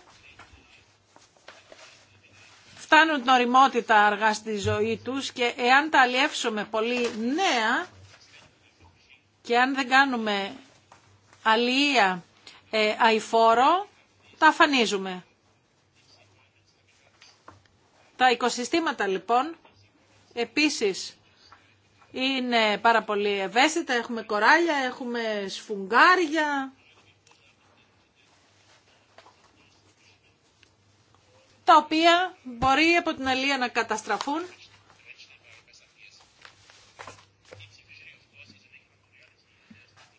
Φτάνουν την οριμότητα αργά στη ζωή τους και εάν τα αλλιεύσουμε πολύ νέα και αν δεν κάνουμε αλληλεία ε, αηφόρο, τα αφανίζουμε. Τα οικοσυστήματα λοιπόν, επίσης, είναι πάρα πολύ ευαίσθητα. Έχουμε κοράλια, έχουμε σφουγγάρια. τα οποία μπορεί από την αλία να καταστραφούν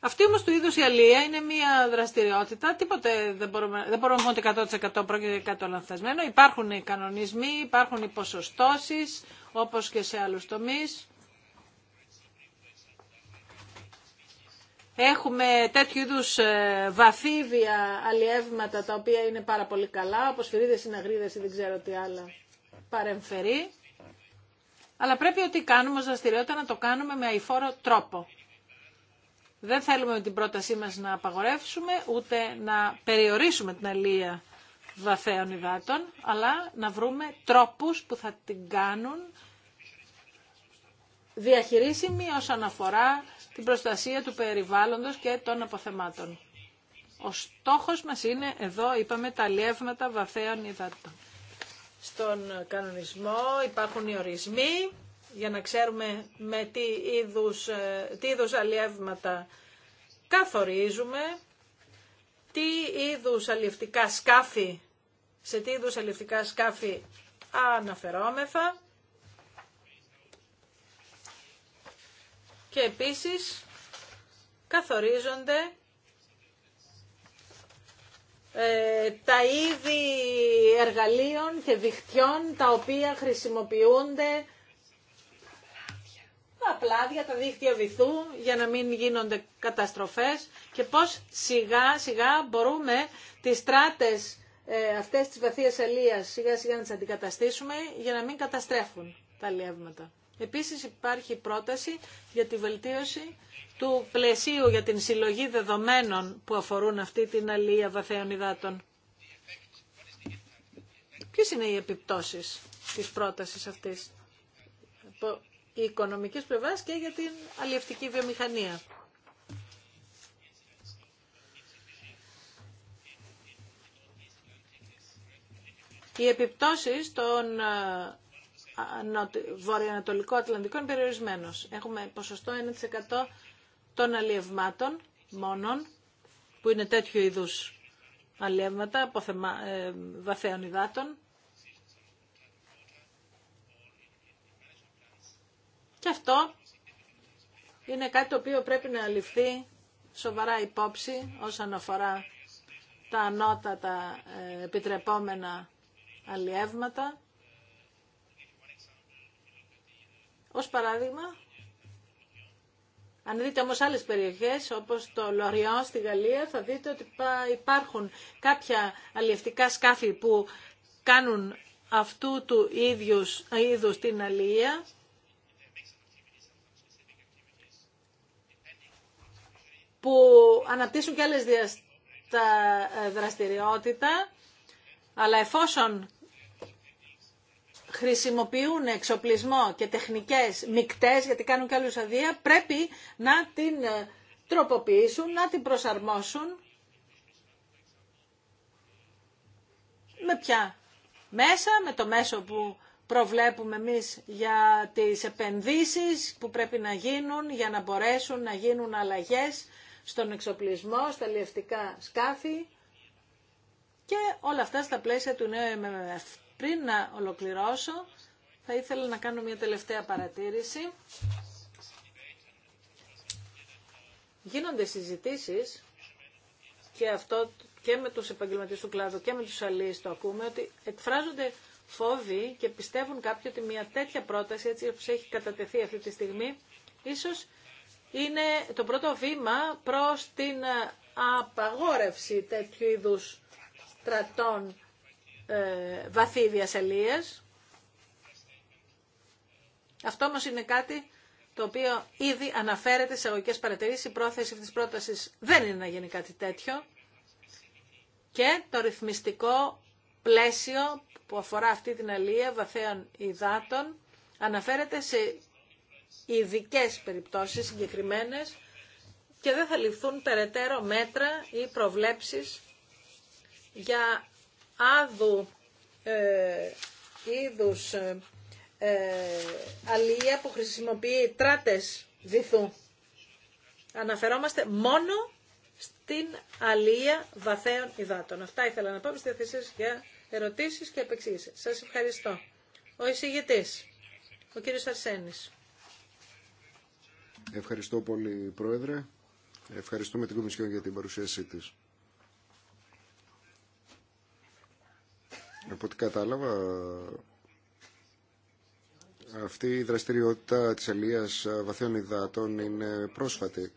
Αυτή όμως του είδου η αλληλεία είναι μια δραστηριότητα, τίποτε δεν μπορούμε, δεν μπορούμε ότι 100% πρόκειται για κάτι λανθασμένο. Υπάρχουν οι κανονισμοί, υπάρχουν οι ποσοστώσεις, όπω και σε άλλου τομείς. Έχουμε τέτοιου είδου ε, βαθύβια αλλιεύματα τα οποία είναι πάρα πολύ καλά, όπως φυρίδες, συναγρίδε ή δεν ξέρω τι άλλα παρεμφερεί. Αλλά πρέπει ότι κάνουμε ως δραστηριότητα να το κάνουμε με αηφόρο τρόπο. Δεν θέλουμε με την πρότασή μας να απαγορεύσουμε, ούτε να περιορίσουμε την αλία βαθέων υδάτων, αλλά να βρούμε τρόπους που θα την κάνουν διαχειρίσιμη όσον αφορά την προστασία του περιβάλλοντος και των αποθεμάτων. Ο στόχος μας είναι, εδώ είπαμε, τα λιεύματα βαθέων υδάτων. Στον κανονισμό υπάρχουν οι ορισμοί για να ξέρουμε με τι είδους, ε, τι είδους αλλιεύματα καθορίζουμε, τι είδους αλλιευτικά σκάφη, σε τι είδους αλλιευτικά σκάφη αναφερόμεθα και επίσης καθορίζονται ε, τα είδη εργαλείων και δικτυών τα οποία χρησιμοποιούνται απλά για τα δίχτυα βυθού για να μην γίνονται καταστροφές και πώς σιγά σιγά μπορούμε τις στράτες ε, αυτές τις βαθίες αλίας σιγά σιγά να τις αντικαταστήσουμε για να μην καταστρέφουν τα αλλιεύματα. Επίσης υπάρχει πρόταση για τη βελτίωση του πλαισίου για την συλλογή δεδομένων που αφορούν αυτή την αλία βαθαίων υδάτων. Ποιες είναι οι επιπτώσεις της πρότασης αυτής οικονομικής πλευράς και για την αλλιευτική βιομηχανία. Οι επιπτώσεις των ε, βορειοανατολικό Ατλαντικών είναι περιορισμένος. Έχουμε ποσοστό 1% των αλλιευμάτων μόνον, που είναι τέτοιου είδους αλλιεύματα από ε, βαθέων υδάτων. Και αυτό είναι κάτι το οποίο πρέπει να ληφθεί σοβαρά υπόψη όσον αφορά τα ανώτατα ε, επιτρεπόμενα αλλιεύματα. Ως παράδειγμα, αν δείτε όμως άλλες περιοχές, όπως το Λοριόν στη Γαλλία, θα δείτε ότι υπάρχουν κάποια αλλιευτικά σκάφη που κάνουν αυτού του ίδιου ε, είδους την αλλιεία. που αναπτύσσουν και άλλες ε, δραστηριότητα, αλλά εφόσον χρησιμοποιούν εξοπλισμό και τεχνικές μικτές, γιατί κάνουν και άλλους αδεία, πρέπει να την ε, τροποποιήσουν, να την προσαρμόσουν. Με ποια μέσα, με το μέσο που προβλέπουμε εμείς για τις επενδύσεις που πρέπει να γίνουν για να μπορέσουν να γίνουν αλλαγές στον εξοπλισμό, στα λιευτικά σκάφη και όλα αυτά στα πλαίσια του νέου MMF. Πριν να ολοκληρώσω, θα ήθελα να κάνω μια τελευταία παρατήρηση. Γίνονται συζητήσεις και αυτό και με τους επαγγελματίες του κλάδου και με τους αλλοίς το ακούμε ότι εκφράζονται φόβοι και πιστεύουν κάποιοι ότι μια τέτοια πρόταση έτσι όπως έχει κατατεθεί αυτή τη στιγμή ίσως είναι το πρώτο βήμα προς την ε, απαγόρευση τέτοιου είδους στρατών ε, βαθύβιας Αυτό όμως είναι κάτι το οποίο ήδη αναφέρεται σε αγωγικές παρατηρήσεις. Η πρόθεση της πρότασης δεν είναι να γίνει κάτι τέτοιο. Και το ρυθμιστικό πλαίσιο που αφορά αυτή την αλία βαθέων υδάτων αναφέρεται σε ειδικέ περιπτώσεις συγκεκριμένε, και δεν θα ληφθούν περαιτέρω μέτρα ή προβλέψεις για άδου ε, είδους ε, ε αλληλεία που χρησιμοποιεί τράτες βυθού. Αναφερόμαστε μόνο στην αλληλεία βαθέων υδάτων. Αυτά ήθελα να πω στη για ερωτήσεις και επεξήγηση. Σας ευχαριστώ. Ο εισηγητής, ο κύριος Αρσένης. Ευχαριστώ πολύ, Πρόεδρε. Ευχαριστούμε την Κομισιόν για την παρουσίασή της. Από ό,τι κατάλαβα, αυτή η δραστηριότητα της αλίας βαθιών υδάτων είναι πρόσφατη.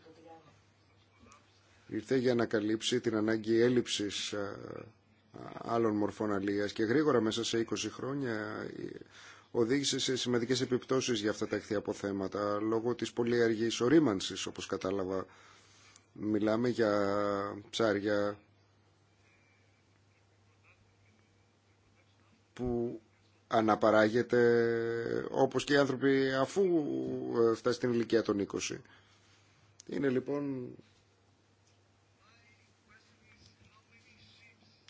Ήρθε για να καλύψει την ανάγκη έλλειψης ε, άλλων μορφών αλίας και γρήγορα μέσα σε 20 χρόνια οδήγησε σε σημαντικές επιπτώσεις για αυτά τα εκθεία αποθέματα λόγω της πολύ αργής ορίμανσης όπως κατάλαβα. Μιλάμε για ψάρια που αναπαράγεται όπως και οι άνθρωποι αφού ε, φτάσει στην ηλικία των 20. Είναι λοιπόν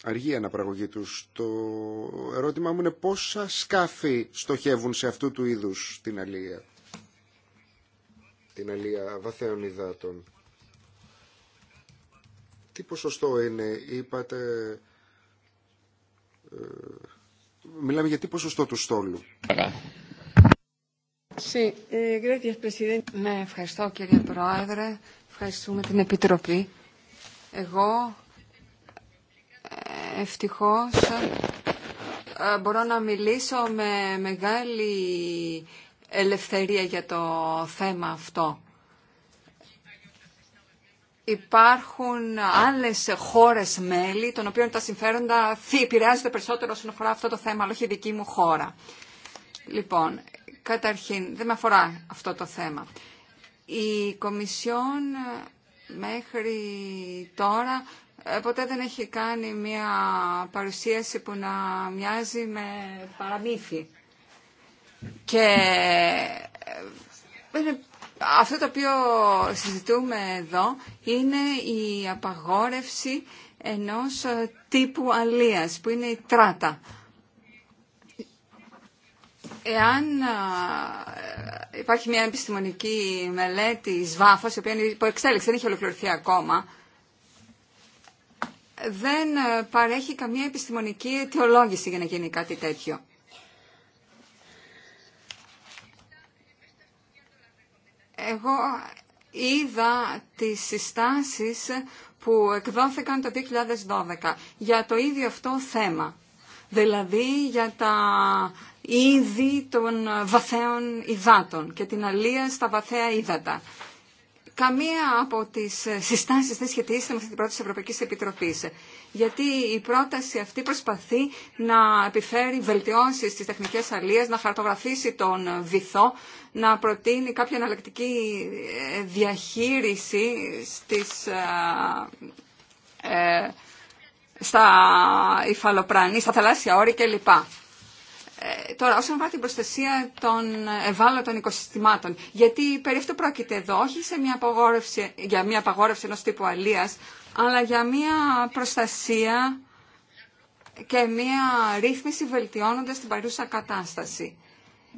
αργή αναπραγωγή του τους. Το ερώτημά μου είναι πόσα σκάφη στοχεύουν σε αυτού του είδου την αλία. Την αλία βαθέων υδάτων. Τι ποσοστό είναι, είπατε... Ε, μιλάμε για τι ποσοστό του στόλου. Eh, ναι, ευχαριστώ κύριε Πρόεδρε. Ευχαριστούμε την Επιτροπή. Εγώ Ευτυχώς ε, μπορώ να μιλήσω με μεγάλη ελευθερία για το θέμα αυτό. Υπάρχουν άλλες χώρες μέλη, των οποίων τα συμφέροντα επηρεάζονται περισσότερο όσον αφορά αυτό το θέμα, αλλά όχι η δική μου χώρα. Λοιπόν, καταρχήν, δεν με αφορά αυτό το θέμα. Η Κομισιόν μέχρι τώρα ε, ποτέ δεν έχει κάνει μια παρουσίαση που να μοιάζει με παραμύθι. Και ε, αυτό το οποίο συζητούμε εδώ είναι η απαγόρευση ενός ε, τύπου αλίας που είναι η τράτα. Εάν υπάρχει μια επιστημονική μελέτη σβάφος, η οποία είναι υποεξέλιξη, δεν έχει ολοκληρωθεί ακόμα, δεν ε, παρέχει καμία επιστημονική αιτιολόγηση για να γίνει κάτι τέτοιο. Εγώ είδα τις συστάσεις που εκδόθηκαν το 2012 για το ίδιο αυτό θέμα, δηλαδή για τα είδη των βαθαίων υδάτων και την αλία στα βαθαία ύδατα καμία από τις ε, συστάσεις δεν σχετίζεται με αυτή την πρόταση τη Ευρωπαϊκή Επιτροπή. Ε, γιατί η πρόταση αυτή προσπαθεί να επιφέρει βελτιώσεις στι τεχνικέ αλίε, να χαρτογραφήσει τον βυθό, να προτείνει κάποια εναλλακτική ε, διαχείριση στις, στα υφαλοπρανή, στα θαλάσσια όρη κλπ. Ε, τώρα, όσον αφορά την προστασία των ευάλωτων οικοσυστημάτων, γιατί περί αυτού πρόκειται εδώ, όχι σε μια απαγόρευση, για μια απαγόρευση ενός τύπου αλίας, αλλά για μια προστασία και μια ρύθμιση βελτιώνοντας την παρούσα κατάσταση.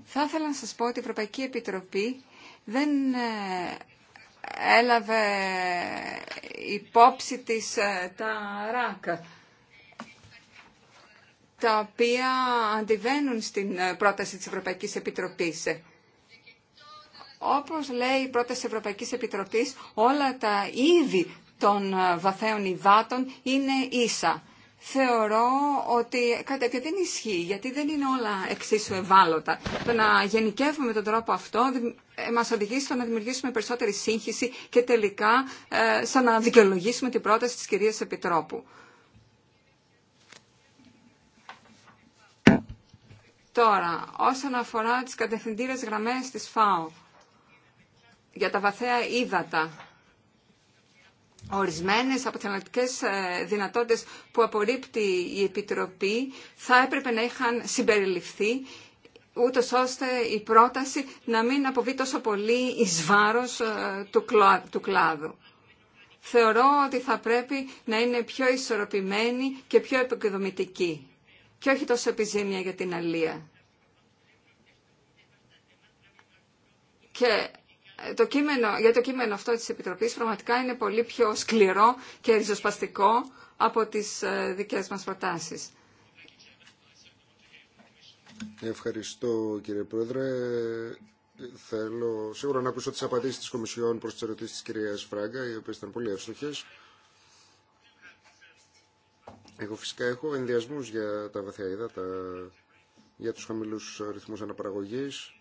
Θα ήθελα να σας πω ότι η Ευρωπαϊκή Επιτροπή δεν ε, έλαβε υπόψη της ε, τα ΡΑΚ τα οποία αντιβαίνουν στην ε, πρόταση της Ευρωπαϊκής Επιτροπής. Όπως λέει η πρόταση της Ευρωπαϊκής Επιτροπής, όλα τα είδη των ε, βαθέων υδάτων είναι ίσα. Θεωρώ ότι κάτι και δεν ισχύει, γιατί δεν είναι όλα εξίσου ευάλωτα. Το να γενικεύουμε τον τρόπο αυτό ε, μας οδηγεί στο να δημιουργήσουμε περισσότερη σύγχυση και τελικά σαν να δικαιολογήσουμε την πρόταση της κυρίας Επιτρόπου. Τώρα, όσον αφορά τις κατευθυντήρες γραμμές της ΦΑΟ για τα βαθαία ύδατα, ορισμένες από τις ε, δυνατότητες που απορρίπτει η Επιτροπή θα έπρεπε να είχαν συμπεριληφθεί ούτω ώστε η πρόταση να μην αποβεί τόσο πολύ εις βάρος ε, του κλάδου. Θεωρώ ότι θα πρέπει να είναι πιο ισορροπημένη και πιο επικοδομητική και όχι τόσο επιζήμια για την αλία. Και το κείμενο, για το κείμενο αυτό της Επιτροπής πραγματικά είναι πολύ πιο σκληρό και ριζοσπαστικό από τις ε, δικές μας προτάσεις. Ευχαριστώ κύριε Πρόεδρε. Θέλω σίγουρα να ακούσω τις απαντήσεις της Κομισιόν προς τις ερωτήσεις της κυρίας Φράγκα, οι οποίες ήταν πολύ εύστοχες. Εγώ φυσικά έχω ενδιασμούς για τα βαθιά ύδατα, για τους χαμηλούς ρυθμούς αναπαραγωγής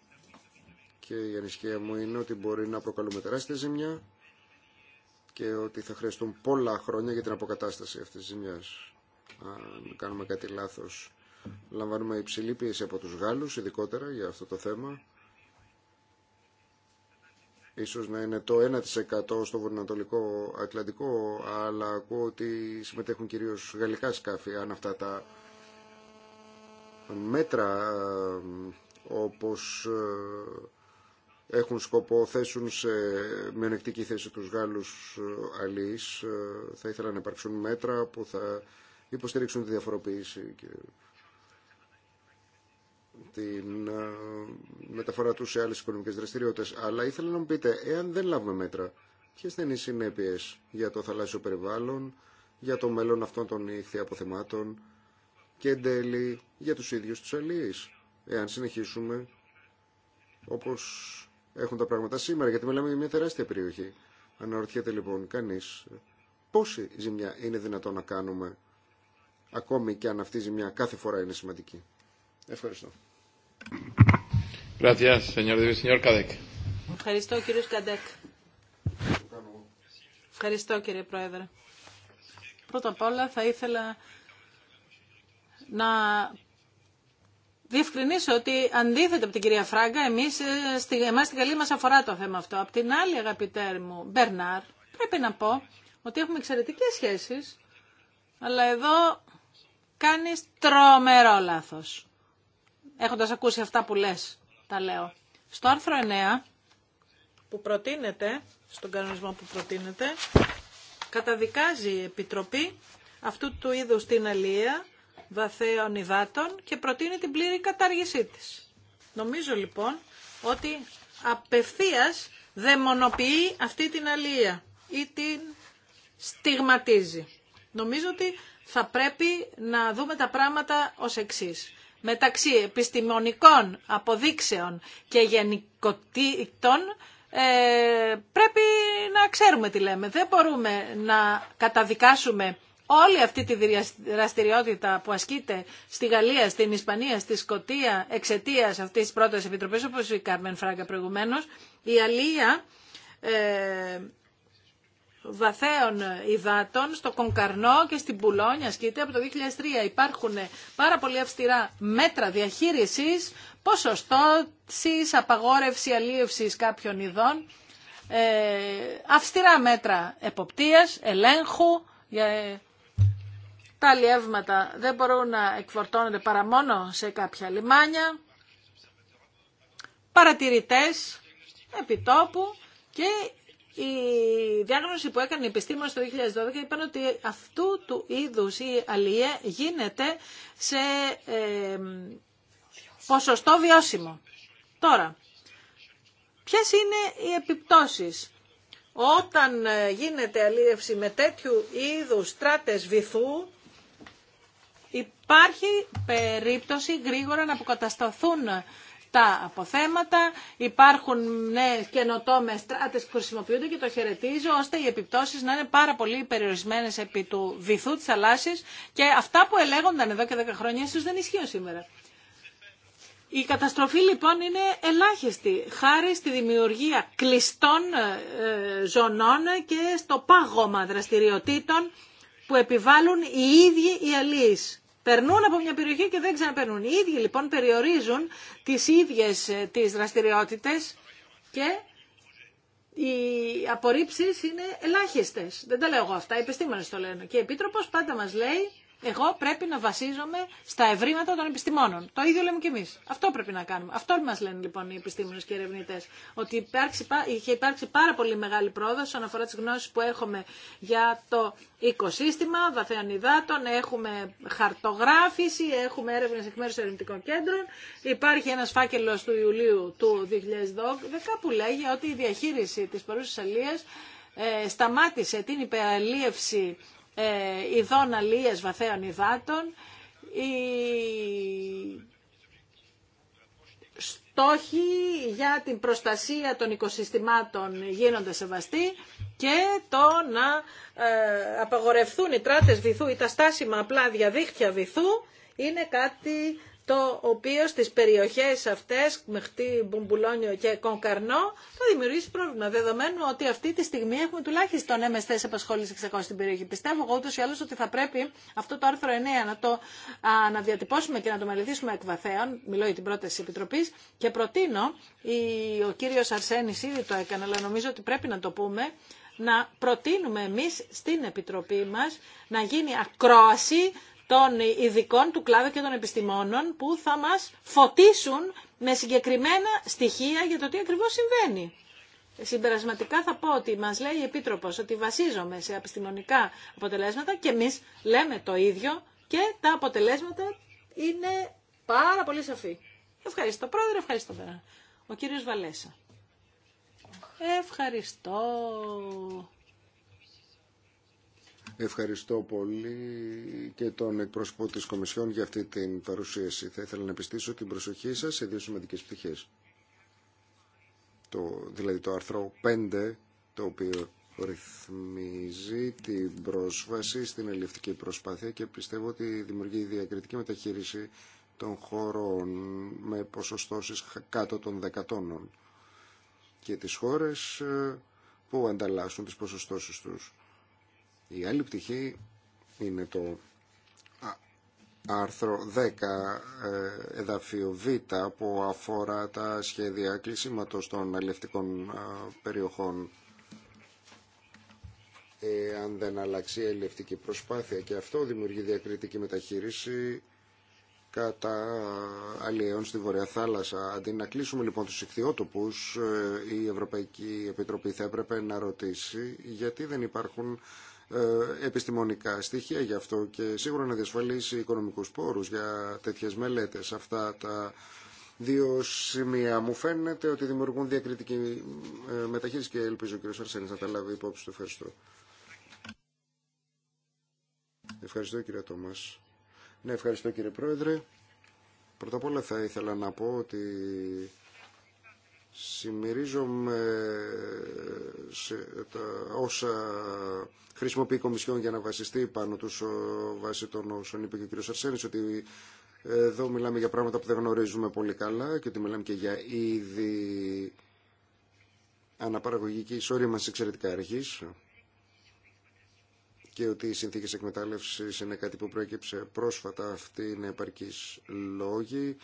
και η ανησυχία μου είναι ότι μπορεί να προκαλούμε τεράστια ζημιά και ότι θα χρειαστούν πολλά χρόνια για την αποκατάσταση αυτή τη ζημιά. Αν κάνουμε κάτι λάθος, λαμβάνουμε υψηλή πίεση από του Γάλλους, ειδικότερα για αυτό το θέμα ίσως να είναι το 1% στο βορειοανατολικό Ατλαντικό, αλλά ακούω ότι συμμετέχουν κυρίως γαλλικά σκάφη, αν αυτά τα μέτρα ε, όπως ε, έχουν σκοπό θέσουν σε μειονεκτική θέση τους Γάλλους ε, αλείς. Θα ήθελα να υπάρξουν μέτρα που θα υποστηρίξουν τη διαφοροποίηση την μεταφορά του σε άλλες οικονομικές δραστηριότητες. Αλλά ήθελα να μου πείτε, εάν δεν λάβουμε μέτρα, ποιε θα είναι οι συνέπειε για το θαλάσσιο περιβάλλον, για το μέλλον αυτών των αποθεμάτων και εν τέλει για τους ίδιους τους αλληλείς εάν συνεχίσουμε όπως έχουν τα πράγματα σήμερα, γιατί μιλάμε για μια τεράστια περιοχή. Αναρωτιέται λοιπόν κανείς πόση ζημιά είναι δυνατόν να κάνουμε ακόμη και αν αυτή η ζημιά κάθε φορά είναι σημαντική. Ευχαριστώ. Ευχαριστώ Ευχαριστώ κύριε Πρόεδρε. Πρώτα απ' όλα θα ήθελα να διευκρινίσω ότι αντίθετα από την κυρία Φράγκα, εμείς, ε, εμάς την καλή μας αφορά το θέμα αυτό. Από την άλλη αγαπητέ μου Μπερνάρ, πρέπει να πω ότι έχουμε εξαιρετικές σχέσεις, αλλά εδώ κάνεις τρομερό λάθος έχοντας ακούσει αυτά που λες, τα λέω. Στο άρθρο 9 που προτείνεται, στον κανονισμό που προτείνεται, καταδικάζει η Επιτροπή αυτού του είδους την αλία βαθέων υδάτων και προτείνει την πλήρη κατάργησή της. Νομίζω λοιπόν ότι απευθείας δαιμονοποιεί αυτή την αλία ή την στιγματίζει. Νομίζω ότι θα πρέπει να δούμε τα πράγματα ως εξής μεταξύ επιστημονικών αποδείξεων και γενικοτήτων ε, πρέπει να ξέρουμε τι λέμε. Δεν μπορούμε να καταδικάσουμε όλη αυτή τη δραστηριότητα που ασκείται στη Γαλλία, στην Ισπανία, στη Σκοτία εξαιτία αυτή τη πρώτη επιτροπή, όπω η Κάρμεν Φράγκα προηγουμένω, η Αλία ε, βαθέων υδάτων στο Κονκαρνό και στην Πουλόνια ασκείται από το 2003. Υπάρχουν πάρα πολύ αυστηρά μέτρα διαχείρισης, ποσοστώσης, απαγόρευση αλίευσης κάποιων ειδών, ε, αυστηρά μέτρα εποπτείας, ελέγχου, για, ε, τα αλιεύματα δεν μπορούν να εκφορτώνονται παρά μόνο σε κάποια λιμάνια, παρατηρητές επιτόπου και η διάγνωση που έκανε η επιστήμη το 2012 είπαν ότι αυτού του είδους η αλληλεία γίνεται σε ε, ποσοστό βιώσιμο. Τώρα, ποιες είναι οι επιπτώσεις όταν ε, γίνεται αλίευση με τέτοιου είδους στράτες βυθού, υπάρχει περίπτωση γρήγορα να αποκατασταθούν τα αποθέματα, υπάρχουν νέε καινοτόμε στράτες που χρησιμοποιούνται και το χαιρετίζω, ώστε οι επιπτώσεις να είναι πάρα πολύ περιορισμένες επί του βυθού τη θαλάσση και αυτά που ελέγονταν εδώ και δέκα χρόνια ίσω δεν ισχύουν σήμερα. Η καταστροφή λοιπόν είναι ελάχιστη, χάρη στη δημιουργία κλειστών ε, ε, ζωνών και στο πάγωμα δραστηριοτήτων που επιβάλλουν οι ίδιοι οι αλείς περνούν από μια περιοχή και δεν ξαναπερνούν. Οι ίδιοι λοιπόν περιορίζουν τις ίδιες ε, τις δραστηριότητες και οι απορρίψεις είναι ελάχιστες. Δεν τα λέω εγώ αυτά, οι επιστήμονες το λένε. Και η Επίτροπος πάντα μας λέει εγώ πρέπει να βασίζομαι στα ευρήματα των επιστημόνων. Το ίδιο λέμε και εμεί. Αυτό πρέπει να κάνουμε. Αυτό μα λένε λοιπόν οι επιστήμονε και οι ερευνητέ. Ότι υπάρξει, είχε υπάρξει πάρα πολύ μεγάλη πρόοδο όσον αφορά τι γνώσει που έχουμε για το οικοσύστημα βαθέων υδάτων. Έχουμε χαρτογράφηση, έχουμε έρευνε εκ μέρου ερευνητικών κέντρων. Υπάρχει ένα φάκελο του Ιουλίου του 2012 που λέγει ότι η διαχείριση τη παρούσα αλία ε, σταμάτησε την υπεραλίευση ε, ειδών αλίες βαθέων υδάτων, οι στόχοι για την προστασία των οικοσυστημάτων γίνονται σεβαστοί και το να ε, απαγορευθούν οι τράτες βυθού ή τα στάσιμα απλά διαδίχτυα βυθού είναι κάτι το οποίο στις περιοχές αυτές, Μεχτή, Μπουμπουλόνιο και Κονκαρνό, θα δημιουργήσει πρόβλημα, δεδομένου ότι αυτή τη στιγμή έχουμε τουλάχιστον έμες σε απασχόληση 600 στην περιοχή. Πιστεύω εγώ ούτως ή άλλως ότι θα πρέπει αυτό το άρθρο 9 να το αναδιατυπώσουμε και να το μελετήσουμε εκ βαθέων, μιλώ για την πρόταση της Επιτροπής, και προτείνω, ο κύριος Αρσένης ήδη το έκανε, αλλά νομίζω ότι πρέπει να το πούμε, να προτείνουμε εμείς στην Επιτροπή μας να γίνει ακρόαση των ειδικών του κλάδου και των επιστημόνων που θα μας φωτίσουν με συγκεκριμένα στοιχεία για το τι ακριβώς συμβαίνει. Συμπερασματικά θα πω ότι μας λέει η Επίτροπος ότι βασίζομαι σε επιστημονικά αποτελέσματα και εμείς λέμε το ίδιο και τα αποτελέσματα είναι πάρα πολύ σαφή. Ευχαριστώ πρόεδρε, ευχαριστώ πέρα. Ο κύριος Βαλέσα. Ευχαριστώ. Ευχαριστώ πολύ και τον εκπρόσωπο της Κομισιόν για αυτή την παρουσίαση. Θα ήθελα να πιστήσω την προσοχή σας σε δύο σημαντικές πτυχές. Το, δηλαδή το άρθρο 5, το οποίο ρυθμίζει την πρόσβαση στην ελληνική προσπάθεια και πιστεύω ότι δημιουργεί διακριτική μεταχείριση των χωρών με ποσοστώσεις κάτω των δεκατόνων και τις χώρες ε, που ανταλλάσσουν τις ποσοστώσεις τους. Η άλλη πτυχή είναι το άρθρο 10 ε, εδαφείο Β που αφορά τα σχέδια κλεισίματος των αλληλευτικών ε, περιοχών. αν δεν αλλάξει η αλληλευτική προσπάθεια και αυτό δημιουργεί διακριτική μεταχείριση κατά αλλιέων στη Βορειά Θάλασσα. Αντί να κλείσουμε λοιπόν τους ιχθυότοπους, ε, η Ευρωπαϊκή Επιτροπή θα έπρεπε να ρωτήσει γιατί δεν υπάρχουν ε, επιστημονικά στοιχεία γι' αυτό και σίγουρα να διασφαλίσει οικονομικούς πόρους για τέτοιες μελέτες. Αυτά τα δύο σημεία μου φαίνεται ότι δημιουργούν διακριτική ε, μεταχείριση και ελπίζω ο κ. Αρσένης να τα λάβει υπόψη του. Ευχαριστώ. Ευχαριστώ κύριε Τόμας. Ναι, ευχαριστώ κύριε Πρόεδρε. Πρώτα απ' όλα θα ήθελα να πω ότι Συμμερίζομαι σε όσα χρησιμοποιεί η Κομισιόν για να βασιστεί πάνω τους βάσει των όσων είπε και ο κ. Αρσένης ότι εδώ μιλάμε για πράγματα που δεν γνωρίζουμε πολύ καλά και ότι μιλάμε και για είδη αναπαραγωγική μας εξαιρετικά αρχής και ότι οι συνθήκες εκμετάλλευσης είναι κάτι που προέκυψε πρόσφατα αυτή είναι επαρκής λόγοι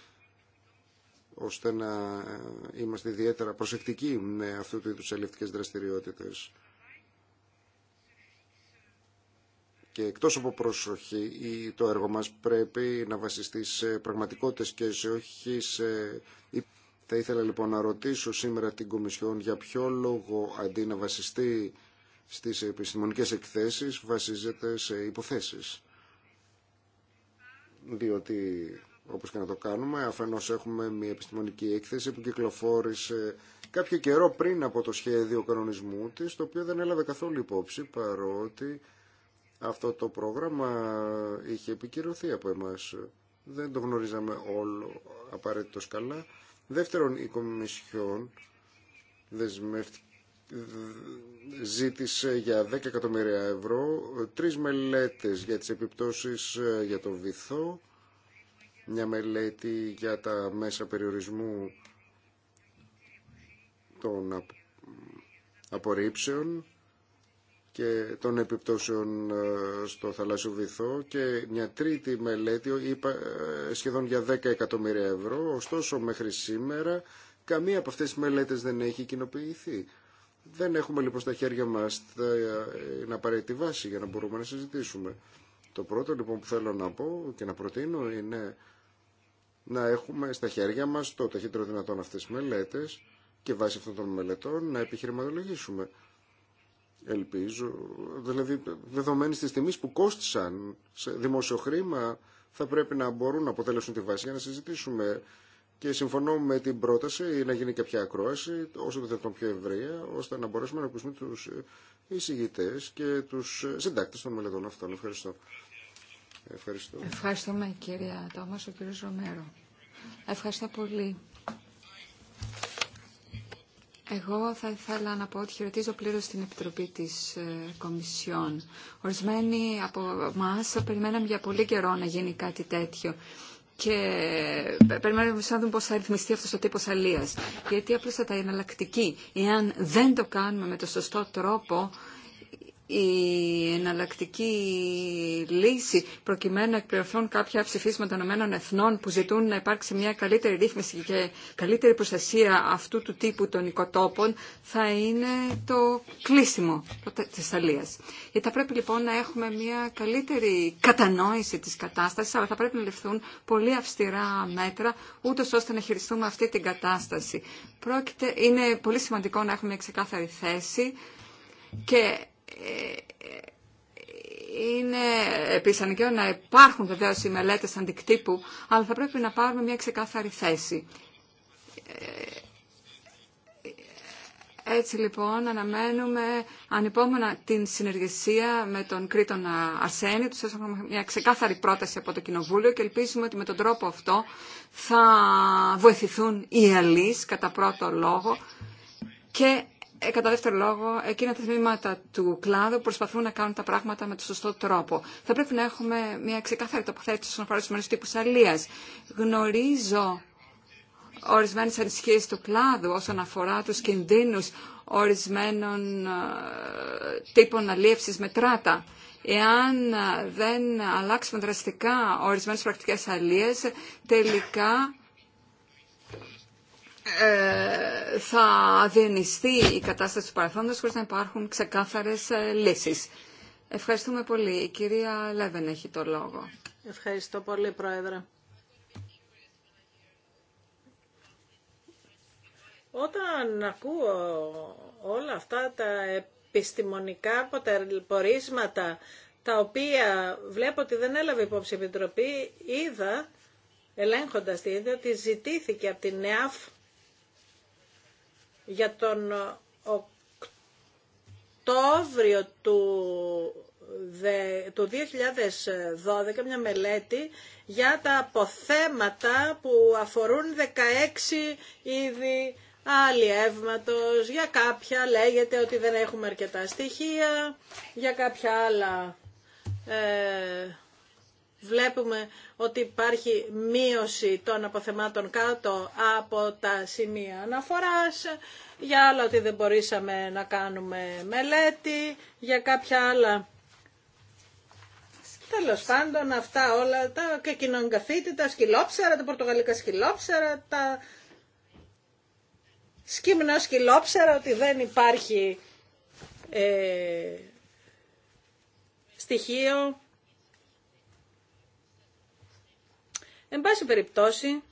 ώστε να ε, είμαστε ιδιαίτερα προσεκτικοί με αυτού του είδους δραστηριότητε. δραστηριότητες. Και εκτός από προσοχή, το έργο μας πρέπει να βασιστεί σε πραγματικότητες και σε όχι σε... Θα ήθελα λοιπόν να ρωτήσω σήμερα την Κομισιόν για ποιο λόγο αντί να βασιστεί στις επιστημονικές εκθέσεις βασίζεται σε υποθέσεις. Διότι όπως και να το κάνουμε. Αφενός έχουμε μια επιστημονική έκθεση που κυκλοφόρησε κάποιο καιρό πριν από το σχέδιο κανονισμού της, το οποίο δεν έλαβε καθόλου υπόψη, παρότι αυτό το πρόγραμμα είχε επικυρωθεί από εμάς. Δεν το γνωρίζαμε όλο απαραίτητο καλά. Δεύτερον, η Κομισιόν δεσμεύτηκε ζήτησε για 10 εκατομμύρια ευρώ τρεις μελέτες για τις επιπτώσεις για το βυθό μια μελέτη για τα μέσα περιορισμού των απορρίψεων και των επιπτώσεων ε, στο θαλάσσιο βυθό και μια τρίτη μελέτη είπα, ε, σχεδόν για 10 εκατομμύρια ευρώ. Ωστόσο μέχρι σήμερα καμία από αυτές τις μελέτες δεν έχει κοινοποιηθεί. Δεν έχουμε λοιπόν στα χέρια μας την ε, απαραίτητη βάση για να μπορούμε να συζητήσουμε. Το πρώτο λοιπόν που θέλω να πω και να προτείνω είναι να έχουμε στα χέρια μας το ταχύτερο δυνατόν αυτές τις μελέτες και βάσει αυτών των μελετών να επιχειρηματολογήσουμε. Ελπίζω, δηλαδή δεδομένη τη τιμή που κόστησαν σε δημόσιο χρήμα, θα πρέπει να μπορούν να αποτέλεσουν τη βάση για να συζητήσουμε. Και συμφωνώ με την πρόταση ή να γίνει κάποια ακρόαση, όσο το δυνατόν πιο ευρεία, ώστε να μπορέσουμε να ακούσουμε τους εισηγητές και τους συντάκτες των μελετών αυτών. Ευχαριστώ. Ευχαριστώ. Ευχαριστούμε κυρία Τόμας, ο κύριος Ρομέρο. Ευχαριστώ πολύ. Εγώ θα ήθελα να πω ότι χαιρετίζω πλήρως την Επιτροπή της ε, Κομισιόν. Ορισμένοι από εμά περιμέναμε για πολύ καιρό να γίνει κάτι τέτοιο και ε, περιμένουμε να δούμε πώς θα ρυθμιστεί αυτός ο τύπος αλίας. Γιατί απλώς θα τα εναλλακτική. Εάν δεν το κάνουμε με το σωστό τρόπο, η εναλλακτική λύση προκειμένου να εκπληρωθούν κάποια ψηφίσματα των εθνών που ζητούν να υπάρξει μια καλύτερη ρύθμιση και καλύτερη προστασία αυτού του τύπου των οικοτόπων θα είναι το κλείσιμο της Αλίας. Γιατί θα πρέπει λοιπόν να έχουμε μια καλύτερη κατανόηση της κατάστασης αλλά θα πρέπει να ληφθούν πολύ αυστηρά μέτρα ούτω ώστε να χειριστούμε αυτή την κατάσταση. Πρόκειται, είναι πολύ σημαντικό να έχουμε μια ξεκάθαρη θέση και είναι αναγκαίο να υπάρχουν βεβαίω οι μελέτες αντικτύπου, αλλά θα πρέπει να πάρουμε μια ξεκάθαρη θέση. Έτσι λοιπόν αναμένουμε ανυπόμονα την συνεργασία με τον Κρήτον Αρσένη. Τους έχουμε μια ξεκάθαρη πρόταση από το Κοινοβούλιο και ελπίζουμε ότι με τον τρόπο αυτό θα βοηθηθούν οι αλείς κατά πρώτο λόγο και ε, κατά δεύτερο λόγο, εκείνα τα τμήματα του κλάδου προσπαθούν να κάνουν τα πράγματα με τον σωστό τρόπο. Θα πρέπει να έχουμε μια ξεκάθαρη τοποθέτηση όσον αφορά του τύπου αλεία. Γνωρίζω ορισμένε ανησυχίε του κλάδου όσον αφορά του κινδύνου ορισμένων ε, τύπων αλίευση με τράτα. Εάν ε, δεν αλλάξουμε δραστικά ορισμένες πρακτικές αλίες, τελικά ε, θα διενιστεί η κατάσταση του παρελθόντος χωρίς να υπάρχουν ξεκάθαρες ε, λύσεις. Ευχαριστούμε πολύ. Η κυρία Λέβεν έχει το λόγο. Ευχαριστώ πολύ, Πρόεδρε. Όταν ακούω όλα αυτά τα επιστημονικά πορίσματα τα οποία βλέπω ότι δεν έλαβε υπόψη η Επιτροπή, είδα, ελέγχοντας τη ότι ζητήθηκε από την ΕΑΦ για τον Οκτώβριο του του 2012 μια μελέτη για τα αποθέματα που αφορούν 16 είδη αλλιεύματος. Για κάποια λέγεται ότι δεν έχουμε αρκετά στοιχεία, για κάποια άλλα ε, βλέπουμε ότι υπάρχει μείωση των αποθεμάτων κάτω από τα σημεία αναφοράς, για άλλα ότι δεν μπορούσαμε να κάνουμε μελέτη, για κάποια άλλα. Τέλο πάντων, αυτά όλα τα και τα σκυλόψερα, τα πορτογαλικά σκυλόψερα, τα σκύμνα σκυλόψερα, ότι δεν υπάρχει ε, στοιχείο Εν πάση περιπτώσει,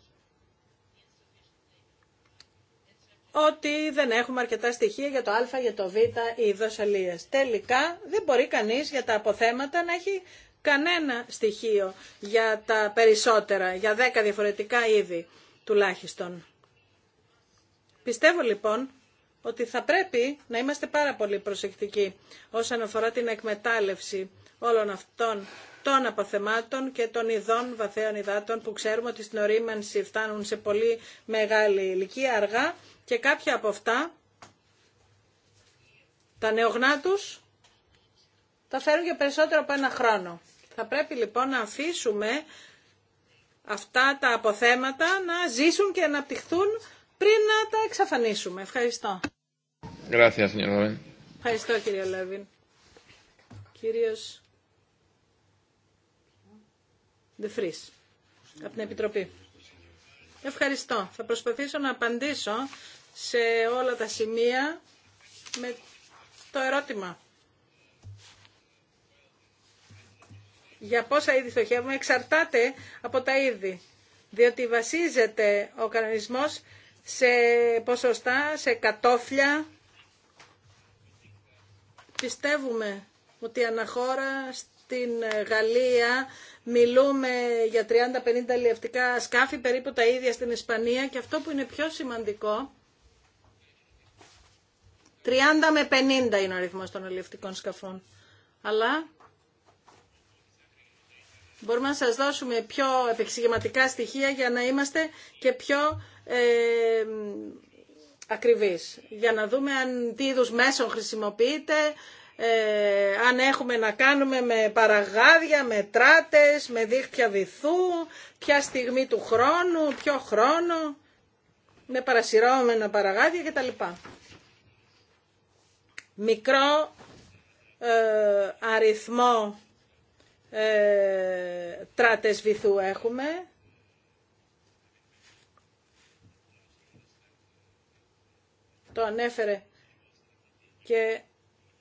ότι δεν έχουμε αρκετά στοιχεία για το α, για το β είδος αλίας. Τελικά δεν μπορεί κανείς για τα αποθέματα να έχει κανένα στοιχείο για τα περισσότερα, για δέκα διαφορετικά είδη τουλάχιστον. Πιστεύω λοιπόν ότι θα πρέπει να είμαστε πάρα πολύ προσεκτικοί όσον αφορά την εκμετάλλευση όλων αυτών των αποθεμάτων και των ειδών βαθέων υδάτων που ξέρουμε ότι στην ορίμανση φτάνουν σε πολύ μεγάλη ηλικία αργά και κάποια από αυτά τα νεογνά τους τα φέρουν για περισσότερο από ένα χρόνο. Θα πρέπει λοιπόν να αφήσουμε αυτά τα αποθέματα να ζήσουν και να αναπτυχθούν πριν να τα εξαφανίσουμε. Ευχαριστώ. Ευχαριστώ κύριε Λέβιν. Κύριος από την Επιτροπή. Ευχαριστώ. Θα προσπαθήσω να απαντήσω σε όλα τα σημεία με το ερώτημα. Για πόσα είδη στοχεύουμε εξαρτάται από τα είδη, διότι βασίζεται ο κανονισμός σε ποσοστά, σε κατόφλια. Πιστεύουμε ότι αναχώρα στην ε, Γαλλία μιλούμε για 30-50 λιευτικά σκάφη, περίπου τα ίδια στην Ισπανία και αυτό που είναι πιο σημαντικό, 30 με 50 είναι ο αριθμός των λιευτικών σκαφών. Αλλά μπορούμε να σας δώσουμε πιο επεξηγηματικά στοιχεία για να είμαστε και πιο ε, ακριβείς. Για να δούμε αν, τι είδους μέσων χρησιμοποιείται, ε, αν έχουμε να κάνουμε με παραγάδια, με τράτες, με δίχτυα βυθού, ποια στιγμή του χρόνου, ποιο χρόνο, με παρασυρώμενα παραγάδια κτλ. Μικρό ε, αριθμό ε, τράτες βυθού έχουμε. Το ανέφερε και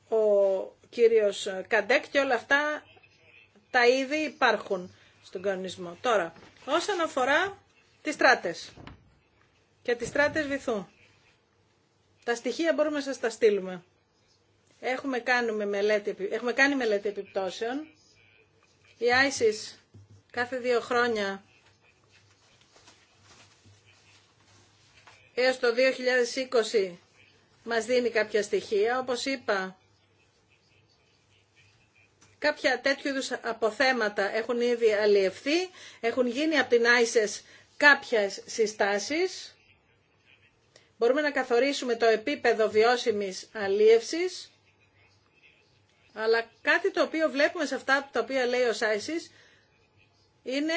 ο κύριος Καντέκ και όλα αυτά τα είδη υπάρχουν στον κανονισμό. Τώρα, όσον αφορά τις στράτες και τις στράτες βυθού, τα στοιχεία μπορούμε να σας τα στείλουμε. Έχουμε κάνει μελέτη, έχουμε κάνει μελέτη επιπτώσεων. Η ISIS κάθε δύο χρόνια έως το 2020 μας δίνει κάποια στοιχεία. Όπως είπα, Κάποια τέτοιου είδους αποθέματα έχουν ήδη αλλιευθεί, έχουν γίνει από την ISIS κάποιες συστάσεις. Μπορούμε να καθορίσουμε το επίπεδο βιώσιμης αλίευσης, αλλά κάτι το οποίο βλέπουμε σε αυτά τα οποία λέει ο Σάισις είναι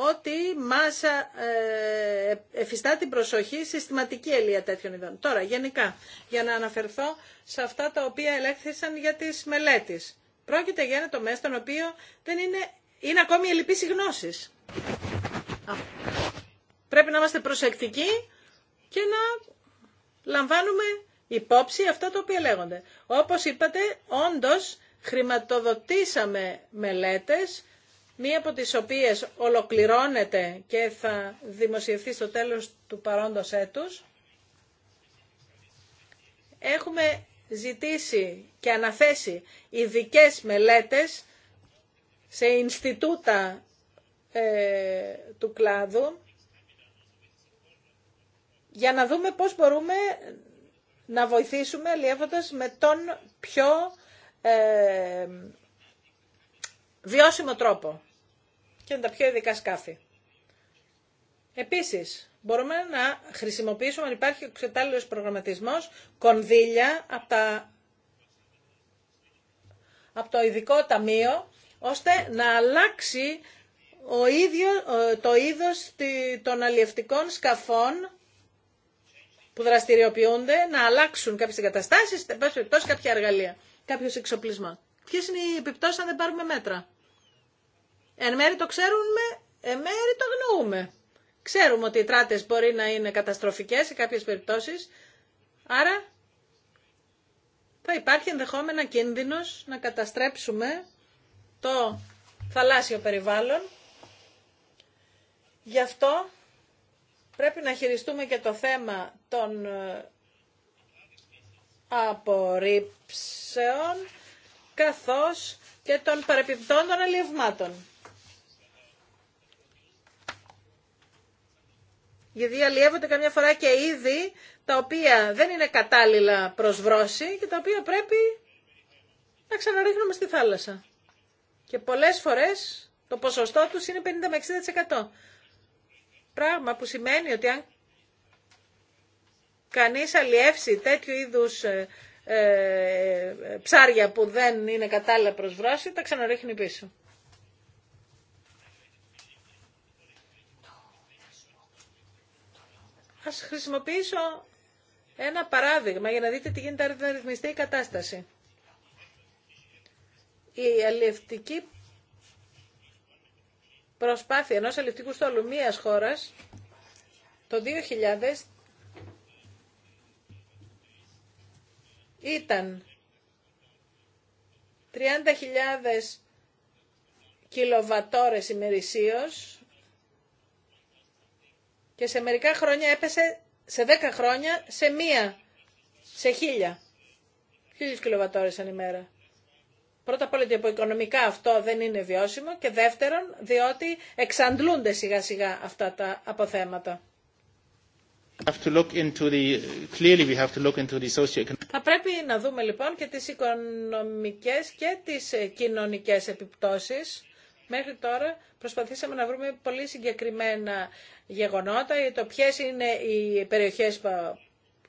ότι μάσα ε, εφιστά την προσοχή συστηματική ελεία τέτοιων ειδών. Τώρα, γενικά, για να αναφερθώ σε αυτά τα οποία ελέγχθησαν για τις μελέτες. Πρόκειται για ένα τομέα στον οποίο δεν είναι, είναι ακόμη η οι Πρέπει να είμαστε προσεκτικοί και να λαμβάνουμε υπόψη αυτά τα οποία λέγονται. Όπως είπατε, όντως χρηματοδοτήσαμε μελέτες μία από τις οποίες ολοκληρώνεται και θα δημοσιευθεί στο τέλος του παρόντος έτους, έχουμε ζητήσει και αναθέσει ειδικέ μελέτες σε Ινστιτούτα ε, του κλάδου για να δούμε πώς μπορούμε να βοηθήσουμε αλλιεύοντας με τον πιο ε, βιώσιμο τρόπο και είναι τα πιο ειδικά σκάφη. Επίσης, μπορούμε να χρησιμοποιήσουμε, αν υπάρχει ο κατάλληλος προγραμματισμός, κονδύλια από, από το ειδικό ταμείο, ώστε να αλλάξει ο ίδιο, το είδος των αλλιευτικών σκαφών που δραστηριοποιούνται, να αλλάξουν κάποιες εγκαταστάσεις, κάποια εργαλεία, κάποιο εξοπλισμό. Ποιες είναι οι επιπτώσεις αν δεν πάρουμε μέτρα. Εν μέρη το ξέρουμε, εν μέρη το γνωρούμε. Ξέρουμε ότι οι τράτες μπορεί να είναι καταστροφικές σε κάποιες περιπτώσεις, άρα θα υπάρχει ενδεχόμενα κίνδυνος να καταστρέψουμε το θαλάσσιο περιβάλλον. Γι' αυτό πρέπει να χειριστούμε και το θέμα των ε, απορρίψεων καθώς και των παρεπιπτών των αλλιευμάτων. γιατί αλλιεύονται καμιά φορά και είδη τα οποία δεν είναι κατάλληλα προς βρώση και τα οποία πρέπει να ξαναρίχνουμε στη θάλασσα. Και πολλές φορές το ποσοστό τους είναι 50 με 60%. Πράγμα που σημαίνει ότι αν κανείς αλλιεύσει τέτοιου είδους ε, ε, ε, ψάρια που δεν είναι κατάλληλα προς βρώση, τα ξαναρίχνει πίσω. Ας χρησιμοποιήσω ένα παράδειγμα για να δείτε τι γίνεται να ρυθμιστεί η κατάσταση. Η αλληλευτική προσπάθεια ενός αλληλευτικού στόλου μίας χώρας το 2000 ήταν 30.000 κιλοβατόρες ημερησίως και σε μερικά χρόνια έπεσε σε δέκα χρόνια σε μία, σε χίλια. Χίλιες κιλοβατόρες ανή μέρα. Πρώτα απ' όλα ότι οικονομικά αυτό δεν είναι βιώσιμο και δεύτερον διότι εξαντλούνται σιγά σιγά αυτά τα αποθέματα. Θα πρέπει να δούμε λοιπόν και τις οικονομικές και τις ε, κοινωνικές επιπτώσεις Μέχρι τώρα προσπαθήσαμε να βρούμε πολύ συγκεκριμένα γεγονότα, το ποιες είναι οι περιοχές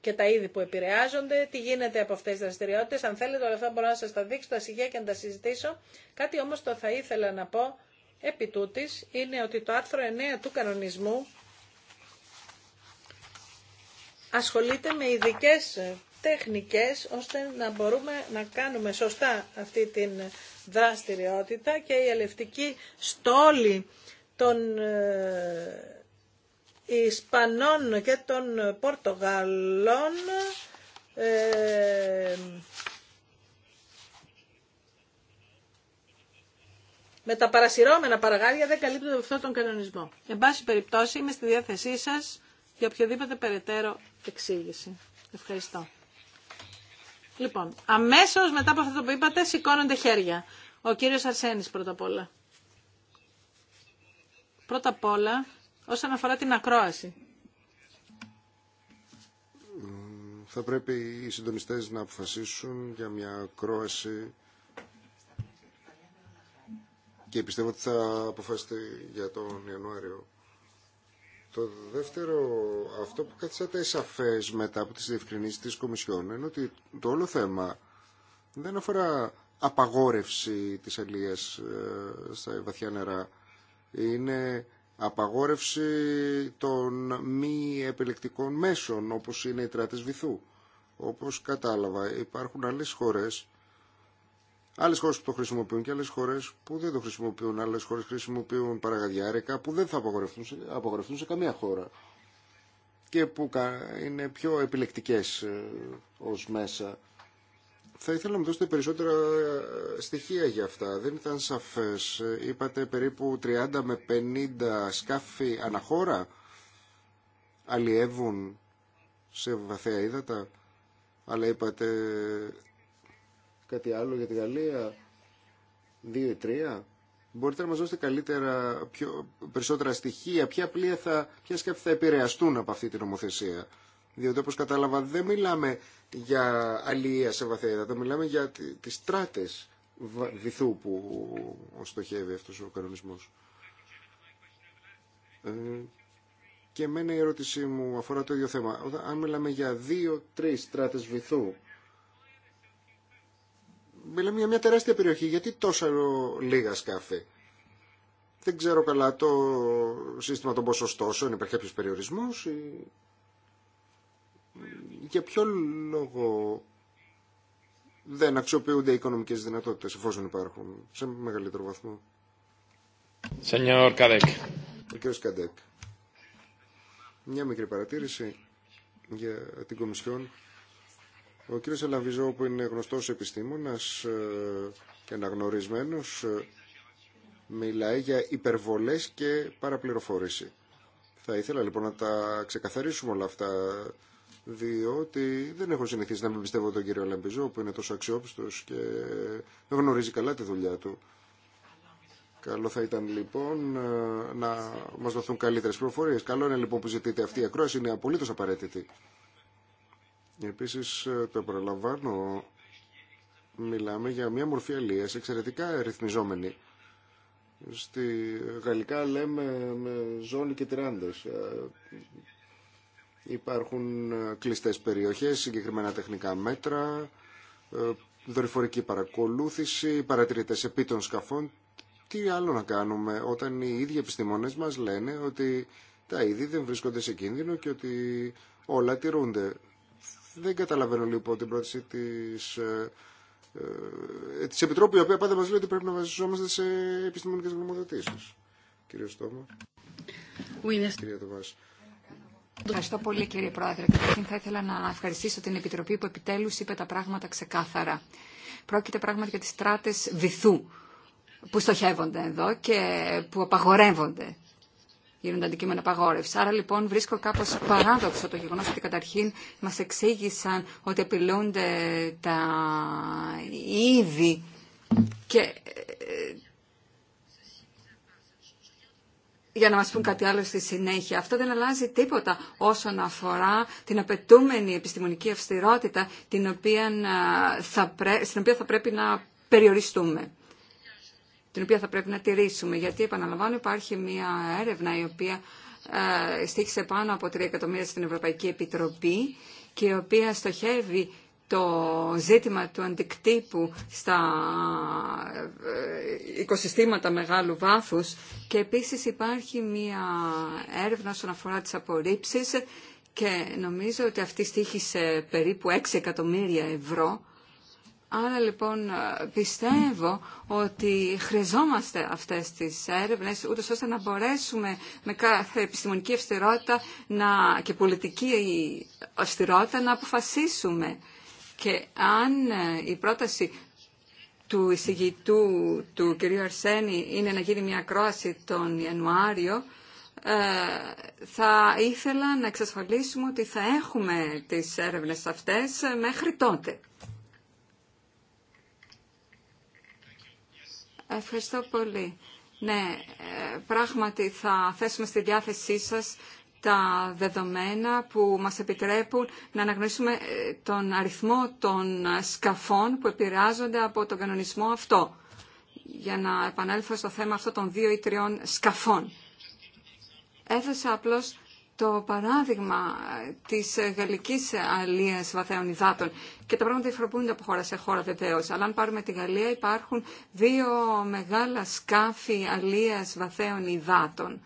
και τα είδη που επηρεάζονται, τι γίνεται από αυτές τις δραστηριότητες. Αν θέλετε όλα αυτά μπορώ να σας τα δείξω, τα συγγεία και να τα συζητήσω. Κάτι όμως το θα ήθελα να πω επί τούτης, είναι ότι το άρθρο 9 του κανονισμού ασχολείται με ειδικέ τεχνικές ώστε να μπορούμε να κάνουμε σωστά αυτή την δραστηριότητα και η ελευτική στόλη των ε, Ισπανών και των Πορτογαλών ε, με τα παρασυρώμενα παραγάλια δεν καλύπτουν αυτόν τον κανονισμό. Εν πάση περιπτώσει είμαι στη διάθεσή σας για οποιοδήποτε περαιτέρω εξήγηση. Ευχαριστώ. Λοιπόν, αμέσως μετά από αυτό που είπατε σηκώνονται χέρια. Ο κύριος Αρσένης πρώτα απ' όλα. Πρώτα απ' όλα όσον αφορά την ακρόαση. Θα πρέπει οι συντονιστές να αποφασίσουν για μια ακρόαση και πιστεύω ότι θα αποφασίσετε για τον Ιανουάριο. Το δεύτερο, αυτό που καθίσατε σαφέ μετά από τις διευκρινήσεις της Κομισιόν, είναι ότι το όλο θέμα δεν αφορά απαγόρευση της αλίας ε, στα βαθιά νερά. Είναι απαγόρευση των μη επιλεκτικών μέσων, όπως είναι οι τράτες βυθού. Όπως κατάλαβα, υπάρχουν άλλες χώρες Άλλε χώρε που το χρησιμοποιούν και άλλε χώρε που δεν το χρησιμοποιούν. Άλλε χώρε χρησιμοποιούν παραγαδιάρικα που δεν θα απογορευτούν σε, σε καμία χώρα και που είναι πιο επιλεκτικές ε, ως μέσα. Θα ήθελα να μου δώσετε περισσότερα ε, στοιχεία για αυτά. Δεν ήταν σαφές. Είπατε περίπου 30 με 50 σκάφη αναχώρα αλλιεύουν σε βαθέα ύδατα. Αλλά είπατε κάτι άλλο για τη Γαλλία, δύο ή τρία. Μπορείτε να μας δώσετε καλύτερα, πιο, περισσότερα στοιχεία, ποια πλοία θα, ποια θα επηρεαστούν από αυτή την νομοθεσία. Διότι όπως κατάλαβα δεν μιλάμε για αλληλεία σε βαθιά δεν μιλάμε για τις στράτες βυθού που στοχεύει αυτός ο κανονισμός. Ε, και εμένα η ερώτησή μου αφορά το ίδιο θέμα. Αν μιλάμε για δύο-τρεις στράτες βυθού, μιλάμε για μια τεράστια περιοχή. Γιατί τόσο λίγα σκάφη. Δεν ξέρω καλά το σύστημα των ποσοστώσεων. Υπάρχει κάποιο περιορισμό. Ή... Για ποιο λόγο δεν αξιοποιούνται οι οικονομικές δυνατότητες εφόσον υπάρχουν σε μεγαλύτερο βαθμό. Σενιόρ Καδέκ. Ο κ. Καδέκ. Μια μικρή παρατήρηση για την Κομισιόν. Ο κύριος Αλαβιζό που είναι γνωστός επιστήμονας ε, και αναγνωρισμένος ε, μιλάει για υπερβολές και παραπληροφόρηση. Θα ήθελα λοιπόν να τα ξεκαθαρίσουμε όλα αυτά διότι δεν έχω συνηθίσει να μην πιστεύω τον κύριο Λαμπιζό που είναι τόσο αξιόπιστος και γνωρίζει καλά τη δουλειά του. Καλό θα ήταν λοιπόν ε, να μας δοθούν καλύτερες πληροφορίες. Καλό είναι λοιπόν που ζητείτε αυτή η ακρόαση, είναι απολύτως απαραίτητη. Επίσης, ε, το προλαμβάνω, μιλάμε για μια μορφή αλίας εξαιρετικά ρυθμιζόμενη. Στη γαλλικά λέμε ζώνη και τυράντες. Ε, υπάρχουν ε, κλειστές περιοχές, συγκεκριμένα τεχνικά μέτρα, δορυφορική παρακολούθηση, παρατηρητές επί των σκαφών. Τι άλλο να κάνουμε όταν οι ίδιοι επιστήμονες μας λένε ότι τα είδη δεν βρίσκονται σε κίνδυνο και ότι όλα τηρούνται. Δεν καταλαβαίνω λοιπόν την πρόταση τη ε, ε, ε, της Επιτρόπου, η οποία πάντα μα λέει ότι πρέπει να βασιζόμαστε σε επιστημονικέ γνωμοδοτήσεις. Κύριε Στόμα. Oui, Κυρία Ευχαριστώ πολύ κύριε Πρόεδρε. Καταρχήν θα ήθελα να ευχαριστήσω την Επιτροπή που επιτέλους είπε τα πράγματα ξεκάθαρα. Πρόκειται πράγματι για τις στράτες βυθού που στοχεύονται εδώ και που απαγορεύονται γίνονται αντικείμενα απαγόρευση. Άρα λοιπόν βρίσκω κάπω παράδοξο το γεγονό ότι καταρχήν μα εξήγησαν ότι επιλούνται τα είδη και ε, για να μας πούν κάτι άλλο στη συνέχεια. Αυτό δεν αλλάζει τίποτα όσον αφορά την απαιτούμενη επιστημονική αυστηρότητα την οποία ε, θα στην οποία θα πρέπει να περιοριστούμε την οποία θα πρέπει να τηρήσουμε. Γιατί, επαναλαμβάνω, υπάρχει μια έρευνα η οποία ε, στήχησε πάνω από 3 εκατομμύρια στην Ευρωπαϊκή Επιτροπή και η οποία στοχεύει το ζήτημα του αντικτύπου στα ε, οικοσυστήματα μεγάλου βάθους και επίσης υπάρχει μία έρευνα όσον αφορά τις απορρίψεις και νομίζω ότι αυτή στήχησε περίπου 6 εκατομμύρια ευρώ Άρα λοιπόν πιστεύω ότι χρειαζόμαστε αυτές τις έρευνες ούτως ώστε να μπορέσουμε με κάθε επιστημονική αυστηρότητα να, και πολιτική αυστηρότητα να αποφασίσουμε. Και αν ε, η πρόταση του εισηγητού του κ. Αρσένη είναι να γίνει μια ακρόαση τον Ιανουάριο, ε, θα ήθελα να εξασφαλίσουμε ότι θα έχουμε τις έρευνες αυτές μέχρι τότε. Ευχαριστώ πολύ. Ναι, ε, πράγματι θα θέσουμε στη διάθεσή σας τα δεδομένα που μας επιτρέπουν να αναγνωρίσουμε ε, τον αριθμό των ε, σκαφών που επηρεάζονται από τον κανονισμό αυτό. Για να επανέλθω στο θέμα αυτό των δύο ή τριών σκαφών. Έθεσα απλώς το παράδειγμα της γαλλικής αλίας βαθέων υδάτων και τα πράγματα υφροπούνται από χώρα σε χώρα βεβαίως. Αλλά αν πάρουμε τη Γαλλία υπάρχουν δύο μεγάλα σκάφη αλίας βαθέων υδάτων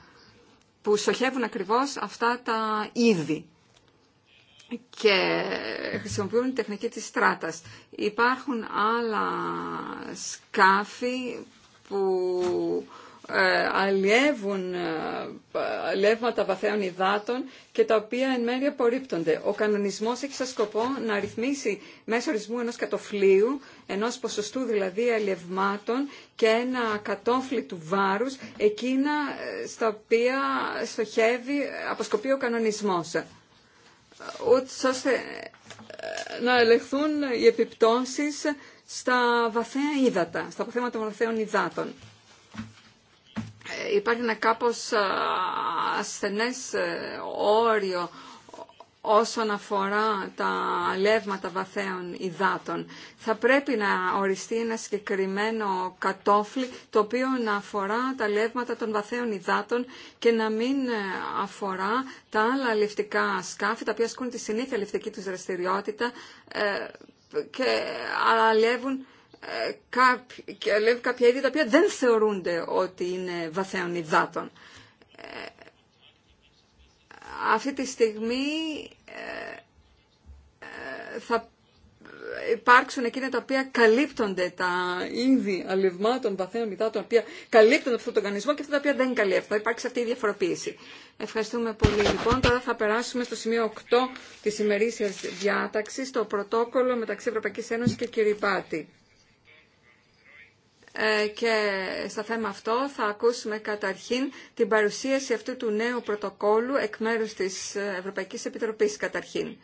που στοχεύουν ακριβώς αυτά τα είδη και χρησιμοποιούν την τεχνική της στράτας. Υπάρχουν άλλα σκάφη που ε, αλλιεύουν αλλιεύματα ε, βαθέων υδάτων και τα οποία εν μέρει απορρίπτονται. Ο κανονισμός έχει σαν σκοπό να ρυθμίσει μέσω ορισμού ενός κατοφλίου, ενός ποσοστού δηλαδή αλλιευμάτων και ένα κατόφλι του βάρους, εκείνα ε, στα οποία στοχεύει, αποσκοπεί ο κανονισμός. Ούτως ώστε να ελεγχθούν οι επιπτώσεις στα βαθέα ύδατα, στα αποθέματα των βαθέων υδάτων. Ε, υπάρχει ένα κάπως ασθενές ε, όριο όσον αφορά τα λεύματα βαθέων υδάτων. Θα πρέπει να οριστεί ένα συγκεκριμένο κατόφλι το οποίο να αφορά τα λεύματα των βαθέων υδάτων και να μην ε, αφορά τα άλλα λευτικά σκάφη τα οποία ασκούν τη συνήθεια λευτική τους δραστηριότητα και λέγουν και κάποια είδη τα οποία δεν θεωρούνται ότι είναι βαθέων υδάτων. Ε, αυτή τη στιγμή ε, ε, θα υπάρξουν εκείνα τα οποία καλύπτονται, τα είδη αλευμάτων, βαθέων υδάτων, τα οποία καλύπτονται αυτόν τον οργανισμό και αυτά τα οποία δεν καλύπτουν. Θα υπάρξει αυτή η διαφοροποίηση. Ευχαριστούμε πολύ. Λοιπόν, τώρα θα περάσουμε στο σημείο 8 της ημερήσιας διάταξης, το πρωτόκολλο μεταξύ Ευρωπαϊκής Ένωσης και Κυριπάτη. Ε, και στο θέμα αυτό θα ακούσουμε καταρχήν την παρουσίαση αυτού του νέου πρωτοκόλλου εκ μέρους της Ευρωπαϊκής Επιτροπής καταρχήν.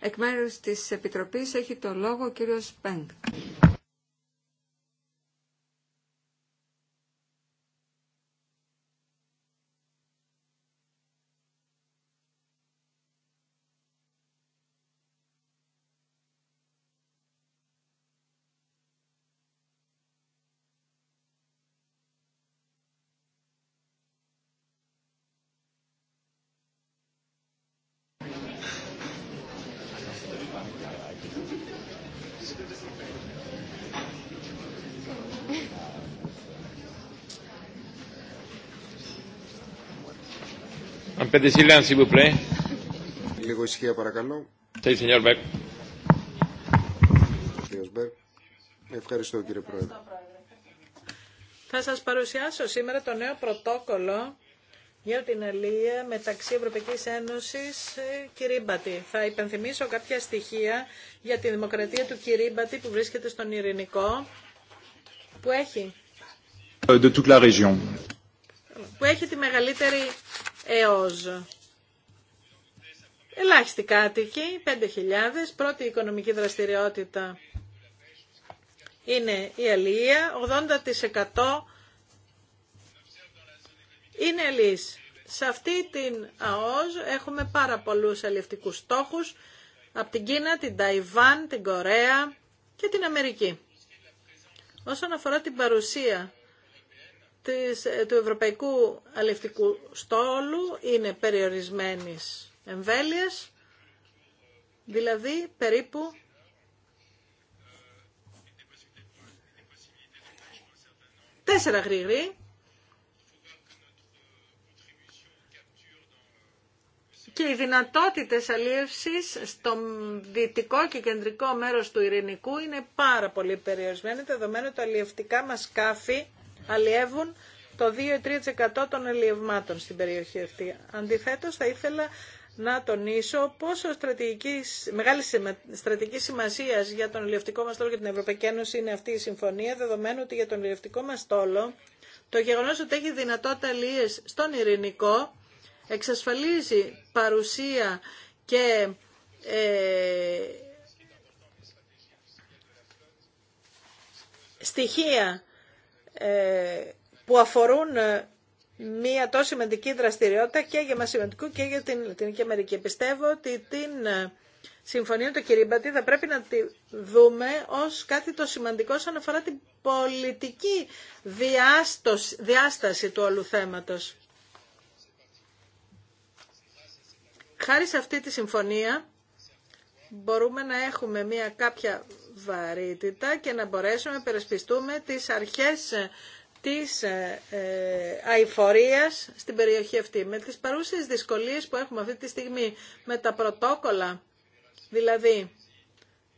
Εκ μέρους της Επιτροπής έχει το λόγο ο κύριος Πέγκ. Λίγο ησυχία, παρακαλώ. Ευχαριστώ, κύριε Πρόεδρε. Θα σας παρουσιάσω σήμερα το νέο πρωτόκολλο για την αλληλεία μεταξύ Ευρωπαϊκής Ένωσης Κυρίμπατη. Θα υπενθυμίσω κάποια στοιχεία για τη δημοκρατία του Κυρίμπατη που βρίσκεται στον Ειρηνικό, που έχει... Που έχει τη μεγαλύτερη ΕΟΖ. Ελάχιστοι κάτοικοι, 5.000. Πρώτη οικονομική δραστηριότητα είναι η αλληλεία. 80% είναι αλληλείς. Σε αυτή την ΑΟΖ έχουμε πάρα πολλούς αλληλευτικούς στόχους από την Κίνα, την Ταϊβάν, την Κορέα και την Αμερική. Όσον αφορά την παρουσία ε, του Ευρωπαϊκού Αλευτικού Στόλου είναι περιορισμένης εμβέλειας, δηλαδή περίπου τέσσερα γρήγοροι και οι δυνατότητες αλίευσης στο δυτικό και κεντρικό μέρος του Ειρηνικού είναι πάρα πολύ περιορισμένοι, δεδομένου ότι τα αλιευτικά μας σκάφη αλλιεύουν το 2-3% των αλλιευμάτων στην περιοχή αυτή. Αντιθέτως, θα ήθελα να τονίσω πόσο μεγάλη στρατηγική σημασία για τον αλλιευτικό μα τόλο και την Ευρωπαϊκή Ένωση είναι αυτή η συμφωνία, δεδομένου ότι για τον αλλιευτικό μα τόλο το γεγονός ότι έχει δυνατότητα αλλίε στον ειρηνικό εξασφαλίζει παρουσία και ε, στοιχεία ε, που αφορούν ε, μία τόσο σημαντική δραστηριότητα και για μας σημαντικού και για την Λατινική Αμερική. Πιστεύω ότι την ε, συμφωνία του Κυρίμπατη θα πρέπει να τη δούμε ως κάτι το σημαντικό σαν αφορά την πολιτική διάσταση του όλου θέματος. Χάρη σε αυτή τη συμφωνία μπορούμε να έχουμε μια κάποια βαρύτητα και να μπορέσουμε να περασπιστούμε τις αρχές της ε, ε, αηφορίας στην περιοχή αυτή. Με τις παρούσες δυσκολίες που έχουμε αυτή τη στιγμή με τα πρωτόκολλα, δηλαδή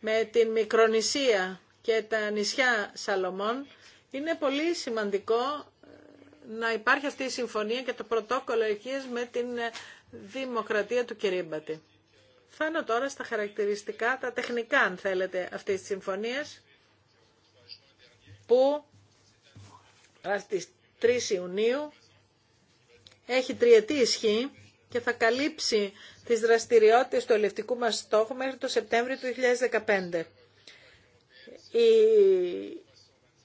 με την Μικρονησία και τα νησιά Σαλομών, είναι πολύ σημαντικό ε, να υπάρχει αυτή η συμφωνία και το πρωτόκολλο εκεί με την ε, δημοκρατία του Κυρίμπατη. Φάνω τώρα στα χαρακτηριστικά, τα τεχνικά αν θέλετε αυτής της συμφωνίας που στις 3 Ιουνίου έχει τριετή ισχύ και θα καλύψει τις δραστηριότητες του ελευτικού μας στόχου μέχρι το Σεπτέμβριο του 2015. Η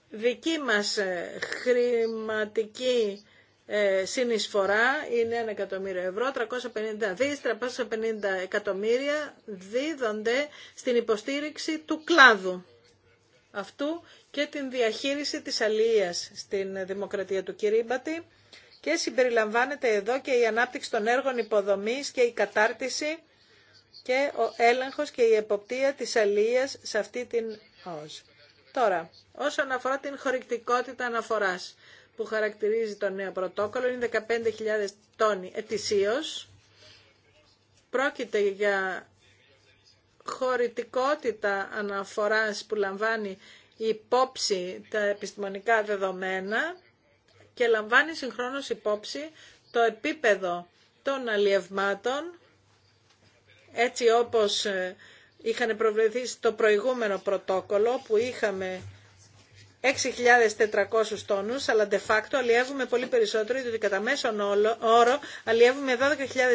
δική μας ε, χρηματική ε, συνεισφορά είναι 1 εκατομμύριο ευρώ, 350 δις, 350 εκατομμύρια δίδονται στην υποστήριξη του κλάδου αυτού και την διαχείριση της αλίας στην Δημοκρατία του Κυρίμπατη και συμπεριλαμβάνεται εδώ και η ανάπτυξη των έργων υποδομής και η κατάρτιση και ο έλεγχος και η εποπτεία της αλίας σε αυτή την ΟΣ. Τώρα, όσον αφορά την χορηκτικότητα αναφοράς, που χαρακτηρίζει το νέο πρωτόκολλο είναι 15.000 τόνοι ετησίως. Πρόκειται για χωρητικότητα αναφοράς που λαμβάνει υπόψη τα επιστημονικά δεδομένα και λαμβάνει συγχρόνως υπόψη το επίπεδο των αλλιευμάτων έτσι όπως ε, είχαν προβληθεί στο προηγούμενο πρωτόκολλο που είχαμε 6.400 τόνους, αλλά de facto αλλιεύουμε πολύ περισσότερο, διότι κατά μέσον όρο αλλιεύουμε 12.000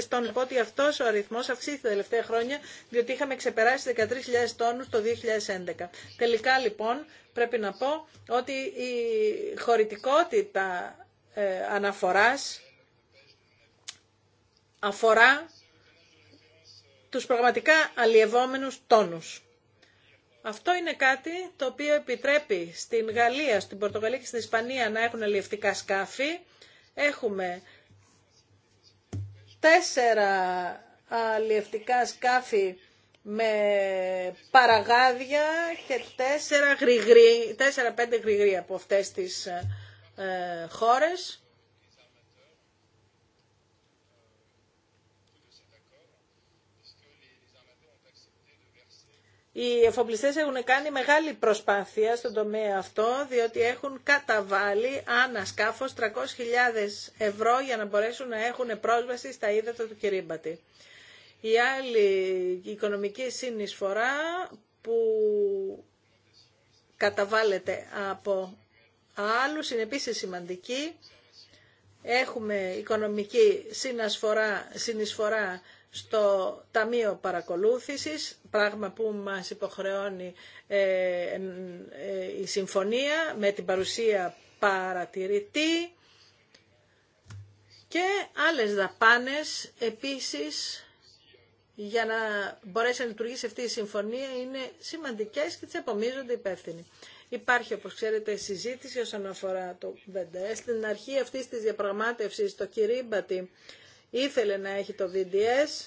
τόνους. Οπότε λοιπόν, αυτός ο αριθμός αυξήθηκε τα τελευταία χρόνια, διότι είχαμε ξεπεράσει 13.000 τόνους το 2011. Τελικά λοιπόν πρέπει να πω ότι η χωρητικότητα ε, αναφοράς αφορά τους πραγματικά αλλιευόμενους τόνους. Αυτό είναι κάτι το οποίο επιτρέπει στην Γαλλία, στην Πορτογαλία και στην Ισπανία να έχουν αλλιευτικά σκάφη. Έχουμε τέσσερα αλλιευτικά σκάφη με παραγάδια και τέσσερα, τέσσερα πέντε γρηγροί από αυτές τις ε, χώρες. Οι εφοπλιστές έχουν κάνει μεγάλη προσπάθεια στον τομέα αυτό, διότι έχουν καταβάλει άνα σκάφος 300.000 ευρώ για να μπορέσουν να έχουν πρόσβαση στα ύδατα του Κυρίμπατη. Η άλλη οικονομική συνεισφορά που καταβάλλεται από άλλους είναι επίσης σημαντική. Έχουμε οικονομική συνεισφορά στο Ταμείο Παρακολούθησης, πράγμα που μας υποχρεώνει ε, ε, η συμφωνία με την παρουσία παρατηρητή και άλλες δαπάνες επίσης για να μπορέσει να λειτουργήσει αυτή η συμφωνία είναι σημαντικές και τις απομίζονται υπεύθυνοι. Υπάρχει, όπως ξέρετε, συζήτηση όσον αφορά το ΒΕΝΤΕΣ. Στην αρχή αυτής της διαπραγμάτευσης, το κυρίμπατη ήθελε να έχει το VDS.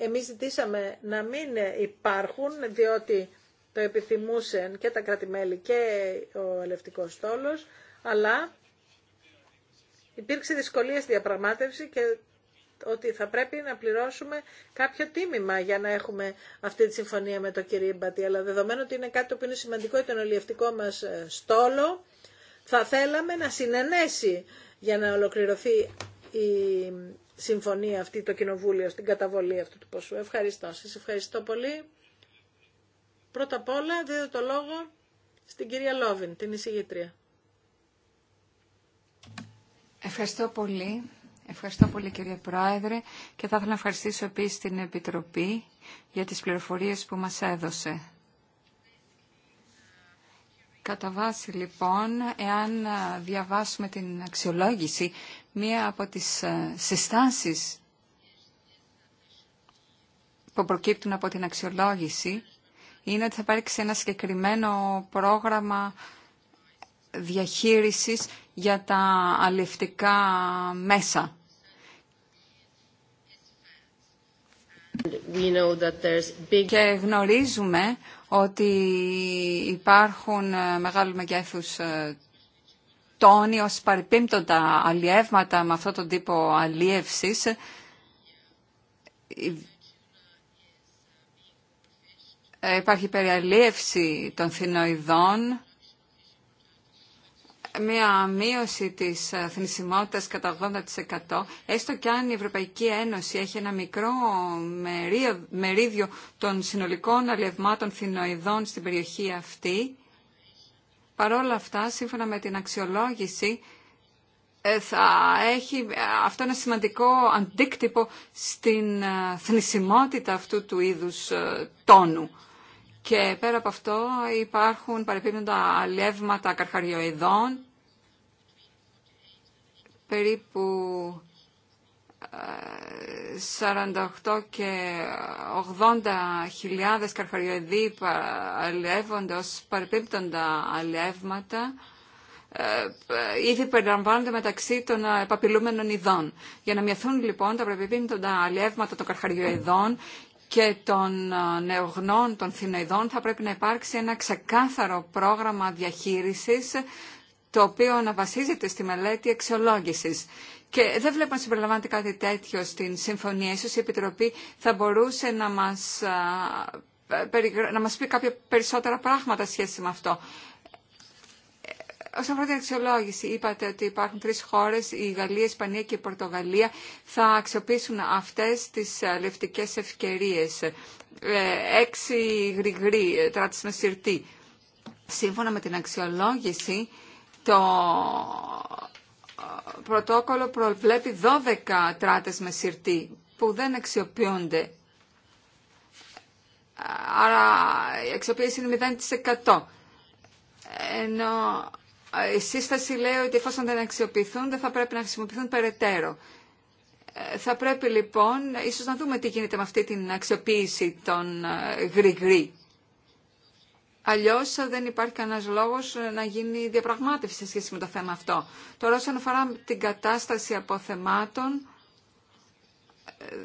Εμείς ζητήσαμε να μην υπάρχουν, διότι το επιθυμούσαν και τα κράτη-μέλη και ο ελευτικός στόλος, αλλά υπήρξε δυσκολία στη διαπραγμάτευση και ότι θα πρέπει να πληρώσουμε κάποιο τίμημα για να έχουμε αυτή τη συμφωνία με το κύριο Μπατή. Αλλά δεδομένου ότι είναι κάτι που είναι σημαντικό για τον ελευτικό μας ε, στόλο, θα θέλαμε να συνενέσει για να ολοκληρωθεί η συμφωνία αυτή, το κοινοβούλιο, στην καταβολή αυτού του ποσού. Ευχαριστώ. Σας ευχαριστώ πολύ. Πρώτα απ' όλα δίδω το λόγο στην κυρία Λόβιν, την εισηγήτρια. Ευχαριστώ πολύ. Ευχαριστώ πολύ κύριε Πρόεδρε και θα ήθελα να ευχαριστήσω επίσης την Επιτροπή για τις πληροφορίες που μας έδωσε. Κατά βάση λοιπόν, εάν ε, διαβάσουμε την αξιολόγηση, μία από τις ε, συστάσεις που προκύπτουν από την αξιολόγηση είναι ότι θα υπάρξει ένα συγκεκριμένο πρόγραμμα διαχείρισης για τα αλευτικά μέσα. Και γνωρίζουμε ότι υπάρχουν ε, μεγάλου μεγέθους ε, τόνοι ως παρεπίμπτοντα αλλιεύματα με αυτόν τον τύπο αλλιεύσης. Ε, υπάρχει περιαλίευση των θηνοειδών μια μείωση της ε, θνησιμότητας κατά 80% έστω και αν η Ευρωπαϊκή Ένωση έχει ένα μικρό μερίδιο των συνολικών αλλιευμάτων θηνοειδών στην περιοχή αυτή παρόλα αυτά σύμφωνα με την αξιολόγηση ε, θα έχει ε, αυτό ένα σημαντικό αντίκτυπο στην θνησιμότητα αυτού του είδους τόνου. Και πέρα από αυτό υπάρχουν παρεπίπτοντα αλλιεύματα καρχαριοειδών περίπου 48 ε, και 80 χιλιάδες καρχαριοειδή ω ως παρεπίπτοντα αλεύματα ε, ε, ήδη περιλαμβάνονται μεταξύ των επαπειλούμενων ειδών. Για να μειωθούν λοιπόν τα παρεπίπτοντα αλεύματα των καρχαριοειδών και των νεογνών των θηνοειδών θα πρέπει να υπάρξει ένα ξεκάθαρο πρόγραμμα διαχείρισης το οποίο να βασίζεται στη μελέτη αξιολόγηση. Και δεν βλέπω να συμπεριλαμβάνεται κάτι τέτοιο στην συμφωνία. Ίσως η Επιτροπή θα μπορούσε να μας, να μας πει κάποια περισσότερα πράγματα σχέση με αυτό. Όσον αφορά την αξιολόγηση, είπατε ότι υπάρχουν τρεις χώρες, η Γαλλία, η Ισπανία και η Πορτογαλία, θα αξιοποιήσουν αυτές τις λευτικές ευκαιρίες. Ε, έξι γρηγροί, ε, τράτησαν με σιρτή. Σύμφωνα με την αξιολόγηση, το πρωτόκολλο προβλέπει 12 τράτες με σιρτή που δεν αξιοποιούνται. Άρα η αξιοποίηση είναι 0%. Ενώ η σύσταση λέει ότι εφόσον δεν αξιοποιηθούν δεν θα πρέπει να χρησιμοποιηθούν περαιτέρω. Θα πρέπει λοιπόν ίσως να δούμε τι γίνεται με αυτή την αξιοποίηση των γρηγρή. Αλλιώς δεν υπάρχει κανένας λόγος ε, να γίνει διαπραγμάτευση σε σχέση με το θέμα αυτό. Τώρα όσον αφορά την κατάσταση αποθεμάτων, ε,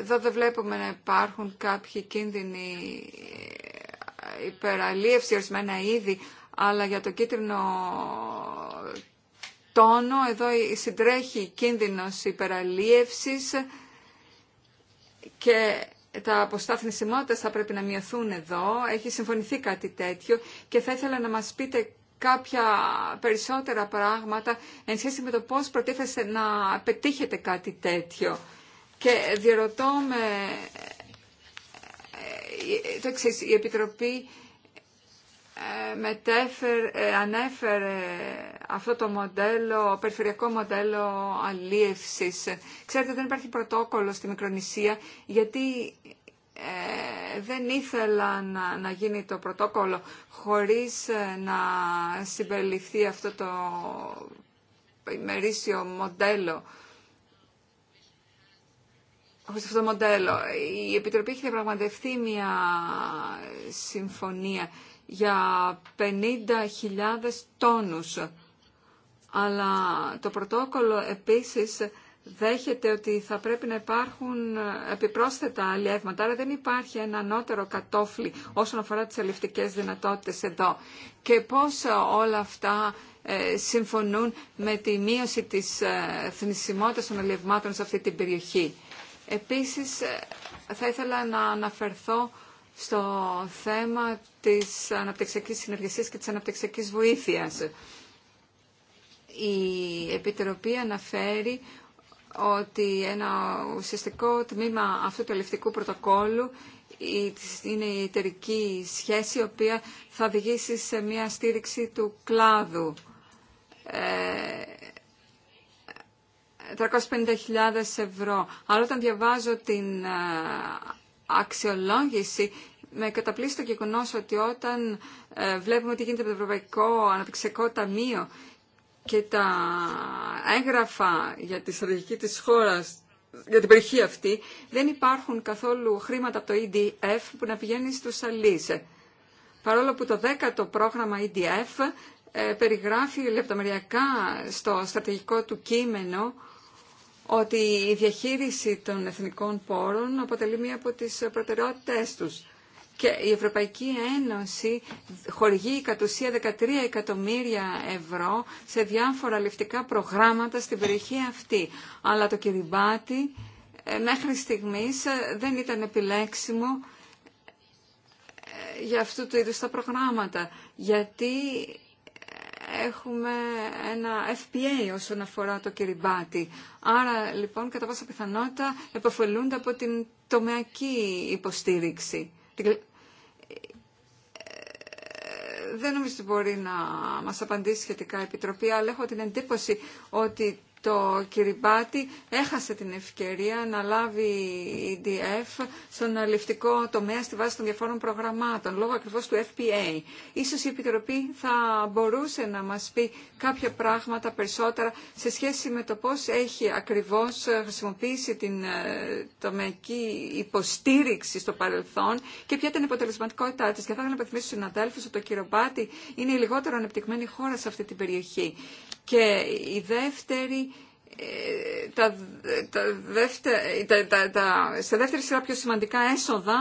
εδώ δεν βλέπουμε να υπάρχουν κάποιοι κίνδυνοι ε, υπεραλίευση ορισμένα είδη, αλλά για το κίτρινο τόνο εδώ συντρέχει κίνδυνος υπεραλίευσης και τα ποστά θνησιμότητας θα πρέπει να μειωθούν εδώ. Έχει συμφωνηθεί κάτι τέτοιο και θα ήθελα να μας πείτε κάποια περισσότερα πράγματα εν σχέση με το πώς προτίθεστε να πετύχετε κάτι τέτοιο. Και διερωτώ με ε, ε, ε, το εξής, η Επιτροπή μετέφερε, ανέφερε αυτό το μοντέλο, περιφερειακό μοντέλο αλίευσης. Ξέρετε, δεν υπάρχει πρωτόκολλο στη Μικρονησία, γιατί ε, δεν ήθελα να, γίνει το πρωτόκολλο χωρίς ε, να συμπεριληφθεί αυτό το ημερήσιο μοντέλο. αυτό το μοντέλο. Η Επιτροπή έχει διαπραγματευτεί μια συμφωνία για 50.000 τόνους. Αλλά το πρωτόκολλο επίσης δέχεται ότι θα πρέπει να υπάρχουν επιπρόσθετα αλλιεύματα, άρα δεν υπάρχει ένα ανώτερο κατόφλι όσον αφορά τις αλληλευτικές δυνατότητες εδώ. Και πώς όλα αυτά ε, συμφωνούν με τη μείωση της ε, θνησιμότητας των αλλιευμάτων σε αυτή την περιοχή. Επίσης, ε, θα ήθελα να αναφερθώ στο θέμα της αναπτυξιακής συνεργασίας και της αναπτυξιακής βοήθειας. Η Επιτροπή αναφέρει ότι ένα ουσιαστικό τμήμα αυτού του ελευτικού πρωτοκόλλου είναι η εταιρική σχέση, η οποία θα οδηγήσει σε μια στήριξη του κλάδου. 350.000 ε, ευρώ. Αλλά όταν διαβάζω την ε, αξιολόγηση με καταπλήσει το γεγονό ότι όταν ε, βλέπουμε τι γίνεται με το Ευρωπαϊκό Αναπτυξιακό Ταμείο και τα έγγραφα για τη στρατηγική της χώρας, για την περιοχή αυτή, δεν υπάρχουν καθόλου χρήματα από το EDF που να πηγαίνει στους αλείς. Παρόλο που το 10ο πρόγραμμα EDF ε, περιγράφει λεπτομεριακά στο στρατηγικό του κείμενο ότι η διαχείριση των εθνικών πόρων αποτελεί μία από τις προτεραιότητές τους. Και η Ευρωπαϊκή Ένωση χορηγεί κατ' ουσία 13 εκατομμύρια ευρώ σε διάφορα ληφτικά προγράμματα στην περιοχή αυτή. Αλλά το Κυριμπάτι ε, μέχρι στιγμής ε, δεν ήταν επιλέξιμο ε, για αυτού του είδους τα προγράμματα. Γιατί έχουμε ένα FPA όσον αφορά το Κυριμπάτι. Άρα λοιπόν κατά πάσα πιθανότητα επωφελούνται από την τομεακή υποστήριξη. Ε, δεν νομίζω ότι μπορεί να μας απαντήσει σχετικά η Επιτροπή, αλλά έχω την εντύπωση ότι το Κυριμπάτι έχασε την ευκαιρία να λάβει η DF στον αλληλευτικό τομέα στη βάση των διαφόρων προγραμμάτων, λόγω ακριβώς του FPA. Ίσως η Επιτροπή θα μπορούσε να μας πει κάποια πράγματα περισσότερα σε σχέση με το πώς έχει ακριβώς χρησιμοποιήσει την ε, τομεακή υποστήριξη στο παρελθόν και ποια ήταν η αποτελεσματικότητά της. Και θα ήθελα να επιθυμίσω στους συναδέλφους ότι το Κυριμπάτι είναι η λιγότερο ανεπτυγμένη χώρα σε αυτή την περιοχή. Και η δεύτερη τα, τα, τα, τα, τα, σε δεύτερη σειρά πιο σημαντικά έσοδα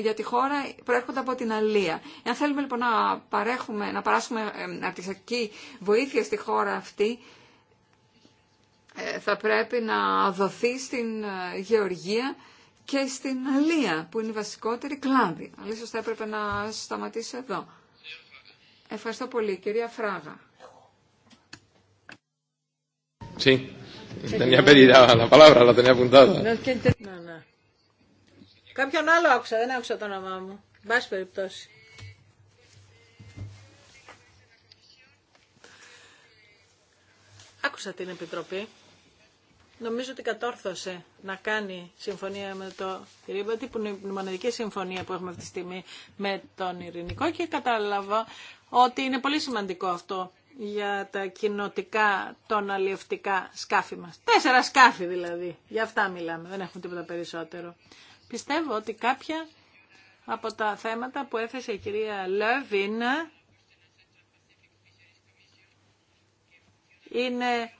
για τη χώρα προέρχονται από την αλία. Εάν θέλουμε λοιπόν να, παρέχουμε, να παράσουμε αρτισακή βοήθεια στη χώρα αυτή, ε, θα πρέπει να δοθεί στην ε, γεωργία και στην αλία, που είναι η βασικότερη κλάδη. Αλλά θα έπρεπε να σταματήσω εδώ. Ευχαριστώ πολύ, κυρία Φράγα. Sí. Tenía pedida la palabra, la tenía apuntada. No, no. Κάποιον άλλο άκουσα, δεν άκουσα το όνομά μου. Μπάς περιπτώσει. Άκουσα την Επιτροπή. Νομίζω ότι κατόρθωσε να κάνει συμφωνία με το Ρίμπατη, που είναι η μοναδική συμφωνία που έχουμε αυτή τη στιγμή με τον Ειρηνικό και κατάλαβα ότι είναι πολύ σημαντικό αυτό για τα κοινοτικά των αλλιευτικά σκάφη μας. Τέσσερα σκάφη δηλαδή. Για αυτά μιλάμε. Δεν έχουμε τίποτα περισσότερο. Πιστεύω ότι κάποια από τα θέματα που έθεσε η κυρία Λέβιν είναι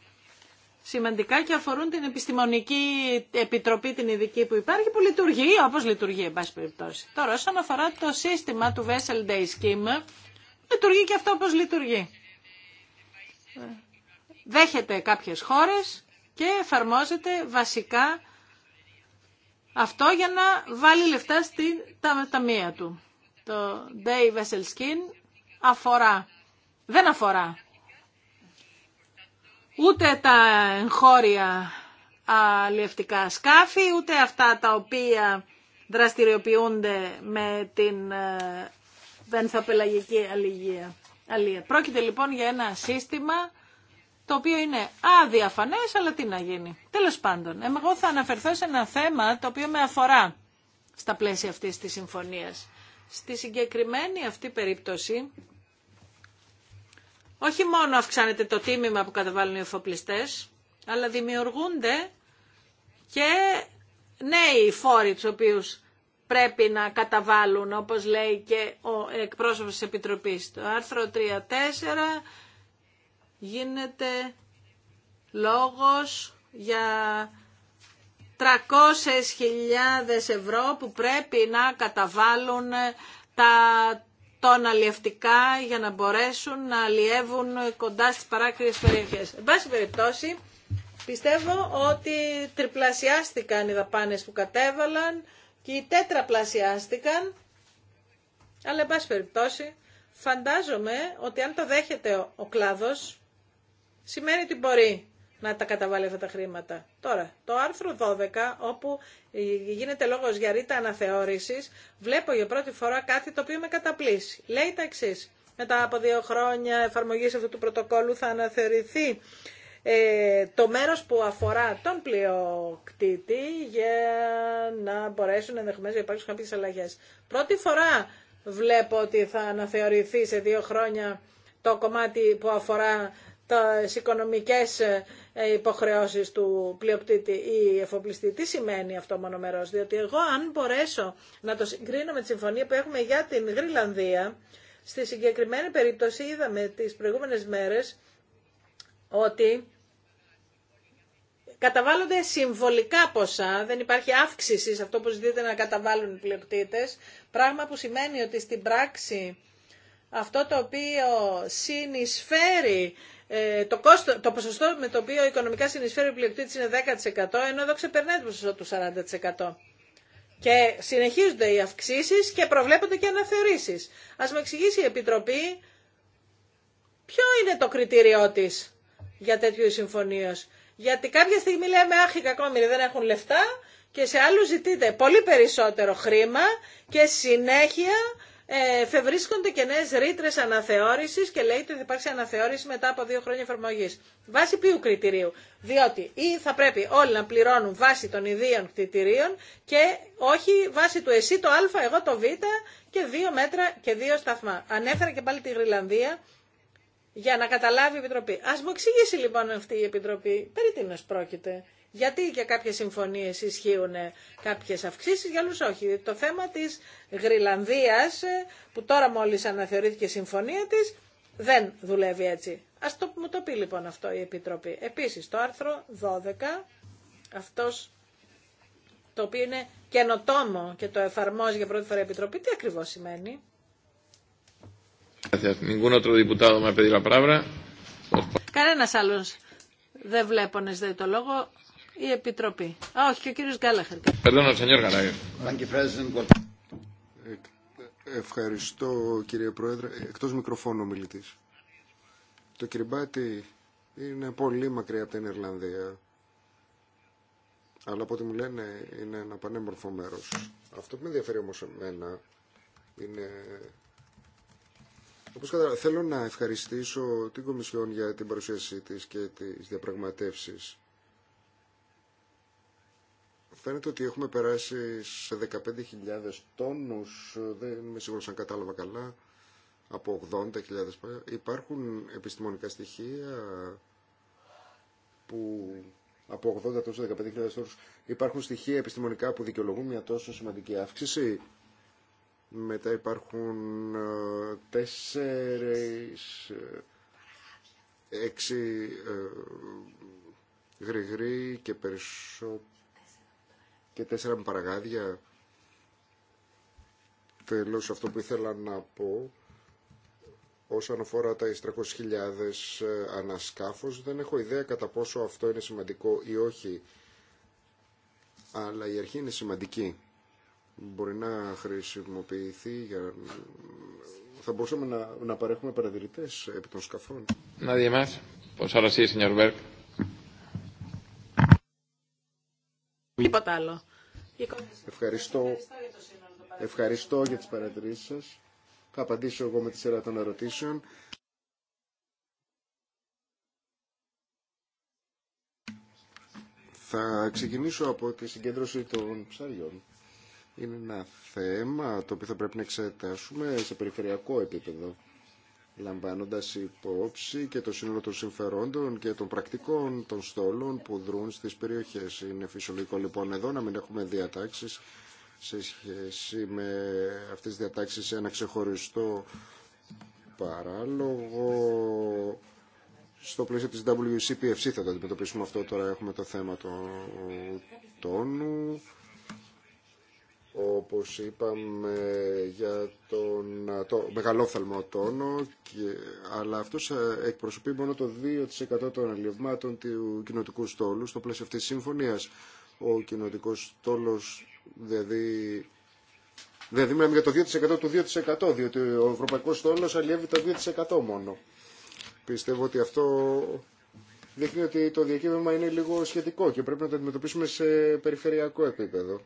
σημαντικά και αφορούν την επιστημονική επιτροπή την ειδική που υπάρχει που λειτουργεί όπως λειτουργεί εν περιπτώσει. Τώρα όσον αφορά το σύστημα του Vessel Day Scheme λειτουργεί και αυτό όπως λειτουργεί δέχεται κάποιες χώρες και εφαρμόζεται βασικά αυτό για να βάλει λεφτά στην ταμεία του. Το Day Vessel Skin αφορά, δεν αφορά ούτε τα εγχώρια αλλιευτικά σκάφη, ούτε αυτά τα οποία δραστηριοποιούνται με την βενθαπελαγική ε, αλληγία αλία. Πρόκειται λοιπόν για ένα σύστημα το οποίο είναι αδιαφανές, αλλά τι να γίνει. Τέλος πάντων, εγώ θα αναφερθώ σε ένα θέμα το οποίο με αφορά στα πλαίσια αυτής της συμφωνίας. Στη συγκεκριμένη αυτή περίπτωση, όχι μόνο αυξάνεται το τίμημα που καταβάλουν οι εφοπλιστές, αλλά δημιουργούνται και νέοι φόροι του οποίους πρέπει να καταβάλουν, όπως λέει και ο εκπρόσωπος της Επιτροπής. Το άρθρο 3.4 γίνεται λόγος για 300.000 ευρώ που πρέπει να καταβάλουν τα τον αλλιευτικά για να μπορέσουν να αλλιεύουν κοντά στις παράκριες περιοχές. Εν πάση περιπτώσει, πιστεύω ότι τριπλασιάστηκαν οι δαπάνες που κατέβαλαν και οι τέτραπλασιάστηκαν, αλλά εν πάση περιπτώσει φαντάζομαι ότι αν το δέχεται ο, κλάδος σημαίνει ότι μπορεί να τα καταβάλει αυτά τα χρήματα. Τώρα, το άρθρο 12, όπου γίνεται λόγος για ρήτα αναθεώρησης, βλέπω για πρώτη φορά κάτι το οποίο με καταπλήσει. Λέει τα εξή. Μετά από δύο χρόνια εφαρμογής αυτού του πρωτοκόλου θα αναθεωρηθεί ε, το μέρος που αφορά τον πλειοκτήτη για να μπορέσουν ενδεχομένως να υπάρξουν κάποιες αλλαγές. Πρώτη φορά βλέπω ότι θα αναθεωρηθεί σε δύο χρόνια το κομμάτι που αφορά τις οικονομικές ε, υποχρεώσεις του πλειοκτήτη ή εφοπλιστή. Τι σημαίνει αυτό μονομερός, διότι εγώ αν μπορέσω να το συγκρίνω με τη συμφωνία που έχουμε για την Γρυλανδία, στη συγκεκριμένη περίπτωση είδαμε τις προηγούμενες μέρες ότι καταβάλλονται συμβολικά ποσά, δεν υπάρχει αύξηση σε αυτό που ζητείτε να καταβάλουν οι πλειοκτήτες, πράγμα που σημαίνει ότι στην πράξη αυτό το οποίο συνεισφέρει ε, το, το ποσοστό με το οποίο οικονομικά συνεισφέρει ο πλειοκτήτης είναι 10%, ενώ εδώ ξεπερνάει το ποσοστό του 40%. Και συνεχίζονται οι αυξήσεις και προβλέπονται και αναθεωρήσεις. Ας μου εξηγήσει η Επιτροπή ποιο είναι το κριτήριό της για τέτοιου συμφωνίε. Γιατί κάποια στιγμή λέμε αχ οι κακόμοιροι δεν έχουν λεφτά και σε άλλου ζητείτε πολύ περισσότερο χρήμα και συνέχεια ε, φευρίσκονται και νέε ρήτρε αναθεώρηση και λέει ότι θα υπάρξει αναθεώρηση μετά από δύο χρόνια εφαρμογή. Βάσει ποιου κριτηρίου. Διότι ή θα πρέπει όλοι να πληρώνουν βάσει των ιδίων κριτηρίων και όχι βάσει του εσύ το Α, εγώ το Β και δύο μέτρα και δύο σταθμά. Ανέφερα και πάλι τη Γρυλανδία για να καταλάβει η Επιτροπή. Α μου εξηγήσει λοιπόν αυτή η Επιτροπή περί τίνο πρόκειται. Γιατί για κάποιε συμφωνίε ισχύουν κάποιε αυξήσει, για άλλου όχι. Το θέμα τη Γρυλανδία, που τώρα μόλι αναθεωρήθηκε η συμφωνία τη, δεν δουλεύει έτσι. Α το, μου το πει λοιπόν αυτό η Επιτροπή. Επίση, το άρθρο 12, αυτό το οποίο είναι καινοτόμο και το εφαρμόζει για πρώτη φορά η Επιτροπή, τι ακριβώ σημαίνει. Κανένα άλλο δεν βλέπω να το λόγο. Η Επιτροπή. Α, όχι, και ο κύριο Γκάλαχερ. Ε, ευχαριστώ κύριε Πρόεδρε. Ε, εκτός μικροφώνου μιλητής. Το Κυριμπάτι είναι πολύ μακριά από την Ιρλανδία. Αλλά από ό,τι μου λένε είναι ένα πανέμορφο μέρος. Αυτό που με ενδιαφέρει όμως εμένα είναι όπως θέλω να ευχαριστήσω την Κομισιόν για την παρουσίασή της και τις διαπραγματεύσεις. Φαίνεται ότι έχουμε περάσει σε 15.000 τόνους, δεν είμαι σίγουρος αν κατάλαβα καλά, από 80.000. Υπάρχουν επιστημονικά στοιχεία που από 80 τόσο 15.000 τόνους υπάρχουν στοιχεία επιστημονικά που δικαιολογούν μια τόσο σημαντική αύξηση. Μετά υπάρχουν ε, τέσσερις, ε, έξι ε, γρηγροί και περισσό... και τέσσερα με παραγάδια. Τέλος, αυτό που ήθελα να πω, όσον αφορά τα 300.000 ανασκάφους, δεν έχω ιδέα κατά πόσο αυτό είναι σημαντικό ή όχι, αλλά η αρχή είναι σημαντική μπορεί να χρησιμοποιηθεί για... Θα μπορούσαμε να, παρέχουμε παρατηρητές επί των σκαφών. Να Πως Ευχαριστώ. Ευχαριστώ για τις παρατηρήσεις σας. Θα απαντήσω εγώ με τη σειρά των ερωτήσεων. Θα ξεκινήσω από τη συγκέντρωση των ψαριών είναι ένα θέμα το οποίο θα πρέπει να εξετάσουμε σε περιφερειακό επίπεδο λαμβάνοντας υπόψη και το σύνολο των συμφερόντων και των πρακτικών των στόλων που δρούν στις περιοχές. Είναι φυσιολογικό λοιπόν εδώ να μην έχουμε διατάξεις σε σχέση με αυτές τις διατάξεις σε ένα ξεχωριστό παράλογο. Στο πλαίσιο της WCPFC θα το αντιμετωπίσουμε αυτό, τώρα έχουμε το θέμα του τόνου όπως είπαμε για τον το μεγαλόφθαλμο τόνο και, αλλά αυτός εκπροσωπεί μόνο το 2% των αλλιευμάτων του κοινοτικού στόλου στο πλαίσιο αυτής της συμφωνίας. Ο κοινοτικός στόλος δηλαδή Δηλαδή μιλάμε για το 2% του 2% διότι ο ευρωπαϊκός στόλος αλλιεύει το 2% μόνο. Πιστεύω ότι αυτό δείχνει ότι το διακύβευμα είναι λίγο σχετικό και πρέπει να το αντιμετωπίσουμε σε περιφερειακό επίπεδο.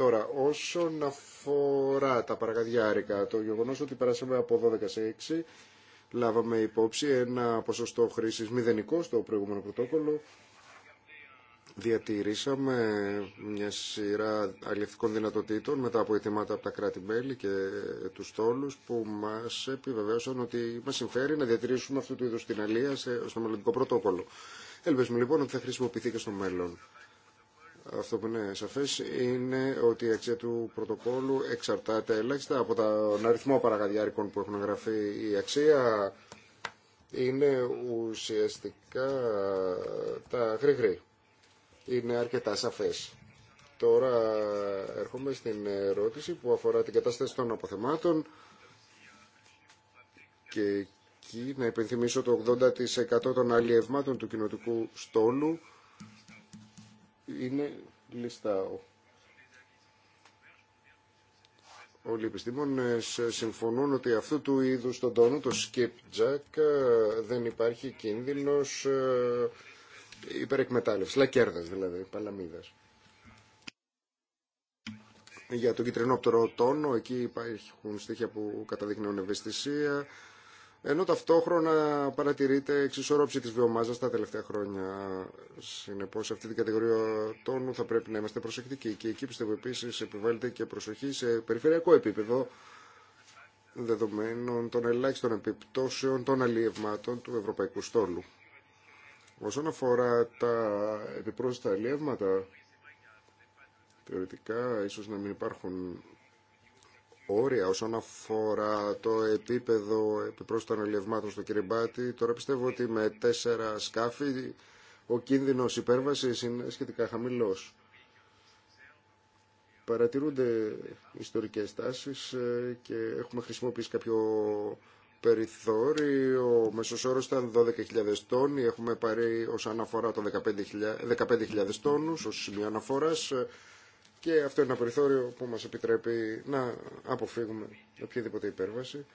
Τώρα, όσον αφορά τα παρακαδιάρικα, το γεγονό ότι περάσαμε από 12 σε 6, λάβαμε υπόψη ένα ποσοστό χρήση μηδενικό στο προηγούμενο πρωτόκολλο. Διατηρήσαμε μια σειρά αλληλευτικών δυνατοτήτων μετά από αιτήματα από τα κράτη-μέλη και τους τόλους που μας επιβεβαίωσαν ότι μας συμφέρει να διατηρήσουμε αυτού του είδους την αλία στο μελλοντικό πρωτόκολλο. Ελπίζουμε λοιπόν ότι θα χρησιμοποιηθεί και στο μέλλον αυτό που είναι σαφέ, είναι ότι η αξία του πρωτοκόλλου εξαρτάται ελάχιστα από τον αριθμό παραγαδιάρικων που έχουν γραφεί Η αξία είναι ουσιαστικά τα γρήγορα Είναι αρκετά σαφές. Τώρα έρχομαι στην ερώτηση που αφορά την κατάσταση των αποθεμάτων και εκεί να υπενθυμίσω το 80% των αλλιευμάτων του κοινοτικού στόλου είναι λιστάω. Όλοι οι επιστήμονες συμφωνούν ότι αυτού του είδους τον τόνο, το skipjack, δεν υπάρχει κίνδυνος ε, υπερεκμετάλλευσης, λακέρδας δηλαδή, παλαμίδας. Για τον κυτρινόπτερο τόνο, εκεί υπάρχουν στοιχεία που καταδείχνουν ευαισθησία ενώ ταυτόχρονα παρατηρείται εξισορρόψη της βιομάζας τα τελευταία χρόνια. Συνεπώς σε αυτή την κατηγορία τόνου θα πρέπει να είμαστε προσεκτικοί και εκεί πιστεύω επίσης επιβάλλεται και προσοχή σε περιφερειακό επίπεδο δεδομένων των ελάχιστων επιπτώσεων των αλλιευμάτων του Ευρωπαϊκού Στόλου. Όσον αφορά τα επιπρόσθετα αλλιεύματα, θεωρητικά ίσως να μην υπάρχουν όρια όσον αφορά το επίπεδο επιπρόσθετων ελευμάτων στο Κυριμπάτι. Τώρα πιστεύω ότι με τέσσερα σκάφη ο κίνδυνος υπέρβασης είναι σχετικά χαμηλός. Παρατηρούνται ιστορικές τάσεις ε, και έχουμε χρησιμοποιήσει κάποιο περιθώριο. Ο μέσος όρος ήταν 12.000 τόνοι. Έχουμε πάρει ως αναφορά το 15.000 τόνους ως σημείο αναφοράς. Ε, και αυτό είναι ένα περιθώριο που μας επιτρέπει να αποφύγουμε οποιαδήποτε υπέρβαση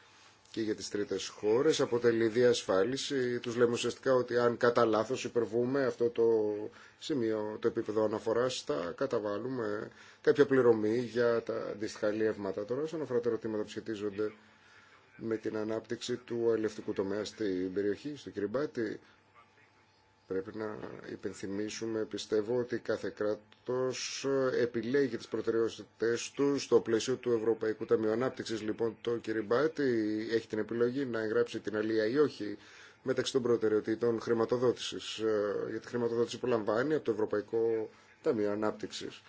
και για τις τρίτες χώρες. Αποτελεί διασφάλιση. Τους λέμε ουσιαστικά ότι αν κατά λάθο υπερβούμε αυτό το σημείο, το επίπεδο αναφοράς, θα καταβάλουμε κάποια πληρωμή για τα αντίστοιχα λιεύματα. Τώρα, όσον αφορά τα ερωτήματα που σχετίζονται με την ανάπτυξη του αλληλευτικού τομέα στην περιοχή, στο Κυριμπάτι, Πρέπει να υπενθυμίσουμε, πιστεύω, ότι κάθε κράτος επιλέγει τις προτεραιότητες του στο πλαίσιο του Ευρωπαϊκού Ταμείου Ανάπτυξης. Λοιπόν, το Κυριμπάτη έχει την επιλογή να εγγράψει την αλία ή όχι μεταξύ των προτεραιοτήτων χρηματοδότησης. Ε, για τη χρηματοδότηση που λαμβάνει από το Ευρωπαϊκό Ταμείο Ανάπτυξης.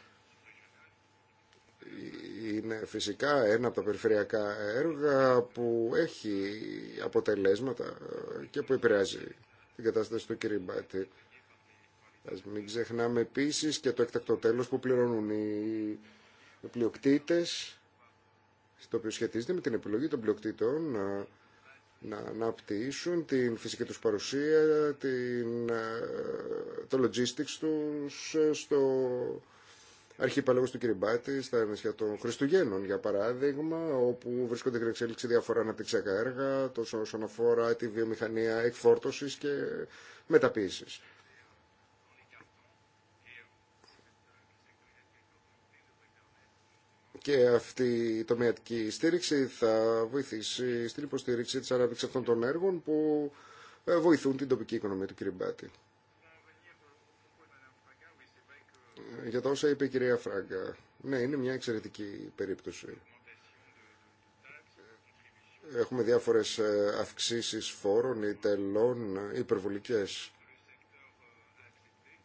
Είναι φυσικά ένα από τα περιφερειακά έργα που έχει αποτελέσματα και που επηρεάζει την κατάσταση του Κυριμπάτη. Ας μην ξεχνάμε επίσης και το εκτακτό τέλος που πληρώνουν οι πλειοκτήτες, στο οποίο σχετίζεται με την επιλογή των πλειοκτήτων να, να αναπτύσσουν την φυσική τους παρουσία, την, ε, το logistics τους ε, στο αρχιπαλαγός του Κυριμπάτη, στα νησιά των Χριστουγέννων, για παράδειγμα, όπου βρίσκονται την εξέλιξη διάφορα αναπτυξιακά έργα, τόσο όσον αφορά τη βιομηχανία εκφόρτωσης και μεταποίησης. και αυτή η τομεατική στήριξη θα βοηθήσει στην υποστήριξη της ανάπτυξης αυτών των έργων που ε, βοηθούν την τοπική οικονομία του Κυριμπάτη. για τα όσα είπε η κυρία Φράγκα. Ναι, είναι μια εξαιρετική περίπτωση. Έχουμε διάφορες ε, αυξήσεις φόρων ή τελών ε, υπερβολικές.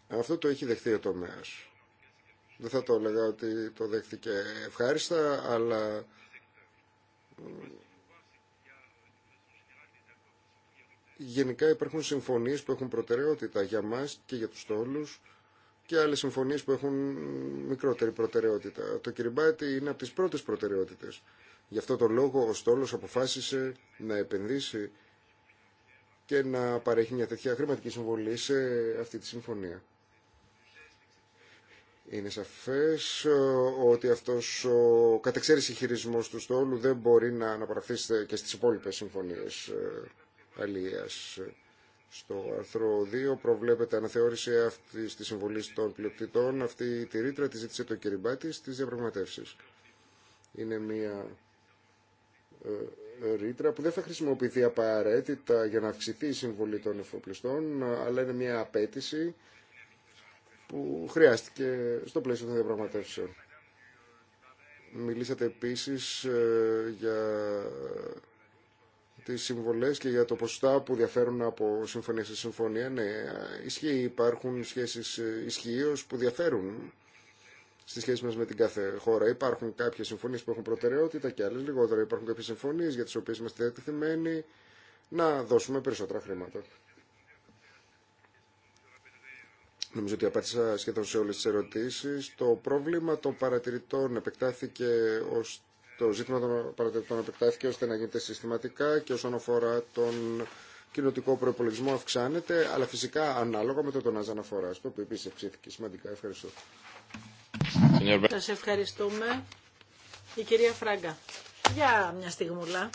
Αυτό το έχει δεχθεί ο τομέας. Δεν θα το έλεγα ότι το δέχτηκε ευχάριστα, αλλά ε, γενικά υπάρχουν συμφωνίες που έχουν προτεραιότητα για μας και για τους τόλους και άλλες συμφωνίες που έχουν μικρότερη προτεραιότητα. Το Κυριμπάτι είναι από τις πρώτες προτεραιότητες. Γι' αυτό το λόγο ο Στόλος αποφάσισε να επενδύσει και να παρέχει μια τέτοια χρηματική συμβολή σε αυτή τη συμφωνία. Είναι σαφές ε, ότι αυτός ο κατεξαίρεση χειρισμός του στόλου δεν μπορεί να αναπαραχθεί και στις υπόλοιπες συμφωνίες ε, αλληλείας. Στο άρθρο 2 προβλέπεται αναθεώρηση αυτή τη συμβολή των πλειοκτητών. Αυτή τη ρήτρα τη ζήτησε το Κυριμπάτη στι διαπραγματεύσει. Είναι μια ε, ρήτρα που δεν θα χρησιμοποιηθεί απαραίτητα για να αυξηθεί η συμβολή των εφοπλιστών, αλλά είναι μια απέτηση που χρειάστηκε στο πλαίσιο των διαπραγματεύσεων. Μιλήσατε επίσης ε, για τις συμβολές και για το ποσοστά που διαφέρουν από συμφωνία σε συμφωνία. Ναι, ισχύει, υπάρχουν σχέσεις ε, ισχύω που διαφέρουν στις σχέσεις μας με την κάθε χώρα. Υπάρχουν κάποιες συμφωνίες που έχουν προτεραιότητα και άλλες λιγότερα. Υπάρχουν κάποιες συμφωνίες για τις οποίες είμαστε διατεθειμένοι να δώσουμε περισσότερα χρήματα. Νομίζω ότι απάντησα σχεδόν σε όλες τις ερωτήσεις. Το πρόβλημα των παρατηρητών επεκτάθηκε ως το ζήτημα των παρατηρητών επεκτάθηκε ώστε να γίνεται συστηματικά και όσον αφορά τον κοινοτικό προπολογισμό αυξάνεται, αλλά φυσικά ανάλογα με το Άζα αναφορά, το οποίο επίση ευξήθηκε σημαντικά. Ευχαριστώ. Σα ευχαριστούμε. Η κυρία Φράγκα. Για μια στιγμούλα.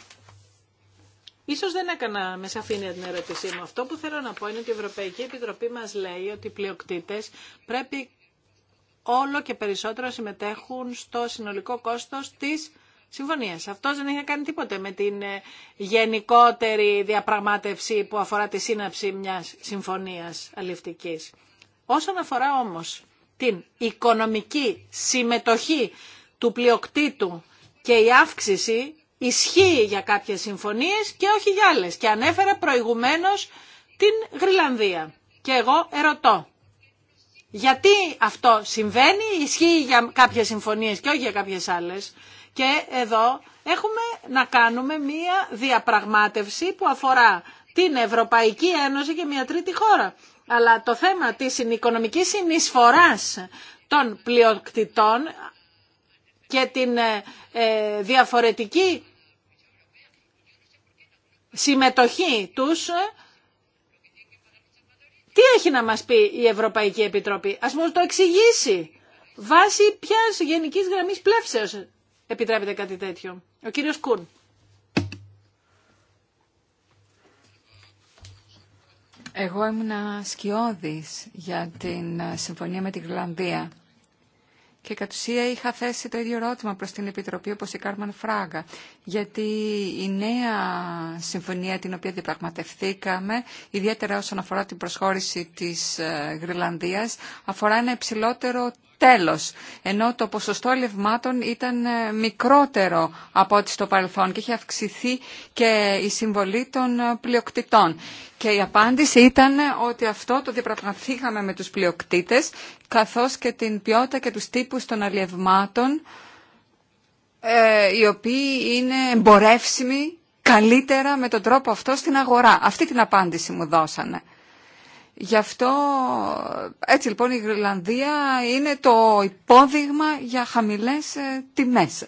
Ίσως δεν έκανα με σαφήνεια την ερώτησή μου. Αυτό που θέλω να πω είναι ότι η Ευρωπαϊκή Επιτροπή μας λέει ότι οι πλειοκτήτες πρέπει όλο και περισσότερο συμμετέχουν στο συνολικό κόστος της Συμφωνία. Αυτό δεν είχε κάνει τίποτε με την ε, γενικότερη διαπραγμάτευση που αφορά τη σύναψη μια συμφωνίας αληφτική. Όσον αφορά όμως την οικονομική συμμετοχή του πλειοκτήτου και η αύξηση ισχύει για κάποιες συμφωνίες και όχι για άλλες. Και ανέφερα προηγουμένως την Γρυλανδία. Και εγώ ερωτώ. Γιατί αυτό συμβαίνει, ισχύει για κάποιες συμφωνίες και όχι για κάποιες άλλες. Και εδώ έχουμε να κάνουμε μία διαπραγμάτευση που αφορά την Ευρωπαϊκή Ένωση και μια τρίτη χώρα. Αλλά το θέμα της οικονομικής συνεισφοράς των πλειοκτητών και την ε, ε, διαφορετική συμμετοχή τους, ε, τι έχει να μας πει η Ευρωπαϊκή Επιτροπή. Ας μου το εξηγήσει. Βάσει ποιας γενικής γραμμής πλεύσεως επιτρέπεται κάτι τέτοιο. Ο κύριος Κούρν. Εγώ ήμουνα σκιώδης για την ε, συμφωνία με την Γλανδία και κατ' ουσία είχα θέσει το ίδιο ερώτημα προς την Επιτροπή όπως η Κάρμαν Φράγκα γιατί η νέα συμφωνία την οποία διπραγματευθήκαμε, ιδιαίτερα όσον αφορά την προσχώρηση της ε, Γρυλανδίας αφορά ένα υψηλότερο τέλος, ενώ το ποσοστό ελευμάτων ήταν ε, μικρότερο από ό,τι στο παρελθόν και είχε αυξηθεί και η συμβολή των ε, πλειοκτητών. Και η απάντηση ήταν ε, ότι αυτό το διαπραγματεύαμε με τους πλειοκτήτες, καθώς και την ποιότητα και τους τύπους των αλλιευμάτων, οι οποίοι είναι εμπορεύσιμοι καλύτερα με τον τρόπο αυτό στην αγορά. Αυτή την απάντηση μου δώσανε. Γι' αυτό έτσι λοιπόν η Γρυλανδία είναι το υπόδειγμα για χαμηλές ε, τιμές.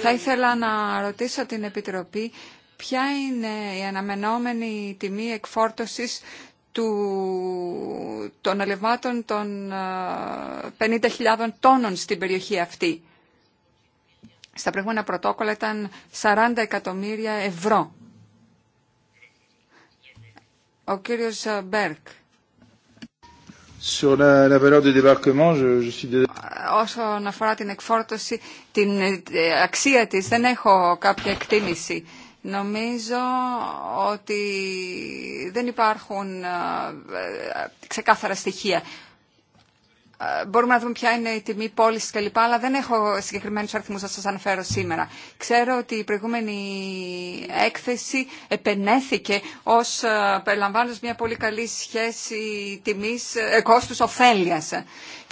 Θα ήθελα να ρωτήσω την Επιτροπή ποια είναι η αναμενόμενη τιμή εκφόρτωσης του, των αλευμάτων των 50.000 ε, τόνων στην περιοχή αυτή. Στα προηγούμενα πρωτόκολλα ήταν 40 εκατομμύρια ευρώ. Ο κύριος ε, Μπέρκ. Sur Όσον αφορά την εκφόρτωση, την ε, αξία της, δεν έχω κάποια εκτίμηση. Νομίζω ότι δεν υπάρχουν ε, ξεκάθαρα στοιχεία. Ε, μπορούμε να δούμε ποια είναι η τιμή πώληση κλπ. Αλλά δεν έχω συγκεκριμένου αριθμού να σα αναφέρω σήμερα. Ξέρω ότι η προηγούμενη έκθεση επενέθηκε ω ε, περιλαμβάνοντα μια πολύ καλή σχέση τιμή ε, κόστου ωφέλεια.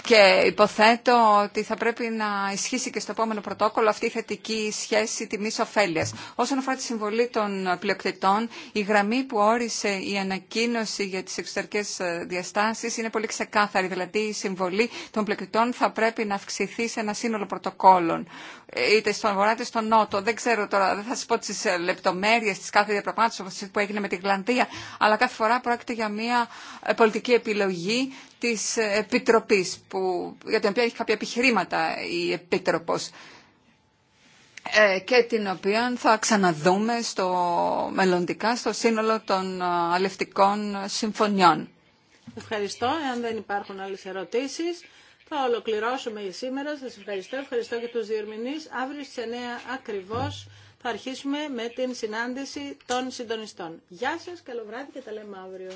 Και υποθέτω ότι θα πρέπει να ισχύσει και στο επόμενο πρωτόκολλο αυτή η θετική σχέση τιμή ωφέλεια. Όσον αφορά τη συμβολή των πλειοκτητών, η γραμμή που όρισε η ανακοίνωση για τι εξωτερικέ διαστάσει είναι πολύ ξεκάθαρη. Δηλαδή, η συμβολή των πλειοκτητών θα πρέπει να αυξηθεί σε ένα σύνολο πρωτοκόλλων, είτε στον βορρά είτε στον νότο. Δεν ξέρω τώρα, δεν θα σα πω τι ε, λεπτομέρειε τη κάθε διαπραγμάτευση που έγινε με τη Γλανδία, αλλά κάθε φορά πρόκειται για μια ε, πολιτική επιλογή τη ε, επιτροπή που, για την οποία έχει κάποια επιχειρήματα η Επίτροπος ε, και την οποία θα ξαναδούμε στο, μελλοντικά στο σύνολο των ε, αλευτικών συμφωνιών. Ευχαριστώ. Εάν δεν υπάρχουν άλλες ερωτήσεις, θα ολοκληρώσουμε για σήμερα. Σας ευχαριστώ. Ευχαριστώ και τους διερμηνείς. Αύριο στις 9 ακριβώς θα αρχίσουμε με την συνάντηση των συντονιστών. Γεια σας, καλό βράδυ και τα λέμε αύριο.